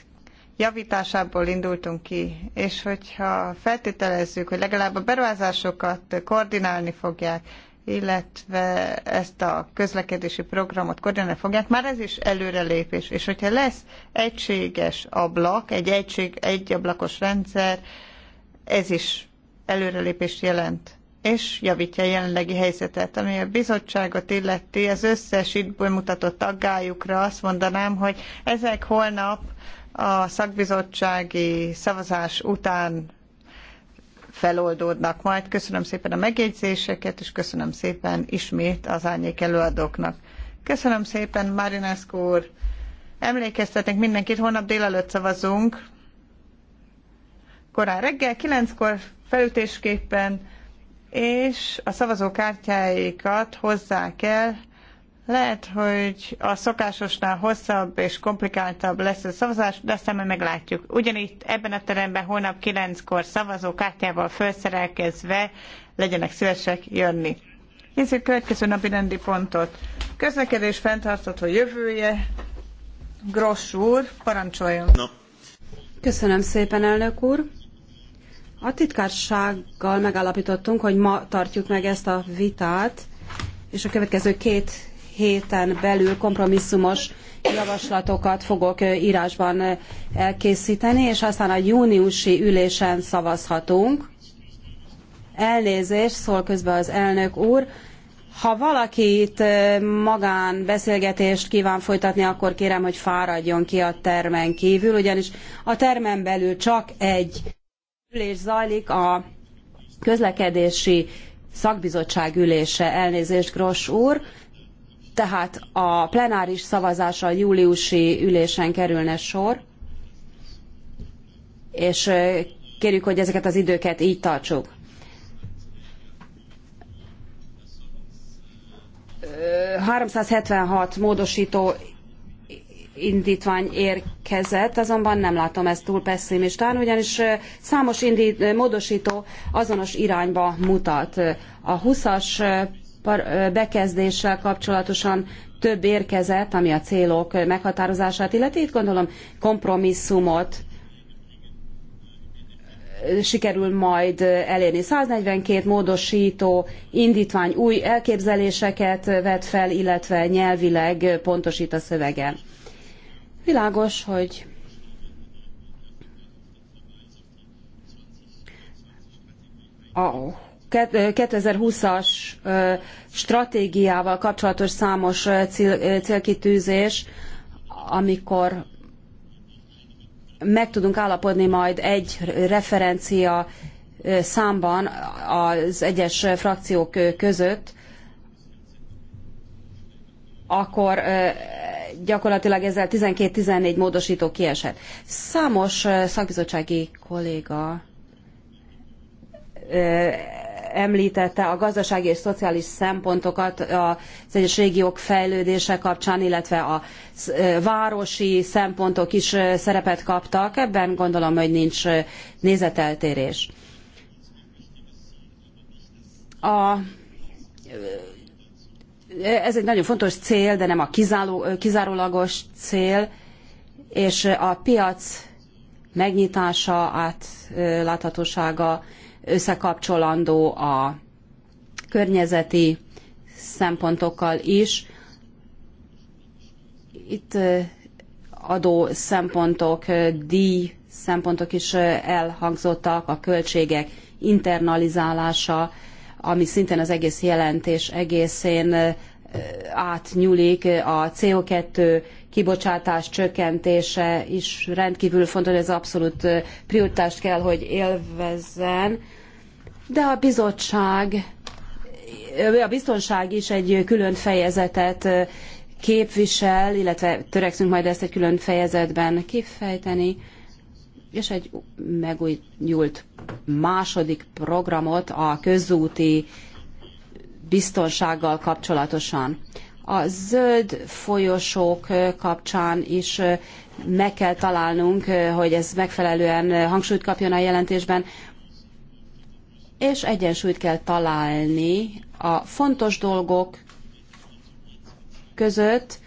javításából indultunk ki, és hogyha feltételezzük, hogy legalább a beruházásokat koordinálni fogják, illetve ezt a közlekedési programot koordinálni fogják, már ez is előrelépés. És hogyha lesz egységes ablak, egy, egység, egy ablakos rendszer, ez is előrelépést jelent és javítja a jelenlegi helyzetet. Ami a bizottságot illeti, az összes itt mutatott aggályukra azt mondanám, hogy ezek holnap a szakbizottsági szavazás után feloldódnak majd. Köszönöm szépen a megjegyzéseket, és köszönöm szépen ismét az árnyék előadóknak. Köszönöm szépen, Marinescu úr. Emlékeztetek mindenkit, holnap délelőtt szavazunk. Korán reggel, kilenckor felütésképpen, és a szavazókártyáikat hozzá kell lehet, hogy a szokásosnál hosszabb és komplikáltabb lesz a szavazás, de aztán majd meglátjuk. Ugyanígy ebben a teremben holnap kilenckor kártyával felszerelkezve legyenek szívesek jönni. Nézzük a következő napi rendi pontot. Közlekedés fenntartható jövője. Gross úr, parancsoljon. No. Köszönöm szépen, elnök úr. A titkársággal megállapítottunk, hogy ma tartjuk meg ezt a vitát, és a következő két héten belül kompromisszumos javaslatokat fogok írásban elkészíteni, és aztán a júniusi ülésen szavazhatunk. Elnézést, szól közben az elnök úr. Ha valaki itt magánbeszélgetést kíván folytatni, akkor kérem, hogy fáradjon ki a termen kívül, ugyanis a termen belül csak egy ülés zajlik a közlekedési szakbizottság ülése, elnézést, Gross úr tehát a plenáris szavazásra a júliusi ülésen kerülne sor, és kérjük, hogy ezeket az időket így tartsuk. Ö, 376 módosító indítvány érkezett, azonban nem látom ezt túl pessimistán, ugyanis számos indít, módosító azonos irányba mutat. A 20-as bekezdéssel kapcsolatosan több érkezett, ami a célok meghatározását illeti. Itt gondolom kompromisszumot sikerül majd elérni. 142 módosító indítvány új elképzeléseket vet fel, illetve nyelvileg pontosít a szövege. Világos, hogy a 2020-as stratégiával kapcsolatos számos célkitűzés, amikor meg tudunk állapodni majd egy referencia számban az egyes frakciók között, akkor gyakorlatilag ezzel 12-14 módosító kiesett. Számos szakbizottsági kolléga említette a gazdasági és szociális szempontokat az egyes régiók fejlődése kapcsán, illetve a városi szempontok is szerepet kaptak. Ebben gondolom, hogy nincs nézeteltérés. A ez egy nagyon fontos cél, de nem a kizárólagos cél, és a piac megnyitása, átláthatósága összekapcsolandó a környezeti szempontokkal is. Itt adó szempontok, díj szempontok is elhangzottak, a költségek internalizálása, ami szintén az egész jelentés egészén átnyúlik, a CO2 kibocsátás csökkentése is rendkívül fontos, ez abszolút prioritást kell, hogy élvezzen. De a bizottság, a biztonság is egy külön fejezetet képvisel, illetve törekszünk majd ezt egy külön fejezetben kifejteni, és egy megújult második programot a közúti biztonsággal kapcsolatosan. A zöld folyosók kapcsán is meg kell találnunk, hogy ez megfelelően hangsúlyt kapjon a jelentésben, és egyensúlyt kell találni a fontos dolgok között,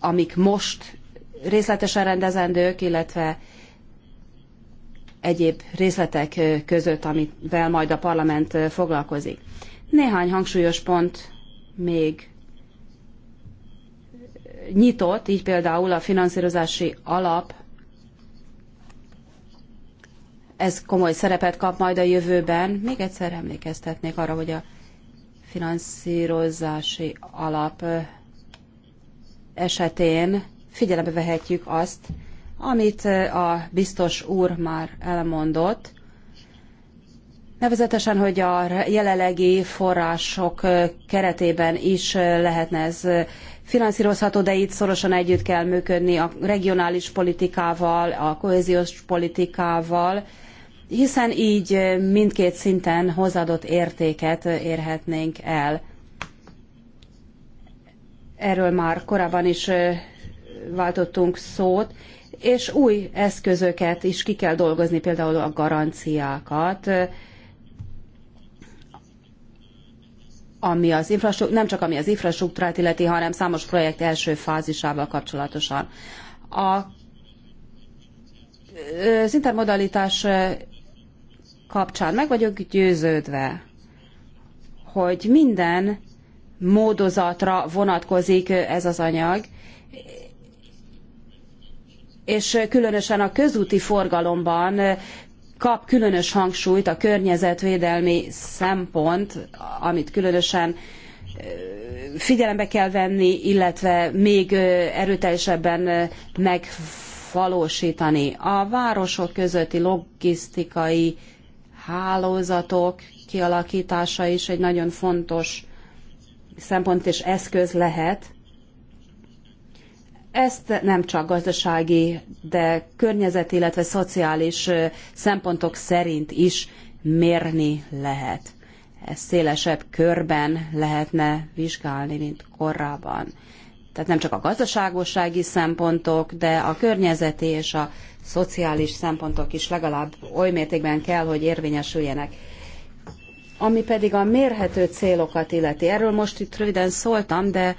amik most részletesen rendezendők, illetve egyéb részletek között, amivel majd a parlament foglalkozik. Néhány hangsúlyos pont még nyitott, így például a finanszírozási alap, ez komoly szerepet kap majd a jövőben. Még egyszer emlékeztetnék arra, hogy a finanszírozási alap esetén figyelembe vehetjük azt, amit a biztos úr már elmondott, Nevezetesen, hogy a jelenlegi források keretében is lehetne ez finanszírozható, de itt szorosan együtt kell működni a regionális politikával, a kohéziós politikával, hiszen így mindkét szinten hozzáadott értéket érhetnénk el. Erről már korábban is váltottunk szót, és új eszközöket is ki kell dolgozni, például a garanciákat, ami az infrastruktúrát, nem csak ami az infrastruktúrát illeti, hanem számos projekt első fázisával kapcsolatosan. A, az intermodalitás kapcsán meg vagyok győződve, hogy minden módozatra vonatkozik ez az anyag, és különösen a közúti forgalomban kap különös hangsúlyt a környezetvédelmi szempont, amit különösen figyelembe kell venni, illetve még erőteljesebben megvalósítani. A városok közötti logisztikai hálózatok kialakítása is egy nagyon fontos szempont és eszköz lehet, ezt nem csak gazdasági, de környezet, illetve szociális szempontok szerint is mérni lehet. Ezt szélesebb körben lehetne vizsgálni, mint korábban. Tehát nem csak a gazdaságossági szempontok, de a környezeti és a szociális szempontok is legalább oly mértékben kell, hogy érvényesüljenek. Ami pedig a mérhető célokat illeti, erről most itt röviden szóltam, de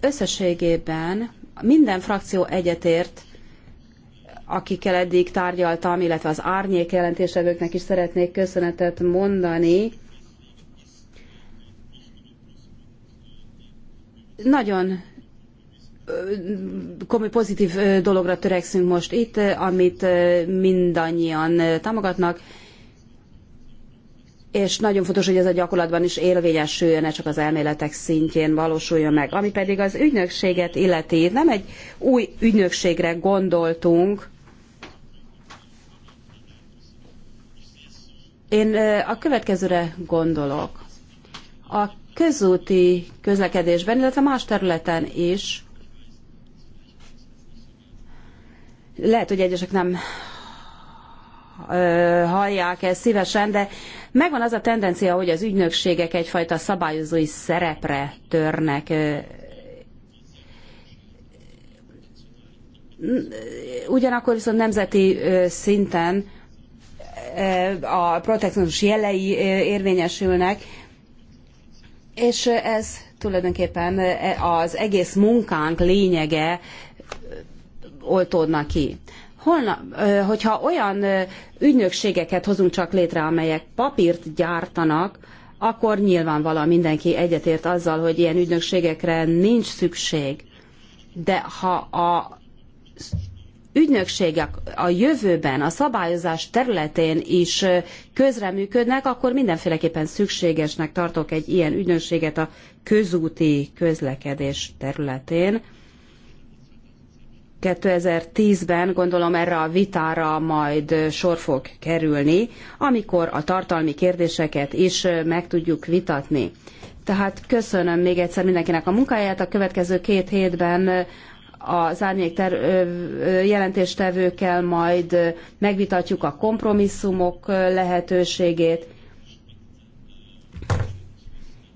összességében minden frakció egyetért, akikkel eddig tárgyaltam, illetve az árnyék jelentésevőknek is szeretnék köszönetet mondani. Nagyon komoly pozitív dologra törekszünk most itt, amit mindannyian támogatnak és nagyon fontos, hogy ez a gyakorlatban is érvényesüljön, ne csak az elméletek szintjén valósuljon meg. Ami pedig az ügynökséget illeti, nem egy új ügynökségre gondoltunk, Én a következőre gondolok. A közúti közlekedésben, illetve más területen is lehet, hogy egyesek nem hallják ezt szívesen, de megvan az a tendencia, hogy az ügynökségek egyfajta szabályozói szerepre törnek. Ugyanakkor viszont nemzeti szinten a protekcionizmus jelei érvényesülnek, és ez tulajdonképpen az egész munkánk lényege oltódna ki holnap, hogyha olyan ügynökségeket hozunk csak létre, amelyek papírt gyártanak, akkor nyilvánvalóan mindenki egyetért azzal, hogy ilyen ügynökségekre nincs szükség. De ha a ügynökségek a jövőben a szabályozás területén is közreműködnek, akkor mindenféleképpen szükségesnek tartok egy ilyen ügynökséget a közúti közlekedés területén 2010-ben gondolom erre a vitára majd sor fog kerülni, amikor a tartalmi kérdéseket is meg tudjuk vitatni. Tehát köszönöm még egyszer mindenkinek a munkáját. A következő két hétben az árnyék jelentéstevőkkel majd megvitatjuk a kompromisszumok lehetőségét,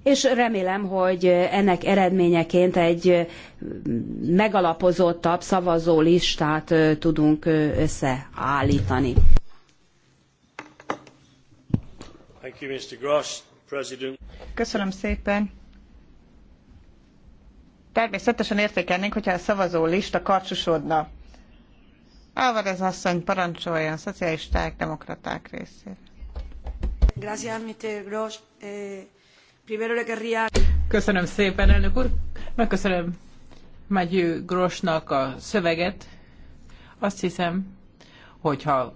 és remélem, hogy ennek eredményeként egy megalapozottabb szavazó listát tudunk összeállítani. Köszönöm szépen. Természetesen értékelnénk, hogyha a szavazó lista karcsúsodna. Álvarez asszony a szocialisták, demokraták részére. Gracias, Mr. Gross. Eh, Köszönöm szépen, elnök úr. Megköszönöm Matthew Grossnak a szöveget. Azt hiszem, hogyha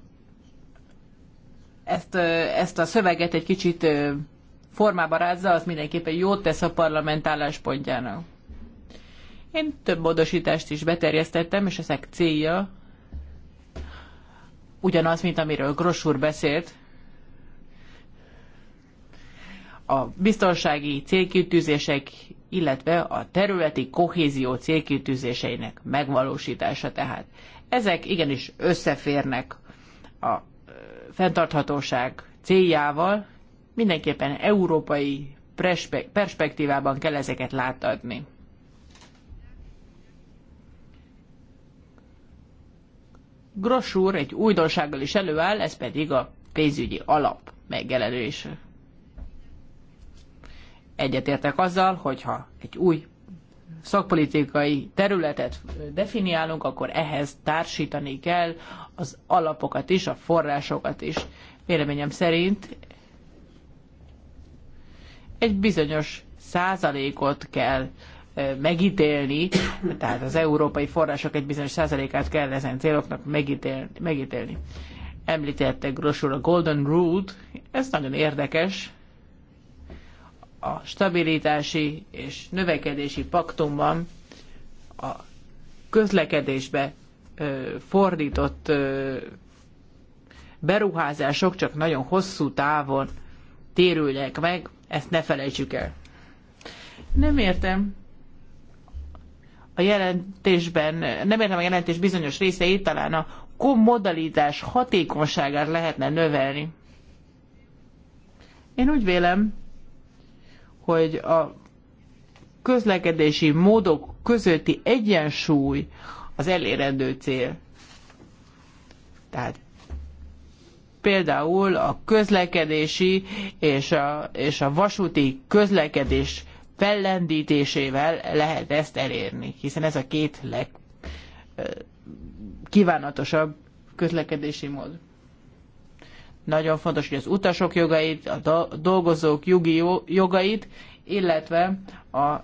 ezt, ezt a szöveget egy kicsit formába rázza, az mindenképpen jót tesz a parlament álláspontjának. Én több módosítást is beterjesztettem, és ezek célja ugyanaz, mint amiről Gross úr beszélt, a biztonsági célkitűzések, illetve a területi kohézió célkitűzéseinek megvalósítása tehát. Ezek igenis összeférnek a fenntarthatóság céljával, mindenképpen európai perspektívában kell ezeket látadni. Gross egy újdonsággal is előáll, ez pedig a pénzügyi alap megjelenése egyetértek azzal, hogyha egy új szakpolitikai területet definiálunk, akkor ehhez társítani kell az alapokat is, a forrásokat is. Véleményem szerint egy bizonyos százalékot kell megítélni, tehát az európai források egy bizonyos százalékát kell ezen céloknak megítélni. megítélni. Említette a Golden Rule-t, ez nagyon érdekes, a stabilitási és növekedési paktumban a közlekedésbe fordított beruházások csak nagyon hosszú távon térülnek meg, ezt ne felejtsük el. Nem értem a jelentésben, nem értem a jelentés bizonyos részeit, talán a kommodalitás hatékonyságát lehetne növelni. Én úgy vélem, hogy a közlekedési módok közötti egyensúly az elérendő cél. Tehát például a közlekedési és a, és a vasúti közlekedés fellendítésével lehet ezt elérni, hiszen ez a két legkívánatosabb közlekedési mód. Nagyon fontos, hogy az utasok jogait, a dolgozók jogi jogait, illetve a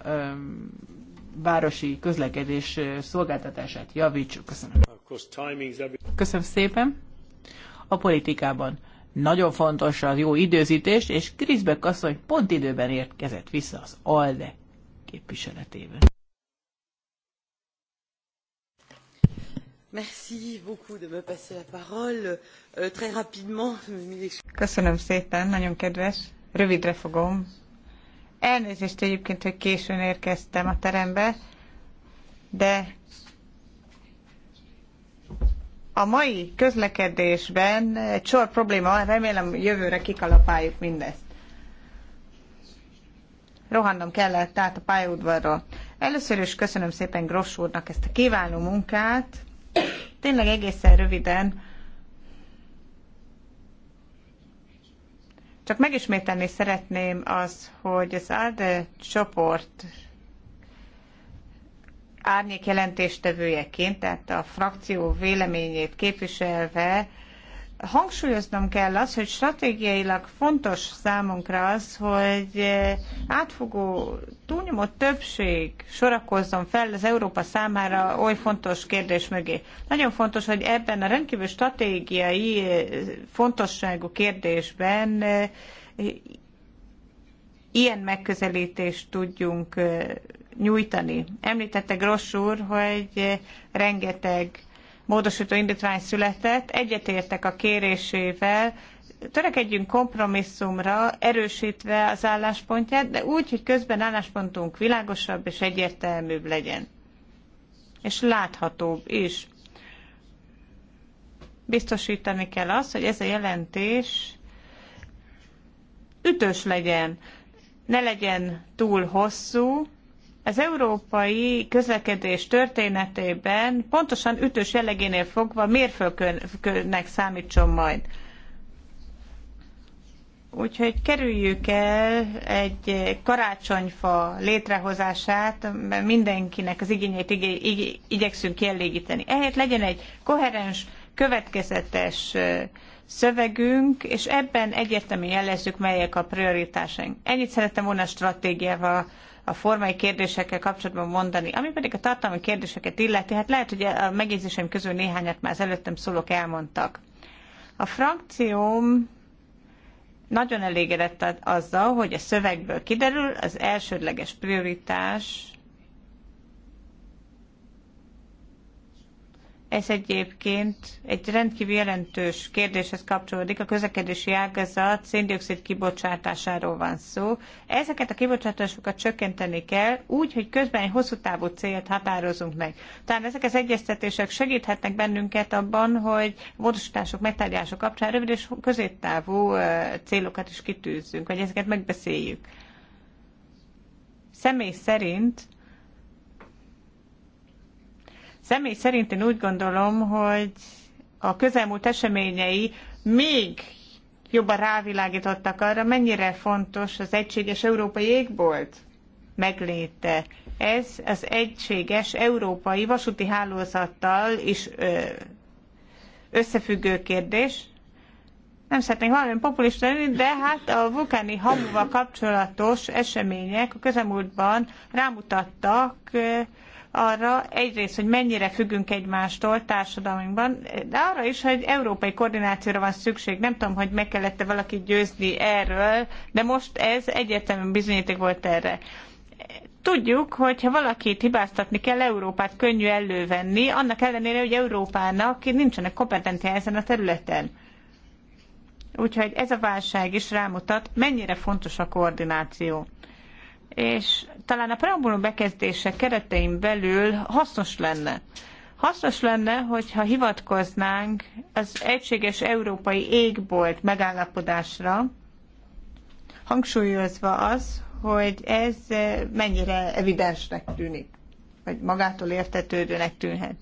városi közlekedés szolgáltatását javítsuk. Köszönöm. Köszönöm szépen. A politikában nagyon fontos az jó időzítés, és Kriszbek asszony pont időben érkezett vissza az ALDE képviseletében. Merci beaucoup de me passer la parole. Euh, très rapidement, Köszönöm szépen, nagyon kedves. Rövidre fogom. Elnézést egyébként, hogy későn érkeztem a terembe, de a mai közlekedésben egy sor probléma van, remélem jövőre kikalapáljuk mindezt. Rohannom kellett át a pályaudvarról. Először is köszönöm szépen Gross úrnak ezt a kiváló munkát, Tényleg egészen röviden. Csak megismételni szeretném az, hogy az ALDE csoport árnyék jelentéstevőjeként, tehát a frakció véleményét képviselve hangsúlyoznom kell az, hogy stratégiailag fontos számunkra az, hogy eh, átfogó, túlnyomó többség sorakozzon fel az Európa számára oly fontos kérdés mögé. Nagyon fontos, hogy ebben a rendkívül stratégiai eh, fontosságú kérdésben eh, ilyen megközelítést tudjunk nyújtani. Említette Gross úr, hogy rengeteg módosító indítvány született, egyetértek a kérésével, törekedjünk kompromisszumra, erősítve az álláspontját, de úgy, hogy közben álláspontunk világosabb és egyértelműbb legyen. És láthatóbb is. Biztosítani kell azt, hogy ez a jelentés ütős legyen, ne legyen túl hosszú, az európai közlekedés történetében pontosan ütős jellegénél fogva mérföldkőnek számítson majd. Úgyhogy kerüljük el egy karácsonyfa létrehozását, mert mindenkinek az igényeit igy- igy- igyekszünk kielégíteni. Ehhez legyen egy koherens, következetes szövegünk, és ebben egyértelműen jelezzük, melyek a prioritásaink. Ennyit szerettem volna stratégiával a formai kérdésekkel kapcsolatban mondani. Ami pedig a tartalmi kérdéseket illeti, hát lehet, hogy a megjegyzéseim közül néhányat már az előttem szólók elmondtak. A frakcióm nagyon elégedett azzal, hogy a szövegből kiderül, az elsődleges prioritás Ez egyébként egy rendkívül jelentős kérdéshez kapcsolódik. A közlekedési ágazat széndiokszid kibocsátásáról van szó. Ezeket a kibocsátásokat csökkenteni kell, úgy, hogy közben egy hosszú távú célt határozunk meg. Tehát ezek az egyeztetések segíthetnek bennünket abban, hogy módosítások, megtárgyások kapcsán rövid és középtávú célokat is kitűzzünk, vagy ezeket megbeszéljük. Személy szerint Személy szerint én úgy gondolom, hogy a közelmúlt eseményei még jobban rávilágítottak arra, mennyire fontos az egységes európai égbolt megléte. Ez az egységes európai vasúti hálózattal is összefüggő kérdés. Nem szeretnék valami populista lenni, de hát a vulkáni hamuval kapcsolatos események a közelmúltban rámutattak arra egyrészt, hogy mennyire függünk egymástól társadalmunkban, de arra is, hogy európai koordinációra van szükség. Nem tudom, hogy meg kellett-e valaki győzni erről, de most ez egyértelműen bizonyíték volt erre tudjuk, hogy ha valakit hibáztatni kell, Európát könnyű elővenni, annak ellenére, hogy Európának nincsenek kompetenciája ezen a területen. Úgyhogy ez a válság is rámutat, mennyire fontos a koordináció. És talán a preambulum bekezdése keretein belül hasznos lenne. Hasznos lenne, hogyha hivatkoznánk az egységes európai égbolt megállapodásra, hangsúlyozva az, hogy ez mennyire evidensnek tűnik, vagy magától értetődőnek tűnhet.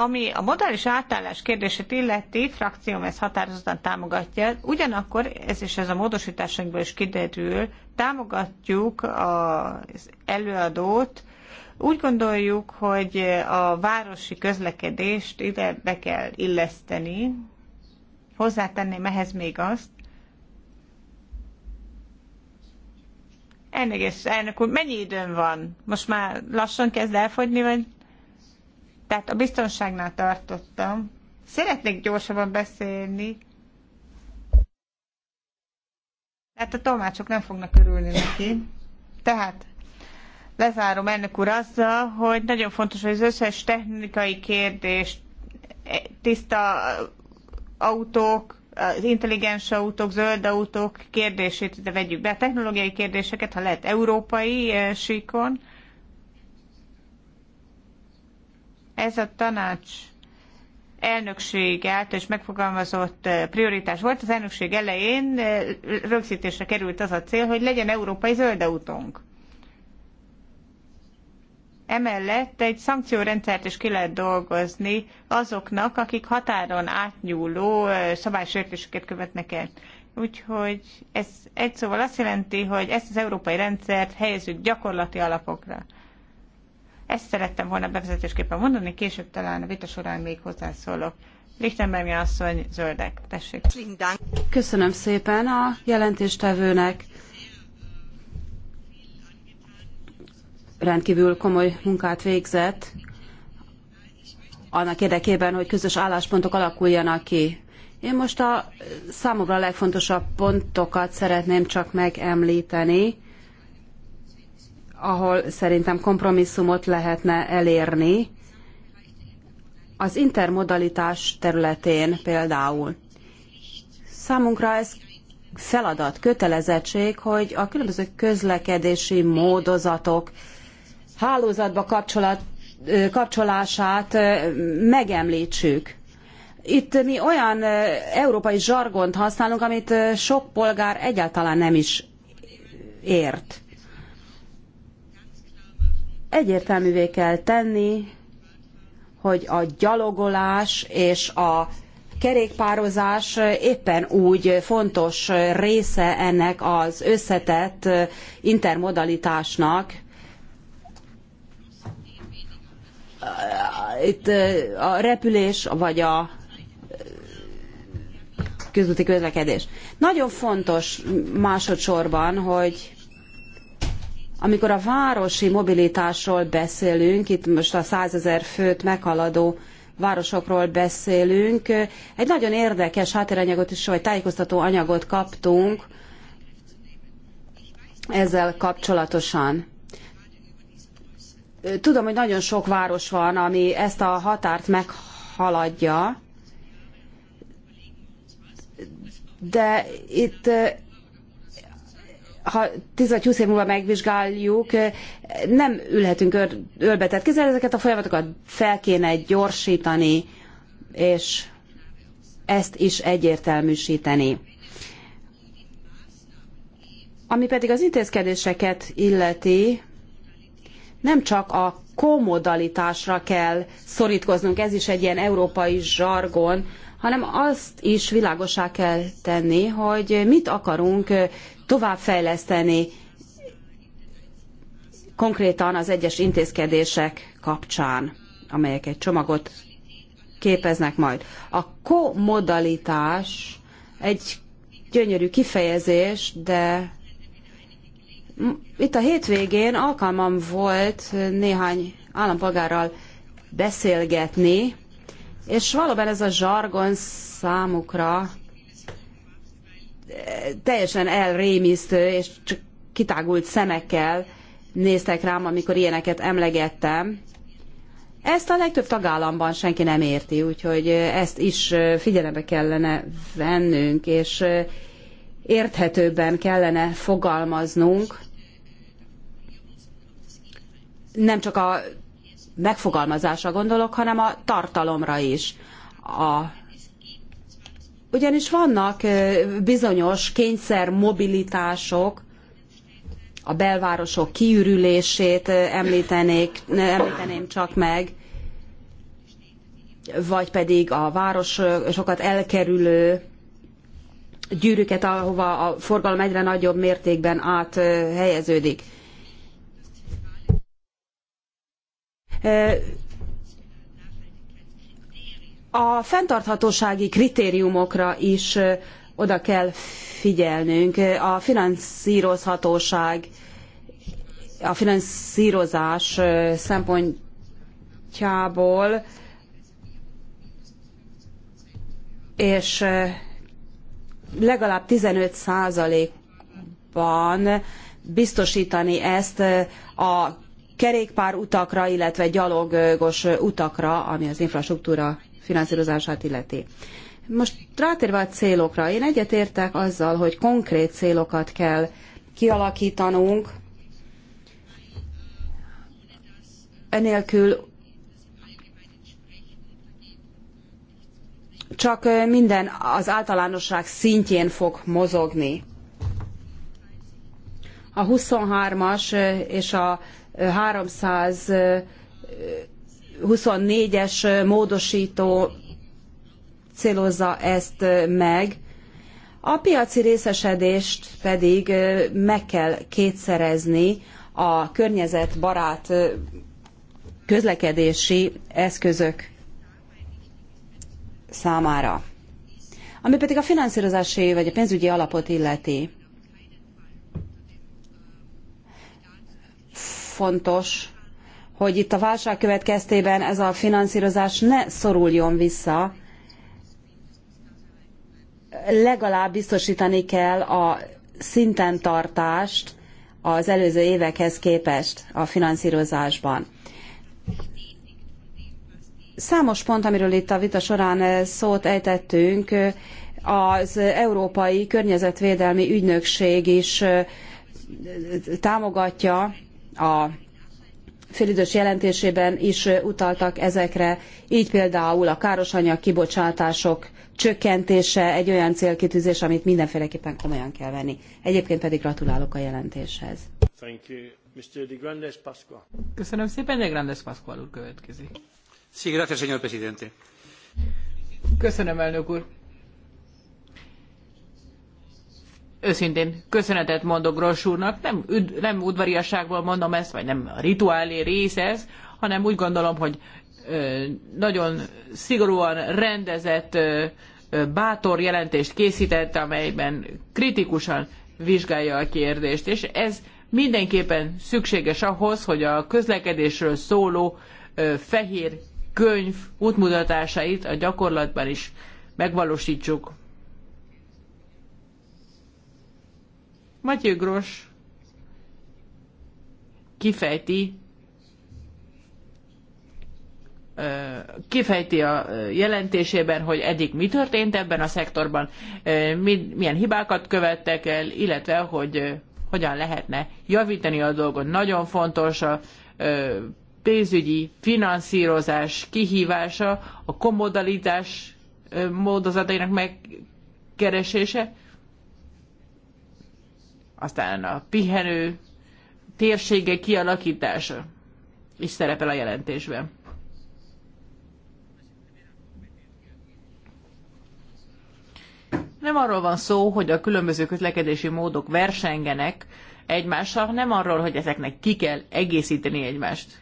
Ami a modális átállás kérdését illeti, frakcióm ezt határozottan támogatja, ugyanakkor, ez is ez a módosításainkból is kiderül, támogatjuk az előadót, úgy gondoljuk, hogy a városi közlekedést ide be kell illeszteni. Hozzátenném ehhez még azt, elnök úr, mennyi időm van? Most már lassan kezd elfogyni, vagy? Tehát a biztonságnál tartottam. Szeretnék gyorsabban beszélni. Tehát a tolmácsok nem fognak örülni neki. Tehát lezárom ennek úr azzal, hogy nagyon fontos, hogy az összes technikai kérdés, e, tiszta autók, az intelligens autók, zöld autók kérdését ide vegyük be. A technológiai kérdéseket, ha lehet európai e, síkon, Ez a tanács elnökség által is megfogalmazott eh, prioritás volt. Az elnökség elején eh, rögzítésre került az a cél, hogy legyen európai zöld autónk. Emellett egy szankciórendszert is ki lehet dolgozni azoknak, akik határon átnyúló eh, szabálysértéseket követnek el. Úgyhogy ez egy szóval azt jelenti, hogy ezt az európai rendszert helyezzük gyakorlati alapokra. Ezt szerettem volna bevezetésképpen mondani, később talán a vita során még hozzászólok. Lichtenbergi asszony, zöldek, tessék. Köszönöm szépen a jelentéstevőnek. Rendkívül komoly munkát végzett annak érdekében, hogy közös álláspontok alakuljanak ki. Én most a számomra legfontosabb pontokat szeretném csak megemlíteni ahol szerintem kompromisszumot lehetne elérni, az intermodalitás területén például. Számunkra ez feladat, kötelezettség, hogy a különböző közlekedési módozatok hálózatba kapcsolat, kapcsolását megemlítsük. Itt mi olyan európai zsargont használunk, amit sok polgár egyáltalán nem is ért egyértelművé kell tenni, hogy a gyalogolás és a kerékpározás éppen úgy fontos része ennek az összetett intermodalitásnak. Itt a repülés vagy a közúti közlekedés. Nagyon fontos másodszorban, hogy amikor a városi mobilitásról beszélünk, itt most a százezer főt meghaladó városokról beszélünk, egy nagyon érdekes háttéranyagot is, vagy tájékoztató anyagot kaptunk ezzel kapcsolatosan. Tudom, hogy nagyon sok város van, ami ezt a határt meghaladja, de itt ha 10 vagy 20 év múlva megvizsgáljuk, eh, nem ülhetünk ör, Tehát kizárólag ezeket a folyamatokat fel kéne gyorsítani, és ezt is egyértelműsíteni. Ami pedig az intézkedéseket illeti, nem csak a komodalitásra kell szorítkoznunk, ez is egy ilyen európai zsargon, hanem azt is világosá kell tenni, hogy mit akarunk továbbfejleszteni konkrétan az egyes intézkedések kapcsán, amelyek egy csomagot képeznek majd. A komodalitás egy gyönyörű kifejezés, de itt a hétvégén alkalmam volt néhány állampolgárral beszélgetni, és valóban ez a zsargon számukra teljesen elrémisztő, és csak kitágult szemekkel néztek rám, amikor ilyeneket emlegettem. Ezt a legtöbb tagállamban senki nem érti, úgyhogy ezt is figyelembe kellene vennünk, és érthetőbben kellene fogalmaznunk. Nem csak a megfogalmazásra gondolok, hanem a tartalomra is. A ugyanis vannak bizonyos kényszer mobilitások, a belvárosok kiürülését említenék, említeném csak meg, vagy pedig a városokat elkerülő gyűrűket, ahova a forgalom egyre nagyobb mértékben áthelyeződik a fenntarthatósági kritériumokra is oda kell figyelnünk. A finanszírozhatóság, a finanszírozás szempontjából és legalább 15 százalékban biztosítani ezt a kerékpárutakra, illetve gyalogos utakra, ami az infrastruktúra finanszírozását illeti. Most rátérve a célokra, én egyetértek azzal, hogy konkrét célokat kell kialakítanunk, enélkül csak minden az általánosság szintjén fog mozogni. A 23-as és a 300 24-es módosító célozza ezt meg, a piaci részesedést pedig meg kell kétszerezni a környezetbarát közlekedési eszközök számára. Ami pedig a finanszírozási vagy a pénzügyi alapot illeti. Fontos, hogy itt a válság következtében ez a finanszírozás ne szoruljon vissza, legalább biztosítani kell a szinten tartást az előző évekhez képest a finanszírozásban. Számos pont, amiről itt a vita során szót ejtettünk, az Európai Környezetvédelmi Ügynökség is támogatja a félidős jelentésében is utaltak ezekre, így például a káros anyag kibocsátások csökkentése egy olyan célkitűzés, amit mindenféleképpen komolyan kell venni. Egyébként pedig gratulálok a jelentéshez. Thank you. Mr. De Grandes Pascual. Köszönöm szépen, De Grandes Pascual úr következik. Sí, gracias, señor presidente. Köszönöm, elnök úr. Őszintén köszönetet mondok Gross úrnak, nem, üd, nem udvariasságból mondom ezt, vagy nem a rituálé rész ez, hanem úgy gondolom, hogy ö, nagyon szigorúan rendezett, ö, ö, bátor jelentést készített, amelyben kritikusan vizsgálja a kérdést, és ez mindenképpen szükséges ahhoz, hogy a közlekedésről szóló ö, fehér könyv útmutatásait a gyakorlatban is megvalósítsuk. Matyő Gros kifejti kifejti a jelentésében, hogy eddig mi történt ebben a szektorban, milyen hibákat követtek el, illetve hogy hogyan lehetne javítani a dolgot. Nagyon fontos a pénzügyi finanszírozás kihívása, a komodalitás módozatainak megkeresése aztán a pihenő térsége kialakítása is szerepel a jelentésben. Nem arról van szó, hogy a különböző közlekedési módok versengenek egymással, nem arról, hogy ezeknek ki kell egészíteni egymást.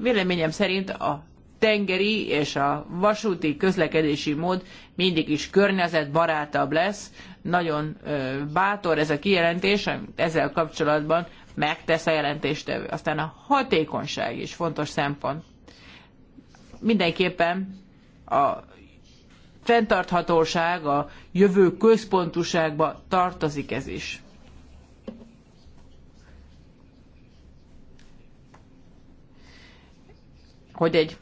Véleményem szerint a tengeri és a vasúti közlekedési mód mindig is környezetbarátabb lesz. Nagyon bátor ez a kijelentés, amit ezzel kapcsolatban megtesz a jelentéstevő. Aztán a hatékonyság is fontos szempont. Mindenképpen a fenntarthatóság, a jövő központuságba tartozik ez is. Hogy egy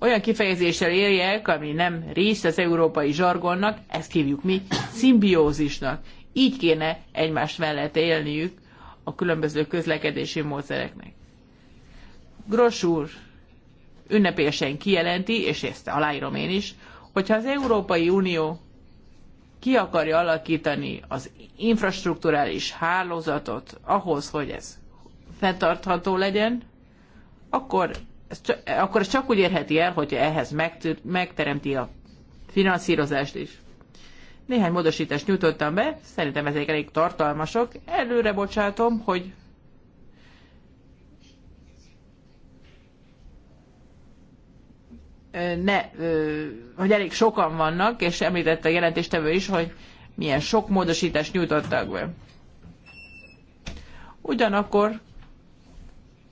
olyan kifejezéssel éljek, ami nem rész az európai zsargonnak, ezt hívjuk mi szimbiózisnak. Így kéne egymás mellett élniük a különböző közlekedési módszereknek. Gross úr ünnepélyesen kijelenti, és ezt aláírom én is, hogyha az Európai Unió ki akarja alakítani az infrastruktúrális hálózatot ahhoz, hogy ez fenntartható legyen, akkor ez csak, akkor ez csak úgy érheti el, hogyha ehhez megteremti a finanszírozást is. Néhány módosítást nyújtottam be, szerintem ezek elég tartalmasok. Előre bocsátom, hogy ne, hogy elég sokan vannak, és említette a jelentéstevő is, hogy milyen sok módosítást nyújtottak be. Ugyanakkor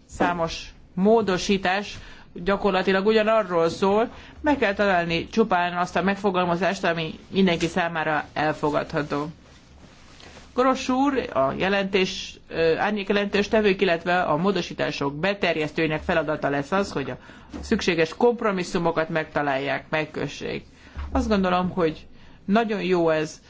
számos módosítás gyakorlatilag ugyanarról szól, meg kell találni csupán azt a megfogalmazást, ami mindenki számára elfogadható. Koros úr, a jelentés, árnyék jelentés tevők, illetve a módosítások beterjesztőinek feladata lesz az, hogy a szükséges kompromisszumokat megtalálják, megkössék. Azt gondolom, hogy nagyon jó ez,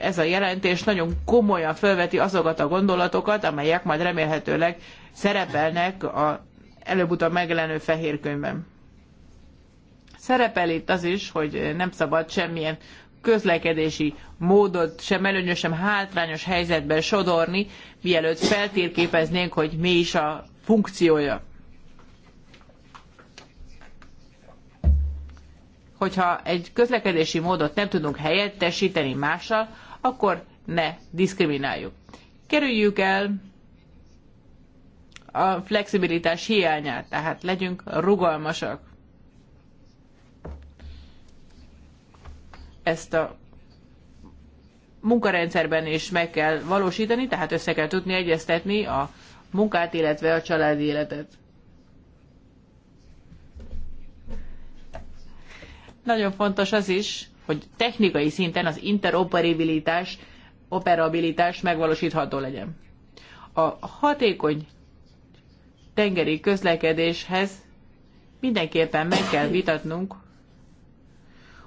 ez a jelentés nagyon komolyan felveti azokat a gondolatokat, amelyek majd remélhetőleg szerepelnek a előbb-utóbb megjelenő fehér könyvben. Szerepel itt az is, hogy nem szabad semmilyen közlekedési módot sem előnyös, sem hátrányos helyzetben sodorni, mielőtt feltérképeznénk, hogy mi is a funkciója. Hogyha egy közlekedési módot nem tudunk helyettesíteni mással, akkor ne diszkrimináljuk. Kerüljük el a flexibilitás hiányát, tehát legyünk rugalmasak. Ezt a munkarendszerben is meg kell valósítani, tehát össze kell tudni egyeztetni a munkát, illetve a családi életet. Nagyon fontos az is, hogy technikai szinten az interoperabilitás operabilitás megvalósítható legyen. A hatékony tengeri közlekedéshez mindenképpen meg kell vitatnunk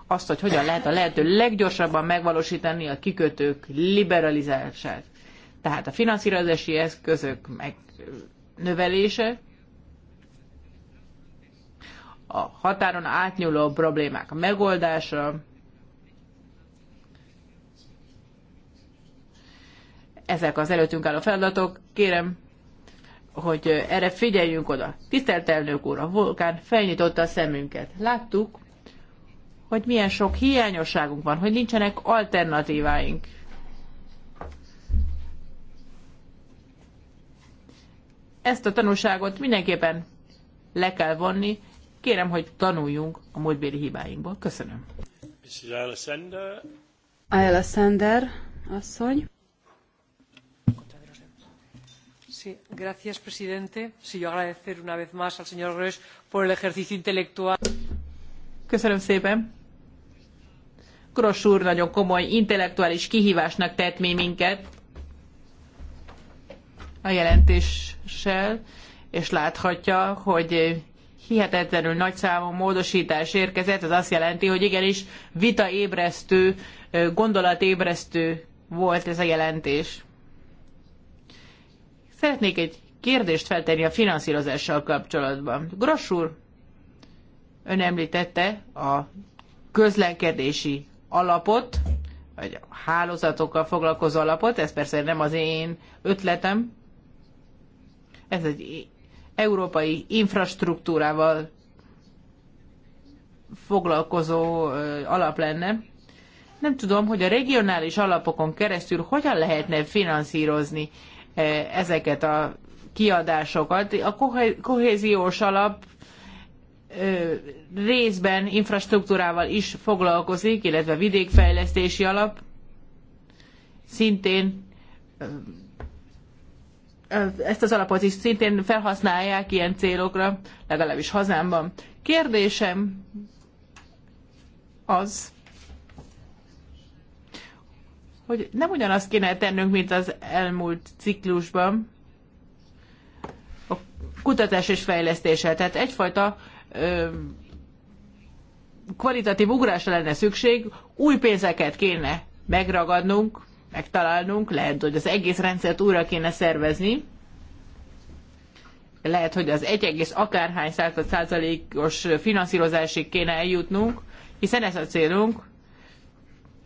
azt, hogy hogyan lehet a lehető leggyorsabban megvalósítani a kikötők liberalizálását. Tehát a finanszírozási eszközök meg növelése, a határon átnyúló problémák megoldása, ezek az előttünk álló feladatok. Kérem, hogy erre figyeljünk oda. Tisztelt elnök úr, a vulkán felnyitotta a szemünket. Láttuk, hogy milyen sok hiányosságunk van, hogy nincsenek alternatíváink. Ezt a tanulságot mindenképpen le kell vonni. Kérem, hogy tanuljunk a múltbéli hibáinkból. Köszönöm. Mrs. Alessander. Alessander asszony. Sí, presidente. Sí, agradecer una vez más al señor Grosch por el ejercicio intelectual. Köszönöm szépen. Gross úr nagyon komoly intellektuális kihívásnak tett mi minket a jelentéssel, és láthatja, hogy hihetetlenül nagy számú módosítás érkezett, az azt jelenti, hogy igenis vitaébresztő, gondolatébresztő volt ez a jelentés. Szeretnék egy kérdést feltenni a finanszírozással kapcsolatban. Gross úr, ön említette a közlekedési alapot, vagy a hálózatokkal foglalkozó alapot, ez persze nem az én ötletem, ez egy európai infrastruktúrával foglalkozó alap lenne. Nem tudom, hogy a regionális alapokon keresztül hogyan lehetne finanszírozni ezeket a kiadásokat. A kohéziós alap részben infrastruktúrával is foglalkozik, illetve vidékfejlesztési alap szintén ezt az alapot is szintén felhasználják ilyen célokra, legalábbis hazámban. Kérdésem az, hogy nem ugyanazt kéne tennünk, mint az elmúlt ciklusban, a kutatás és fejlesztéssel. Tehát egyfajta ö, kvalitatív ugrásra lenne szükség, új pénzeket kéne megragadnunk, megtalálnunk, lehet, hogy az egész rendszert újra kéne szervezni, lehet, hogy az egy egész akárhány század százalékos finanszírozásig kéne eljutnunk, hiszen ez a célunk,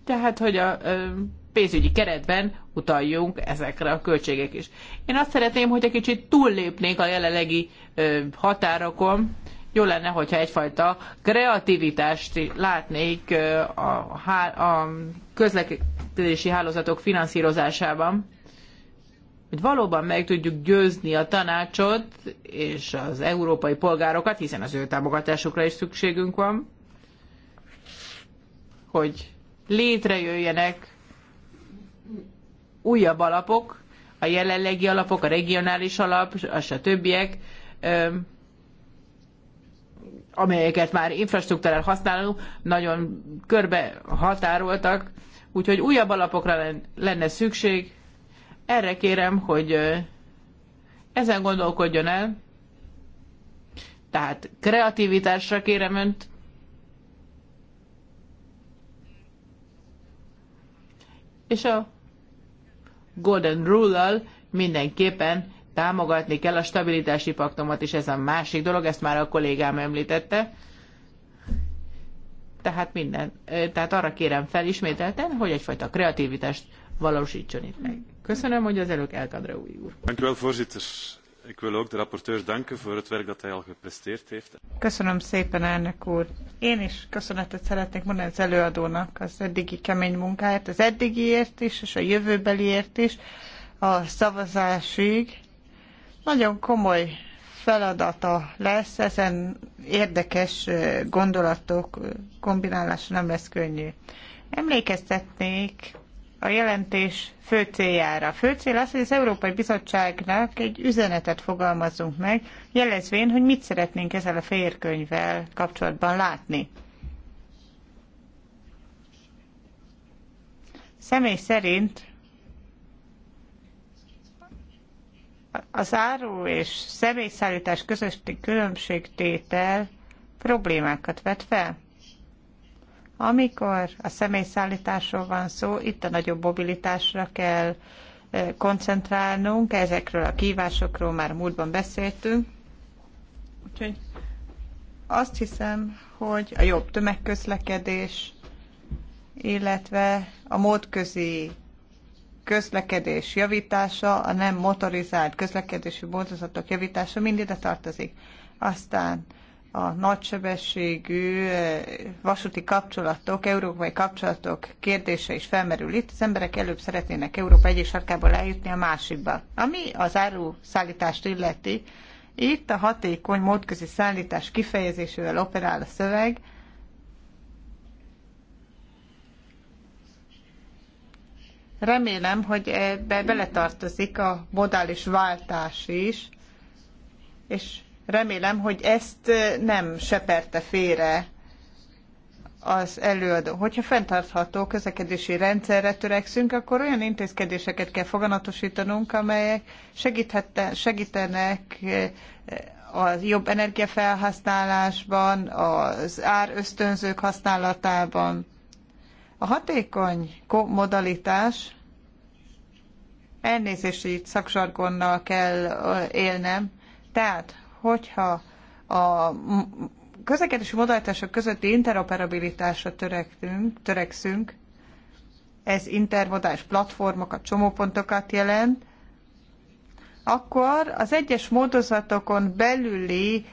tehát, hogy a ö, pénzügyi keretben utaljunk ezekre a költségek is. Én azt szeretném, hogy egy kicsit túllépnék a jelenlegi határokon. Jó lenne, hogyha egyfajta kreativitást látnék a, a közlekedési hálózatok finanszírozásában, hogy valóban meg tudjuk győzni a tanácsot és az európai polgárokat, hiszen az ő támogatásukra is szükségünk van, hogy létrejöjjenek újabb alapok, a jelenlegi alapok, a regionális alap, és a többiek, amelyeket már infrastruktúrán használunk, nagyon körbe határoltak, úgyhogy újabb alapokra lenne szükség. Erre kérem, hogy ezen gondolkodjon el, tehát kreativitásra kérem önt, és a Golden Rule-al mindenképpen támogatni kell a stabilitási paktumot, és ez a másik dolog, ezt már a kollégám említette. Tehát minden, tehát arra kérem fel ismételten, hogy egyfajta kreativitást valósítson itt meg. Köszönöm, hogy az előbb Elkadra új úr. Ik wil ook de rapporteur danken voor het werk dat hij al gepresteerd heeft. Köszönöm szépen, elnök úr. Én is köszönetet szeretnék mondani az előadónak az eddigi kemény munkáért, az eddigiért is, és a jövőbeliért is, a szavazásig. Nagyon komoly feladata lesz, ezen érdekes gondolatok kombinálása nem lesz könnyű. Emlékeztetnék a jelentés fő céljára. Fő cél az, hogy az Európai Bizottságnak egy üzenetet fogalmazzunk meg, jelezvén, hogy mit szeretnénk ezzel a férkönyvvel kapcsolatban látni. Személy szerint az áru és személyszállítás közötti különbségtétel problémákat vet fel. Amikor a személyszállításról van szó, itt a nagyobb mobilitásra kell eh, koncentrálnunk, ezekről a kívásokról már múltban beszéltünk. Úgyhogy azt hiszem, hogy a jobb tömegközlekedés, illetve a módközi közlekedés javítása, a nem motorizált közlekedési módozatok javítása mind ide tartozik. Aztán a nagysebességű eh, vasúti kapcsolatok, európai kapcsolatok kérdése is felmerül itt. Az emberek előbb szeretnének Európa egyik sarkából eljutni a másikba. Ami az áru szállítást illeti, itt a hatékony módközi szállítás kifejezésével operál a szöveg, Remélem, hogy ebbe beletartozik a modális váltás is, és Remélem, hogy ezt nem seperte félre az előadó. Hogyha fenntartható közlekedési rendszerre törekszünk, akkor olyan intézkedéseket kell foganatosítanunk, amelyek segítenek a jobb energiafelhasználásban, az árösztönzők használatában. A hatékony modalitás, elnézési szakzsargonnal kell élnem, tehát hogyha a közlekedési modalitások közötti interoperabilitásra törektünk, törekszünk, ez intermodális platformokat, csomópontokat jelent, akkor az egyes módozatokon belüli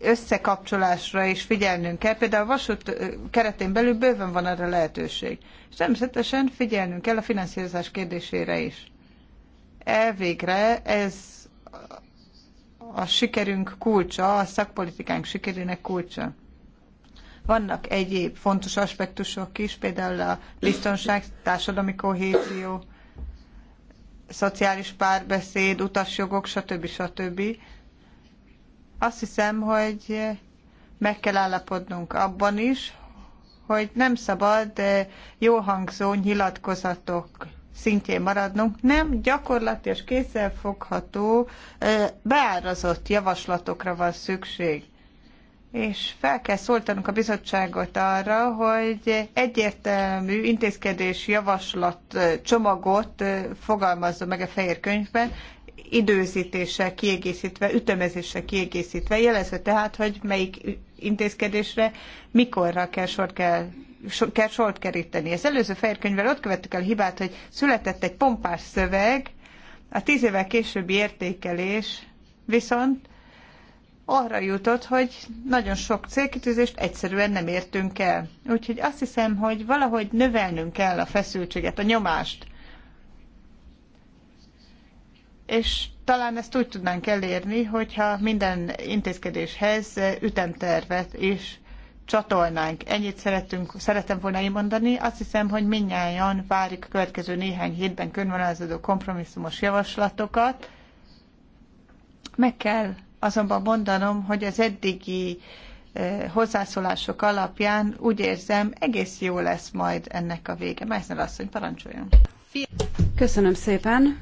összekapcsolásra is figyelnünk kell. Például a vasút keretén belül bőven van erre lehetőség. És természetesen figyelnünk kell a finanszírozás kérdésére is. Elvégre ez a sikerünk kulcsa, a szakpolitikánk sikerének kulcsa. Vannak egyéb fontos aspektusok is, például a biztonság, társadalmi kohézió, szociális párbeszéd, utasjogok, stb. stb. Azt hiszem, hogy meg kell állapodnunk abban is, hogy nem szabad eh, jó hangzó nyilatkozatok szintjén maradnunk, nem gyakorlati és kézzelfogható, beárazott javaslatokra van szükség. És fel kell szóltanunk a bizottságot arra, hogy egyértelmű intézkedés javaslat csomagot fogalmazzon meg a fehér könyvben, időzítéssel kiegészítve, ütemezéssel kiegészítve, jelezve tehát, hogy melyik intézkedésre mikorra kell sor kell kell sort keríteni. Az előző fejérkönyvvel ott követtük el a hibát, hogy született egy pompás szöveg, a tíz évvel későbbi értékelés viszont arra jutott, hogy nagyon sok célkitűzést egyszerűen nem értünk el. Úgyhogy azt hiszem, hogy valahogy növelnünk kell a feszültséget, a nyomást. És talán ezt úgy tudnánk elérni, hogyha minden intézkedéshez ütemtervet is csatolnánk. Ennyit szeretünk, szeretem volna elmondani. Azt hiszem, hogy minnyáján várjuk a következő néhány hétben körvonalazódó kompromisszumos javaslatokat. Meg kell azonban mondanom, hogy az eddigi eh, hozzászólások alapján úgy érzem, egész jó lesz majd ennek a vége. Meissner asszony, parancsoljon! Köszönöm szépen!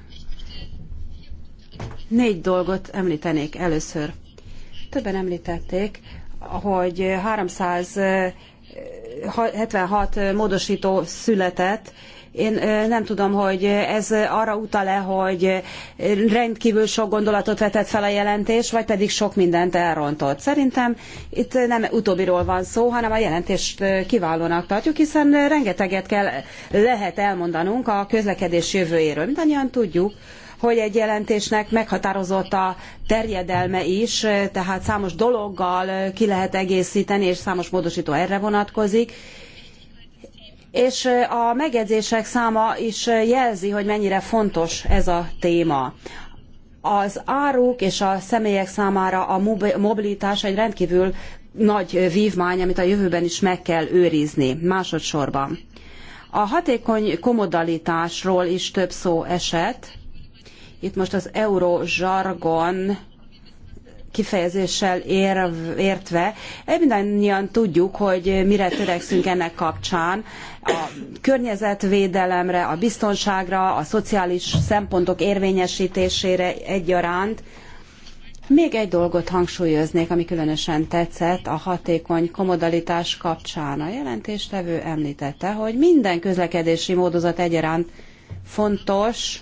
Négy dolgot említenék először. Többen említették, hogy 376 módosító született, én nem tudom, hogy ez arra utal-e, hogy rendkívül sok gondolatot vetett fel a jelentés, vagy pedig sok mindent elrontott. Szerintem itt nem utóbbiról van szó, hanem a jelentést kiválónak tartjuk, hiszen rengeteget kell, lehet elmondanunk a közlekedés jövőjéről. Mindannyian tudjuk, hogy egy jelentésnek meghatározott a terjedelme is, tehát számos dologgal ki lehet egészíteni, és számos módosító erre vonatkozik. És a megjegyzések száma is jelzi, hogy mennyire fontos ez a téma. Az áruk és a személyek számára a mobilitás egy rendkívül nagy vívmány, amit a jövőben is meg kell őrizni. Másodszorban. A hatékony komodalitásról is több szó esett. Itt most az euró zsargon kifejezéssel ér, értve. Mindannyian tudjuk, hogy mire törekszünk ennek kapcsán. A környezetvédelemre, a biztonságra, a szociális szempontok érvényesítésére egyaránt. Még egy dolgot hangsúlyoznék, ami különösen tetszett a hatékony komodalitás kapcsán. A jelentéstevő említette, hogy minden közlekedési módozat egyaránt fontos,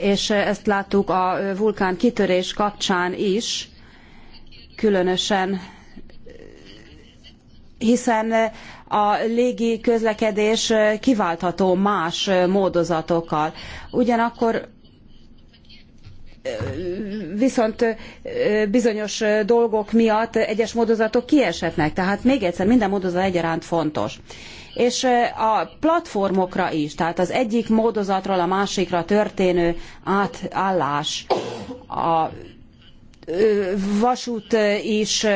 és eh, ezt láttuk a eh, vulkán kitörés kapcsán is, különösen eh, hiszen a légi közlekedés kiváltható más módozatokkal. Ugyanakkor viszont bizonyos dolgok miatt egyes módozatok kieshetnek. Tehát még egyszer, minden módozat egyaránt fontos és a platformokra is, tehát az egyik módozatról a másikra történő átállás, a vasút is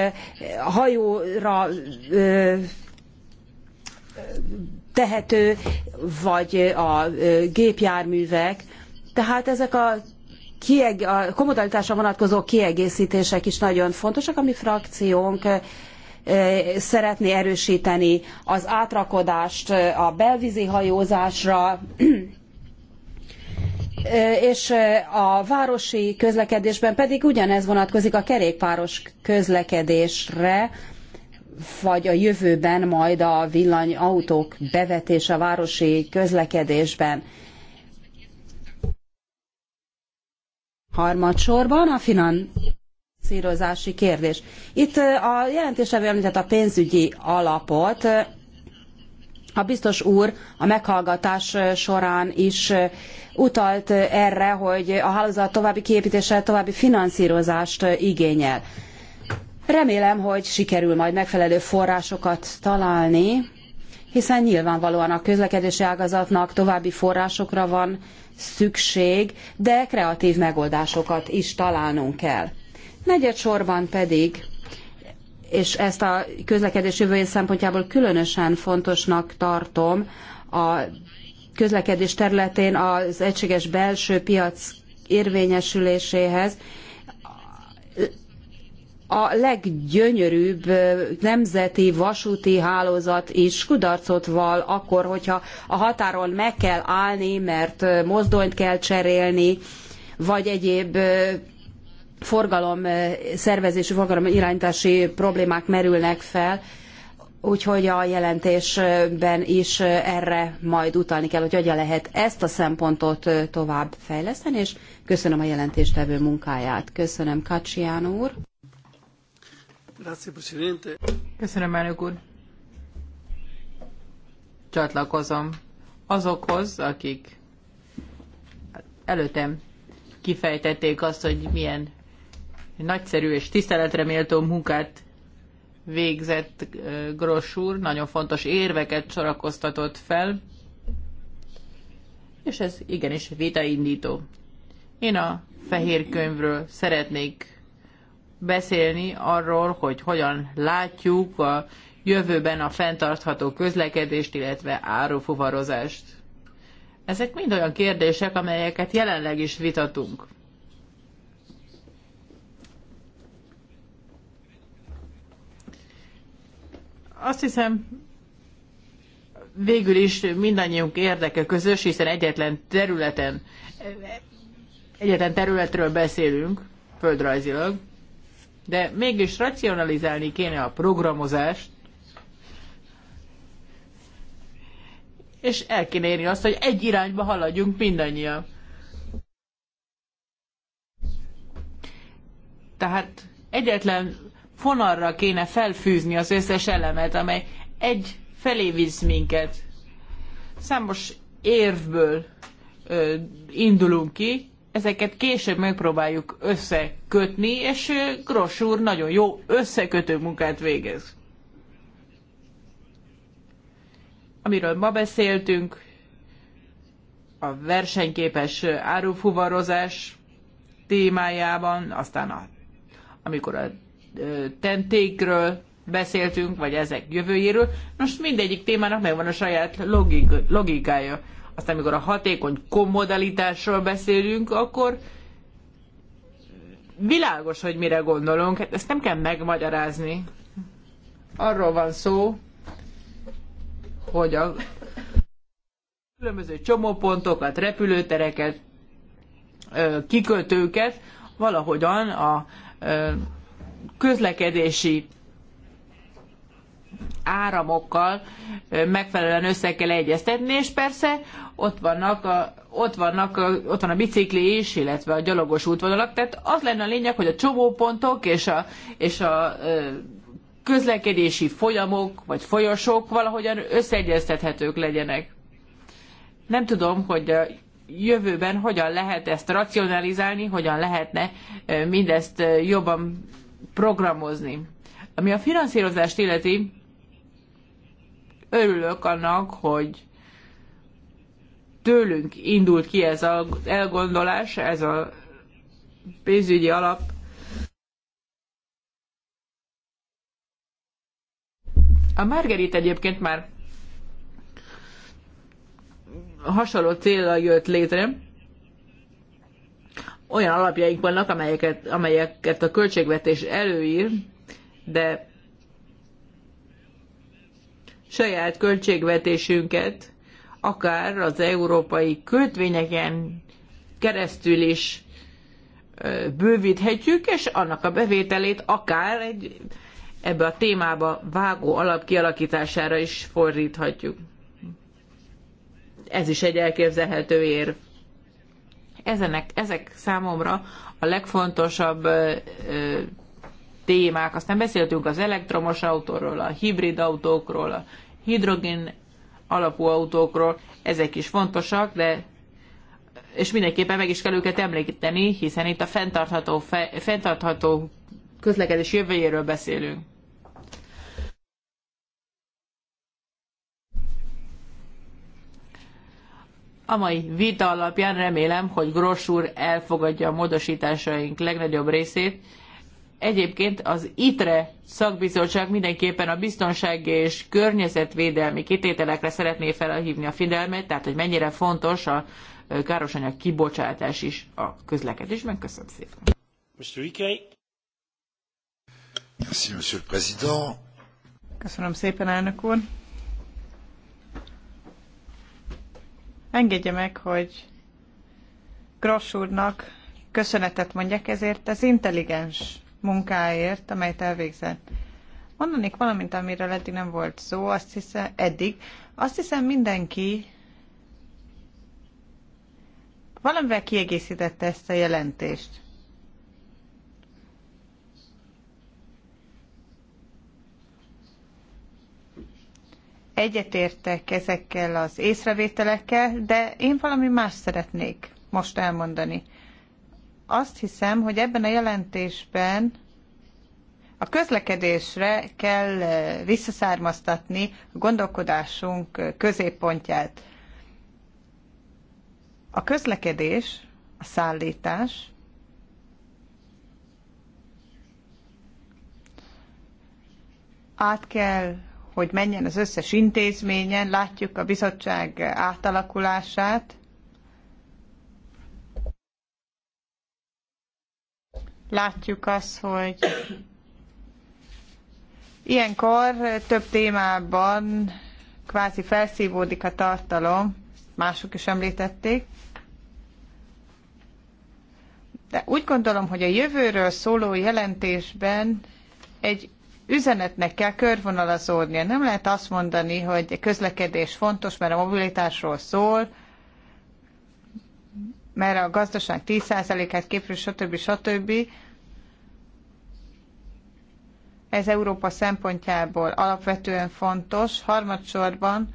hajóra tehető, vagy a gépjárművek. Tehát ezek a kieg- a komodalitásra vonatkozó kiegészítések is nagyon fontosak. A mi frakciónk szeretné erősíteni az átrakodást a belvízi hajózásra, és a városi közlekedésben pedig ugyanez vonatkozik a kerékpáros közlekedésre, vagy a jövőben majd a villanyautók bevetése a városi közlekedésben. Harmadsorban a finan finanszírozási kérdés. Itt a jelentésevő említett a pénzügyi alapot. A biztos úr a meghallgatás során is utalt erre, hogy a hálózat további kiépítése további finanszírozást igényel. Remélem, hogy sikerül majd megfelelő forrásokat találni, hiszen nyilvánvalóan a közlekedési ágazatnak további forrásokra van szükség, de kreatív megoldásokat is találnunk kell. Negyed sorban pedig, és ezt a közlekedés jövője szempontjából különösen fontosnak tartom, a közlekedés területén az egységes belső piac érvényesüléséhez a leggyönyörűbb nemzeti vasúti hálózat is kudarcot val akkor, hogyha a határon meg kell állni, mert mozdonyt kell cserélni, vagy egyéb forgalom eh, szervezési, forgalom irányítási problémák merülnek fel, úgyhogy a jelentésben is eh, erre majd utalni kell, hogy hogyan lehet ezt a szempontot eh, tovább fejleszteni, és köszönöm a jelentéstevő munkáját. Köszönöm, Kacsián úr. Köszönöm, elnök úr. Csatlakozom azokhoz, akik előttem kifejtették azt, hogy milyen nagyszerű és tiszteletre méltó munkát végzett eh, Gross úr, nagyon fontos érveket sorakoztatott fel, és ez igenis vitaindító. Én a fehér könyvről szeretnék beszélni arról, hogy hogyan látjuk a jövőben a fenntartható közlekedést, illetve árufuvarozást. Ezek mind olyan kérdések, amelyeket jelenleg is vitatunk. Azt hiszem, végül is mindannyiunk érdeke közös, hiszen egyetlen területen, egyetlen területről beszélünk, földrajzilag, de mégis racionalizálni kéne a programozást, és el kéne érni azt, hogy egy irányba haladjunk mindannyian. Tehát egyetlen fonalra kéne felfűzni az összes elemet, amely egy felé visz minket. Számos érvből ö, indulunk ki, ezeket később megpróbáljuk összekötni, és Gross úr nagyon jó összekötő munkát végez. Amiről ma beszéltünk, a versenyképes árufuvarozás témájában, aztán a, amikor a tentékről beszéltünk, vagy ezek jövőjéről. Most mindegyik témának megvan a saját logik, logikája. Aztán, amikor a hatékony kommodalitásról beszélünk, akkor világos, hogy mire gondolunk. Hát ezt nem kell megmagyarázni. Arról van szó, hogy a különböző csomópontokat, repülőtereket, kikötőket valahogyan a közlekedési áramokkal megfelelően össze kell egyeztetni, és persze ott vannak a, ott, vannak a, ott van a bicikli is, illetve a gyalogos útvonalak, tehát az lenne a lényeg, hogy a csomópontok és a, és a közlekedési folyamok vagy folyosók valahogyan összeegyeztethetők legyenek. Nem tudom, hogy a jövőben hogyan lehet ezt racionalizálni, hogyan lehetne mindezt jobban programozni. Ami a finanszírozást illeti, örülök annak, hogy tőlünk indult ki ez az elgondolás, ez a pénzügyi alap. A Margerit egyébként már hasonló célra jött létre, olyan alapjaink vannak, amelyeket, amelyeket a költségvetés előír, de saját költségvetésünket akár az európai kötvényeken keresztül is bővíthetjük, és annak a bevételét akár egy ebbe a témába vágó alap kialakítására is fordíthatjuk. Ez is egy elképzelhető érv. Ezenek, ezek számomra a legfontosabb ö, ö, témák. Aztán beszéltünk az elektromos autóról, a hibrid autókról, a hidrogén alapú autókról. Ezek is fontosak, de és mindenképpen meg is kell őket említeni, hiszen itt a fenntartható, fe, fenntartható közlekedés jövőjéről beszélünk. A mai vita alapján remélem, hogy Gross úr elfogadja a módosításaink legnagyobb részét. Egyébként az ITRE szakbizottság mindenképpen a biztonság és környezetvédelmi kitételekre szeretné felhívni a figyelmet, tehát hogy mennyire fontos a károsanyag kibocsátás is a közlekedésben. Köszönöm szépen. Mr. Riquet. Merci, Monsieur le Président. Köszönöm szépen, elnök úr. Engedje meg, hogy Gross úrnak köszönetet mondjak ezért az intelligens munkáért, amelyet elvégzett. Mondanék valamint, amiről eddig nem volt szó, azt hiszem, eddig. Azt hiszem mindenki valamivel kiegészítette ezt a jelentést. egyetértek ezekkel az észrevételekkel, de én valami más szeretnék most elmondani. Azt hiszem, hogy ebben a jelentésben a közlekedésre kell eh, visszaszármaztatni a gondolkodásunk eh, középpontját. A közlekedés, a szállítás, át kell hogy menjen az összes intézményen, látjuk a bizottság átalakulását. Látjuk azt, hogy ilyenkor több témában kvázi felszívódik a tartalom, mások is említették. De úgy gondolom, hogy a jövőről szóló jelentésben egy üzenetnek kell körvonalazódnia. Nem lehet azt mondani, hogy a közlekedés fontos, mert a mobilitásról szól, mert a gazdaság 10%-át képvisel, stb. stb. Ez Európa szempontjából alapvetően fontos. Harmadsorban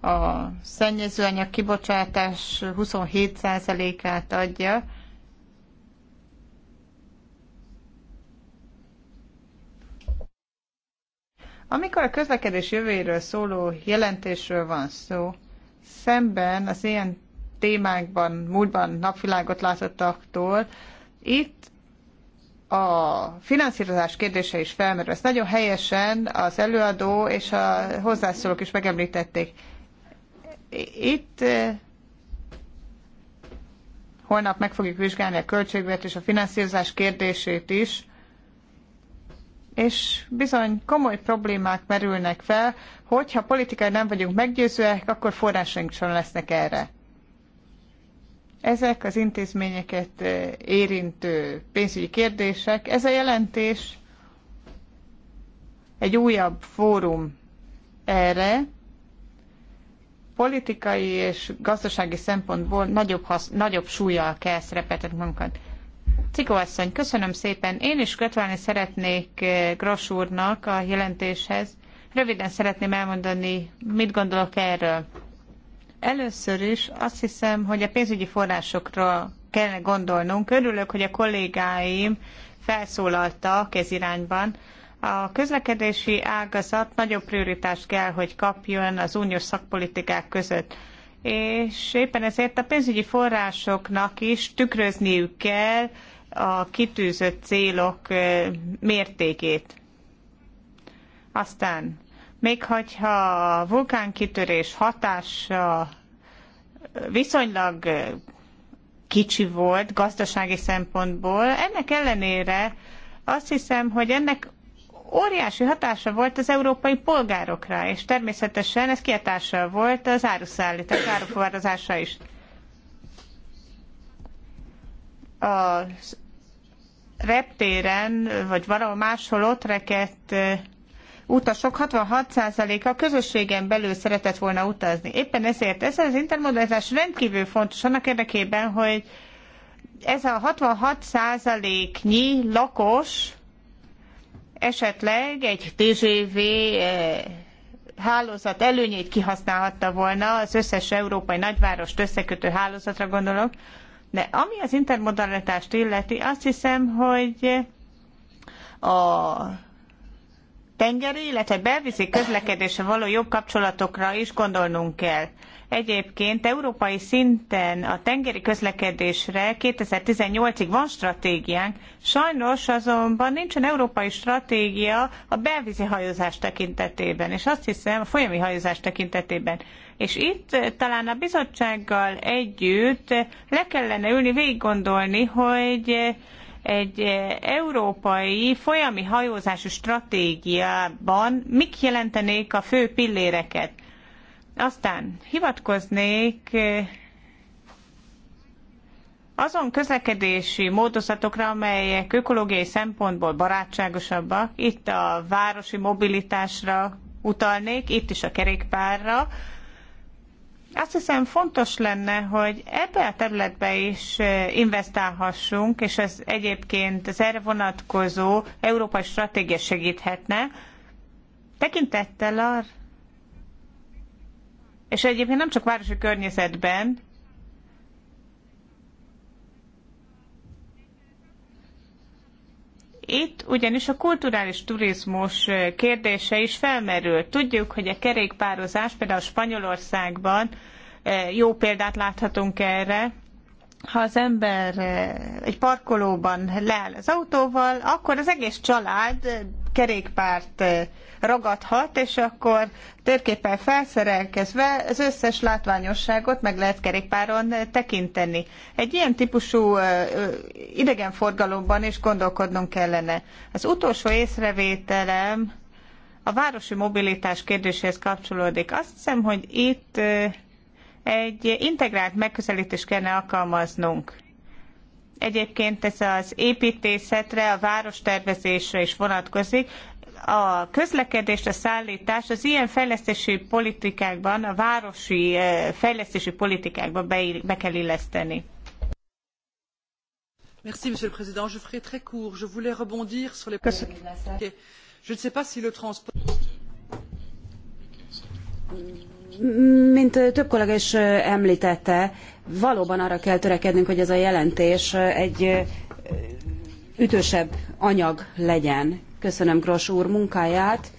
a szennyezőanyag kibocsátás 27%-át adja, Amikor a közlekedés jövőjéről szóló jelentésről van szó, szemben az ilyen témákban, múltban napvilágot látottaktól, itt a finanszírozás kérdése is felmerül. Ezt nagyon helyesen az előadó és a hozzászólók is megemlítették. Itt eh, holnap meg fogjuk vizsgálni a költségvetés és a finanszírozás kérdését is, és bizony komoly problémák merülnek fel, hogyha politikai nem vagyunk meggyőzőek, akkor forrásaink sem lesznek erre. Ezek az intézményeket érintő pénzügyi kérdések, ez a jelentés egy újabb fórum erre, politikai és gazdasági szempontból nagyobb, hasz, nagyobb súlyjal kell szerepetetni magunkat. Cikó asszony, köszönöm szépen. Én is gratulálni szeretnék eh, Gros úrnak a jelentéshez. Röviden szeretném elmondani, mit gondolok erről. Először is azt hiszem, hogy a pénzügyi forrásokra kellene gondolnunk. Örülök, hogy a kollégáim felszólaltak ez irányban. A közlekedési ágazat nagyobb prioritást kell, hogy kapjon az uniós szakpolitikák között. És éppen ezért a pénzügyi forrásoknak is tükrözniük kell a kitűzött célok mértékét. Aztán, még hogyha a vulkánkitörés hatása viszonylag kicsi volt gazdasági szempontból, ennek ellenére azt hiszem, hogy ennek óriási hatása volt az európai polgárokra, és természetesen ez kihatással volt az áruszállítás, áruforrázása is. Az reptéren, vagy valahol máshol ott rekedt utasok 66%-a közösségen belül szeretett volna utazni. Éppen ezért ez az intermodalitás rendkívül fontos annak érdekében, hogy ez a 66%-nyi lakos esetleg egy TGV hálózat előnyét kihasználhatta volna, az összes európai nagyvárost összekötő hálózatra gondolok, de ami az intermodalitást illeti, azt hiszem, hogy a tengeri, illetve belvízi közlekedése való jobb kapcsolatokra is gondolnunk kell. Egyébként európai szinten a tengeri közlekedésre 2018-ig van stratégiánk, sajnos azonban nincsen európai stratégia a belvízi hajózás tekintetében, és azt hiszem a folyami hajózás tekintetében. És itt eh, talán a bizottsággal együtt eh, le kellene ülni, végig gondolni, hogy eh, egy európai folyami hajózási stratégiában mik jelentenék a fő pilléreket. Aztán hivatkoznék azon közlekedési módozatokra, amelyek ökológiai szempontból barátságosabbak, itt a városi mobilitásra utalnék, itt is a kerékpárra, azt hiszem fontos lenne, hogy ebbe a területbe is eh, investálhassunk, és ez egyébként az erre vonatkozó európai stratégia segíthetne, tekintettel arra, és egyébként nem csak városi környezetben, Itt ugyanis a kulturális turizmus kérdése is felmerül. Tudjuk, hogy a kerékpározás például Spanyolországban jó példát láthatunk erre, ha az ember egy parkolóban leáll az autóval, akkor az egész család kerékpárt ragadhat, és akkor térképpel felszerelkezve az összes látványosságot meg lehet kerékpáron tekinteni. Egy ilyen típusú idegenforgalomban is gondolkodnunk kellene. Az utolsó észrevételem a városi mobilitás kérdéséhez kapcsolódik. Azt hiszem, hogy itt egy integrált megközelítést kellene alkalmaznunk Egyébként ez az építészetre, a várostervezésre is vonatkozik. A közlekedés, a szállítás az ilyen fejlesztési politikákban, a városi eh, fejlesztési politikákban be, be kell illeszteni. Merci, Monsieur le Président. Je ferai très court. Je voulais rebondir sur les Je ne sais pas si le transport mint több kollega is említette, valóban arra kell törekednünk, hogy ez a jelentés egy ütősebb anyag legyen. Köszönöm Gros úr munkáját.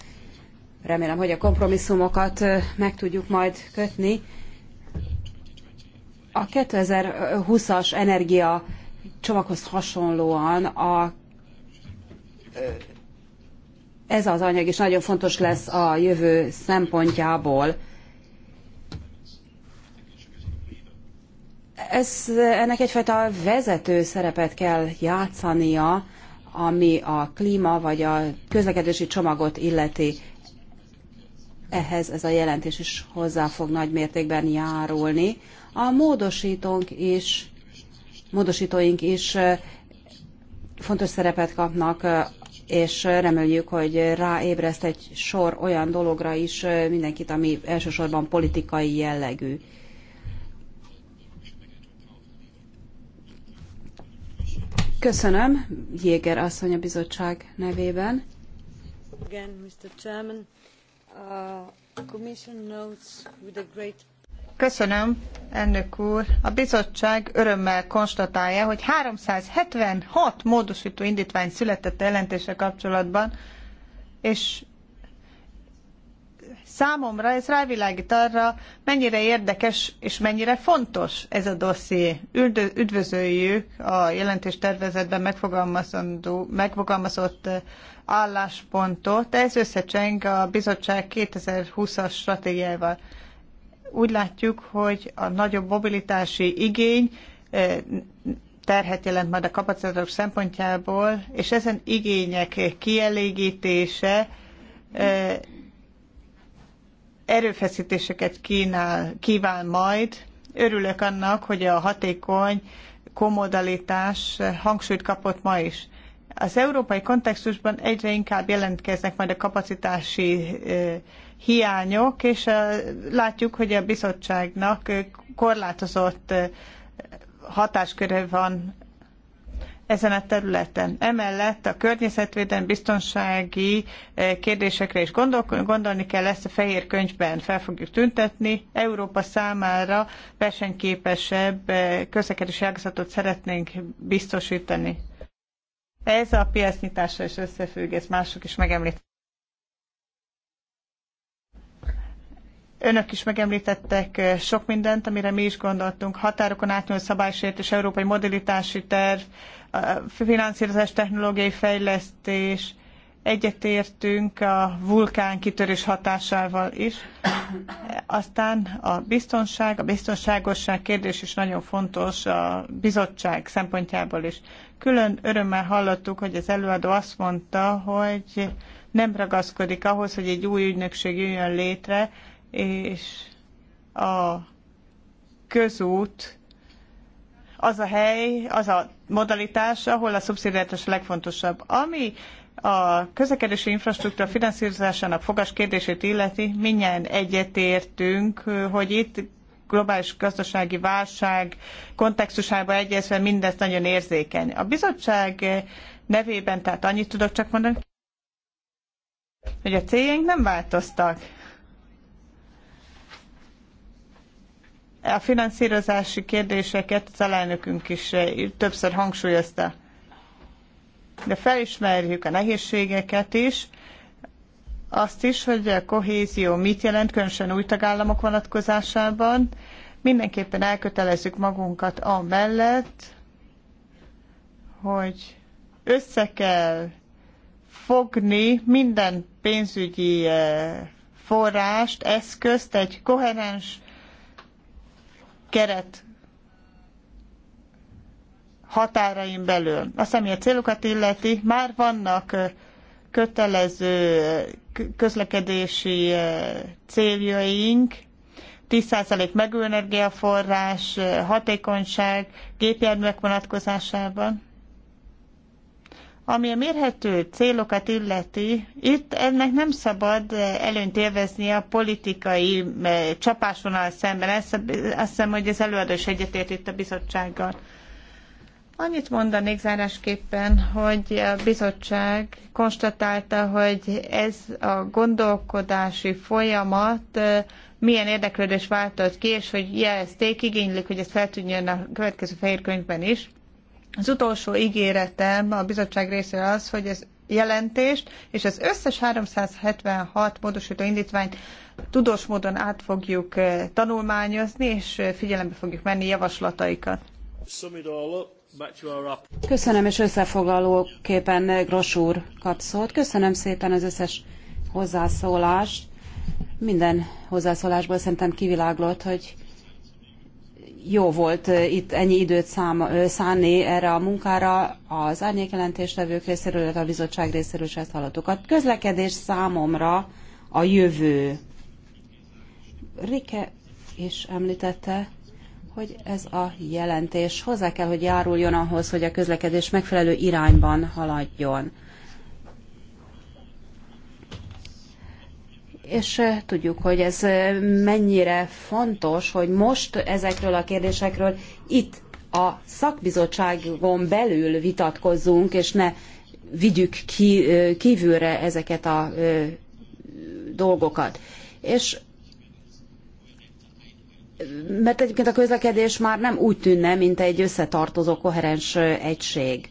Remélem, hogy a kompromisszumokat meg tudjuk majd kötni. A 2020-as energia csomaghoz hasonlóan a, ez az anyag is nagyon fontos lesz a jövő szempontjából. Ez, ennek egyfajta vezető szerepet kell játszania, ami a klíma vagy a közlekedési csomagot illeti. Ehhez ez a jelentés is hozzá fog nagy mértékben járulni. A módosítónk is, módosítóink is fontos szerepet kapnak, és reméljük, hogy ráébreszt egy sor olyan dologra is mindenkit, ami elsősorban politikai jellegű. Köszönöm, Jéger asszony a bizottság nevében. Again, Mr. Chairman, uh, commission notes with a great Köszönöm, elnök úr. A bizottság örömmel konstatálja, hogy 376 módosító indítvány született a jelentése kapcsolatban, és számomra ez rávilágít arra, mennyire érdekes és mennyire fontos ez a dosszié. Üdvözöljük a jelentés tervezetben megfogalmazott álláspontot. Ez összecseng a bizottság 2020-as stratégiával. Úgy látjuk, hogy a nagyobb mobilitási igény terhet jelent majd a kapacitások szempontjából, és ezen igények kielégítése erőfeszítéseket kínál, kíván majd. Örülök annak, hogy a hatékony komodalitás hangsúlyt kapott ma is. Az európai kontextusban egyre inkább jelentkeznek majd a kapacitási hiányok, és látjuk, hogy a bizottságnak korlátozott hatásköre van ezen a területen. Emellett a környezetvédelmi biztonsági eh, kérdésekre is gondolni kell, ezt a fehér könyvben fel fogjuk tüntetni. Európa számára versenyképesebb eh, közlekedési ágazatot szeretnénk biztosítani. Ez a piacnyitásra is összefügg, ezt mások is megemlítették. Önök is megemlítettek eh, sok mindent, amire mi is gondoltunk. Határokon átnyúló szabálysértés, európai mobilitási terv, finanszírozás, technológiai fejlesztés, egyetértünk a vulkán kitörés hatásával is. Aztán a biztonság, a biztonságosság kérdés is nagyon fontos a bizottság szempontjából is. Külön örömmel hallottuk, hogy az előadó azt mondta, hogy nem ragaszkodik ahhoz, hogy egy új ügynökség jöjjön létre, és a közút az a hely, az a modalitás, ahol a szubszidiáltás a legfontosabb. Ami a közlekedési infrastruktúra finanszírozásának fogas kérdését illeti, minnyáján egyetértünk, hogy itt globális gazdasági válság kontextusába egyezve mindez nagyon érzékeny. A bizottság nevében tehát annyit tudok csak mondani, hogy a céljaink nem változtak A finanszírozási kérdéseket az alelnökünk is eh, többször hangsúlyozta. De felismerjük a nehézségeket is, azt is, hogy a kohézió mit jelent, különösen új tagállamok vonatkozásában. Mindenképpen elkötelezzük magunkat amellett, hogy össze kell fogni minden pénzügyi eh, forrást, eszközt egy koherens keret határain belül. A személy a célokat illeti, már vannak kötelező közlekedési céljaink, 10% megőenergiaforrás, hatékonyság gépjárművek vonatkozásában. Ami a mérhető célokat illeti, itt ennek nem szabad előnyt élvezni a politikai eh, csapásvonal szemben. Ezt, azt hiszem, hogy az előadó is egyetért itt a bizottsággal. Annyit mondanék zárásképpen, hogy a bizottság konstatálta, hogy ez a gondolkodási folyamat eh, milyen érdeklődés váltott ki, és hogy jelezték, igénylik, hogy ez feltűnjön a következő könyvben is. Az utolsó ígéretem a bizottság részéről az, hogy ez jelentést, és az összes 376 módosító indítványt tudós módon át fogjuk eh, tanulmányozni, és eh, figyelembe fogjuk menni javaslataikat. Köszönöm, és összefoglalóképpen eh, Gros úr kap szót. Köszönöm szépen az összes hozzászólást. Minden hozzászólásból szerintem kiviláglott, hogy jó volt itt ennyi időt szám, szánni erre a munkára az árnyékjelentéstevők részéről, illetve a bizottság részéről is ezt hallottuk. A közlekedés számomra a jövő. Rike is említette, hogy ez a jelentés hozzá kell, hogy járuljon ahhoz, hogy a közlekedés megfelelő irányban haladjon. és tudjuk, hogy ez mennyire fontos, hogy most ezekről a kérdésekről itt a szakbizottságon belül vitatkozzunk, és ne vigyük ki, kívülre ezeket a dolgokat. És mert egyébként a közlekedés már nem úgy tűnne, mint egy összetartozó koherens egység.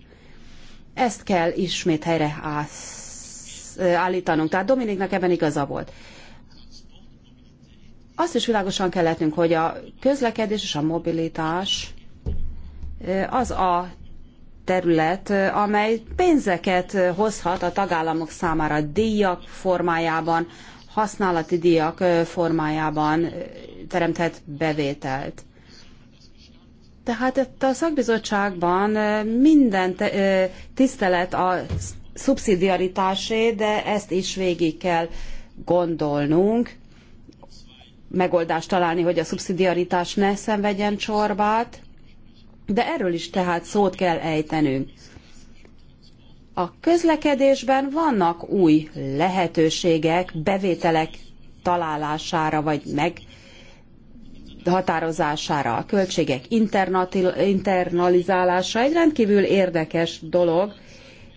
Ezt kell ismét helyreállítani állítanunk. Tehát Dominiknak ebben igaza volt. Azt is világosan kell letnünk, hogy a közlekedés és a mobilitás az a terület, amely pénzeket hozhat a tagállamok számára díjak formájában, használati díjak formájában teremthet bevételt. Tehát itt a szakbizottságban minden tisztelet a szubszidiaritásé, de ezt is végig kell gondolnunk, megoldást találni, hogy a szubszidiaritás ne szenvedjen csorbát, de erről is tehát szót kell ejtenünk. A közlekedésben vannak új lehetőségek, bevételek találására vagy meghatározására, a költségek internalizálása egy rendkívül érdekes dolog,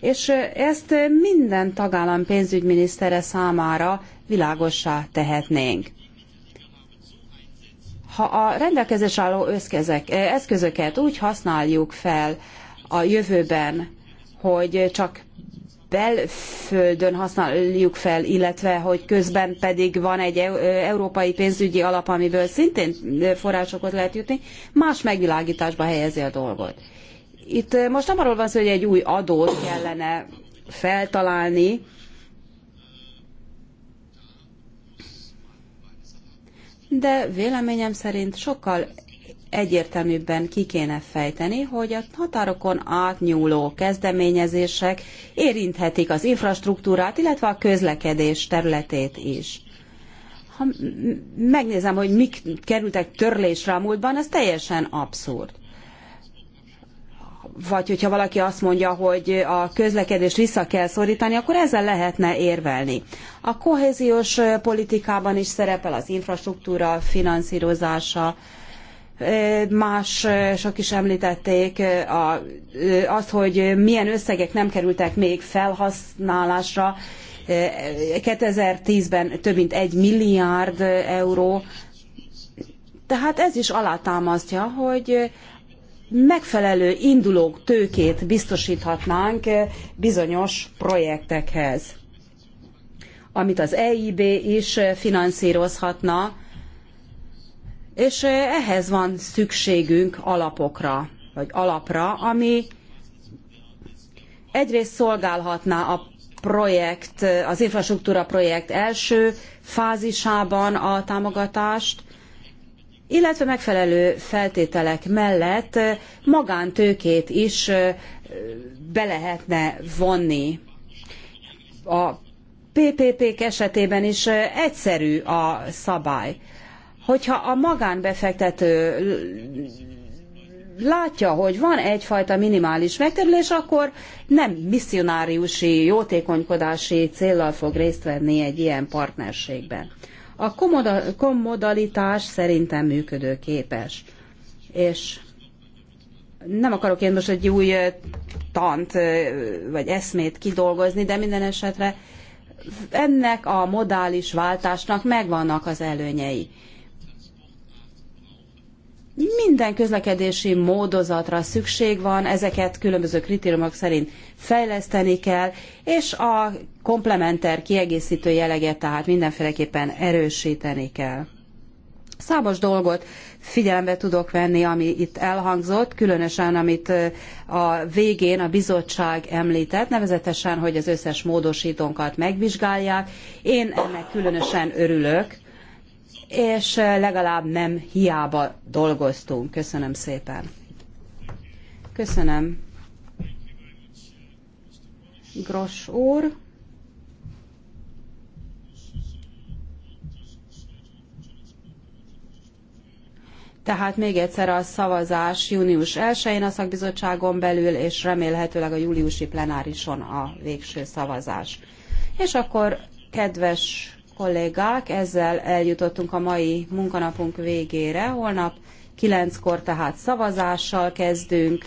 és ezt minden tagállam pénzügyminisztere számára világossá tehetnénk. Ha a rendelkezés álló összkezek, eszközöket úgy használjuk fel a jövőben, hogy csak belföldön használjuk fel, illetve hogy közben pedig van egy európai pénzügyi alap, amiből szintén forrásokat lehet jutni, más megvilágításba helyezi a dolgot. Itt eh, most nem arról van szó, hogy egy új adót kellene feltalálni, de véleményem szerint sokkal egyértelműbben ki kéne fejteni, hogy a határokon átnyúló kezdeményezések érinthetik az infrastruktúrát, illetve a közlekedés területét is. Ha megnézem, hogy mik kerültek törlésre a múltban, ez teljesen abszurd vagy hogyha valaki azt mondja, hogy a közlekedést vissza kell szorítani, akkor ezzel lehetne érvelni. A kohéziós politikában is szerepel az infrastruktúra finanszírozása, mások is említették azt, hogy milyen összegek nem kerültek még felhasználásra. 2010-ben több mint egy milliárd euró. Tehát ez is alátámasztja, hogy megfelelő induló tőkét biztosíthatnánk eh, bizonyos projektekhez, amit az EIB is eh, finanszírozhatna, és eh, ehhez van szükségünk alapokra, vagy alapra, ami egyrészt szolgálhatná a projekt, az infrastruktúra projekt első fázisában a támogatást, illetve megfelelő feltételek mellett eh, magántőkét is eh, be lehetne vonni. A PPP-k esetében is eh, egyszerű a szabály. Hogyha a magánbefektető látja, hogy van egyfajta minimális megterülés, akkor nem misszionáriusi, jótékonykodási céllal fog részt venni egy ilyen partnerségben. A kommodalitás szerintem működőképes. És nem akarok én most egy új tant vagy eszmét kidolgozni, de minden esetre ennek a modális váltásnak megvannak az előnyei. Minden közlekedési módozatra szükség van, ezeket különböző kritériumok szerint fejleszteni kell, és a komplementer kiegészítő jeleget tehát mindenféleképpen erősíteni kell. Számos dolgot figyelembe tudok venni, ami itt elhangzott, különösen amit a végén a bizottság említett, nevezetesen, hogy az összes módosítónkat megvizsgálják. Én ennek különösen örülök, és legalább nem hiába dolgoztunk. Köszönöm szépen. Köszönöm. Gros úr. Tehát még egyszer a szavazás június 1-én a szakbizottságon belül, és remélhetőleg a júliusi plenárison a végső szavazás. És akkor, kedves kollégák, ezzel eljutottunk a mai munkanapunk végére. Holnap kilenckor tehát szavazással kezdünk.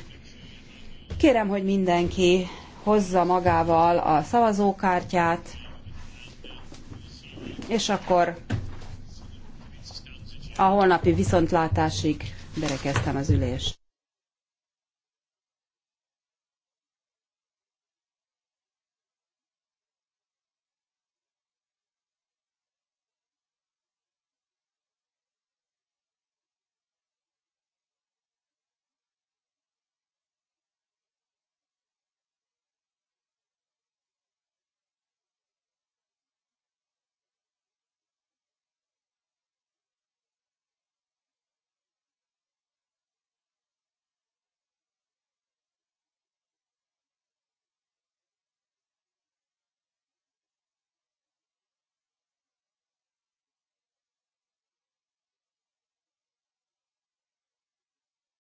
Kérem, hogy mindenki hozza magával a szavazókártyát, és akkor a holnapi viszontlátásig berekeztem az ülést.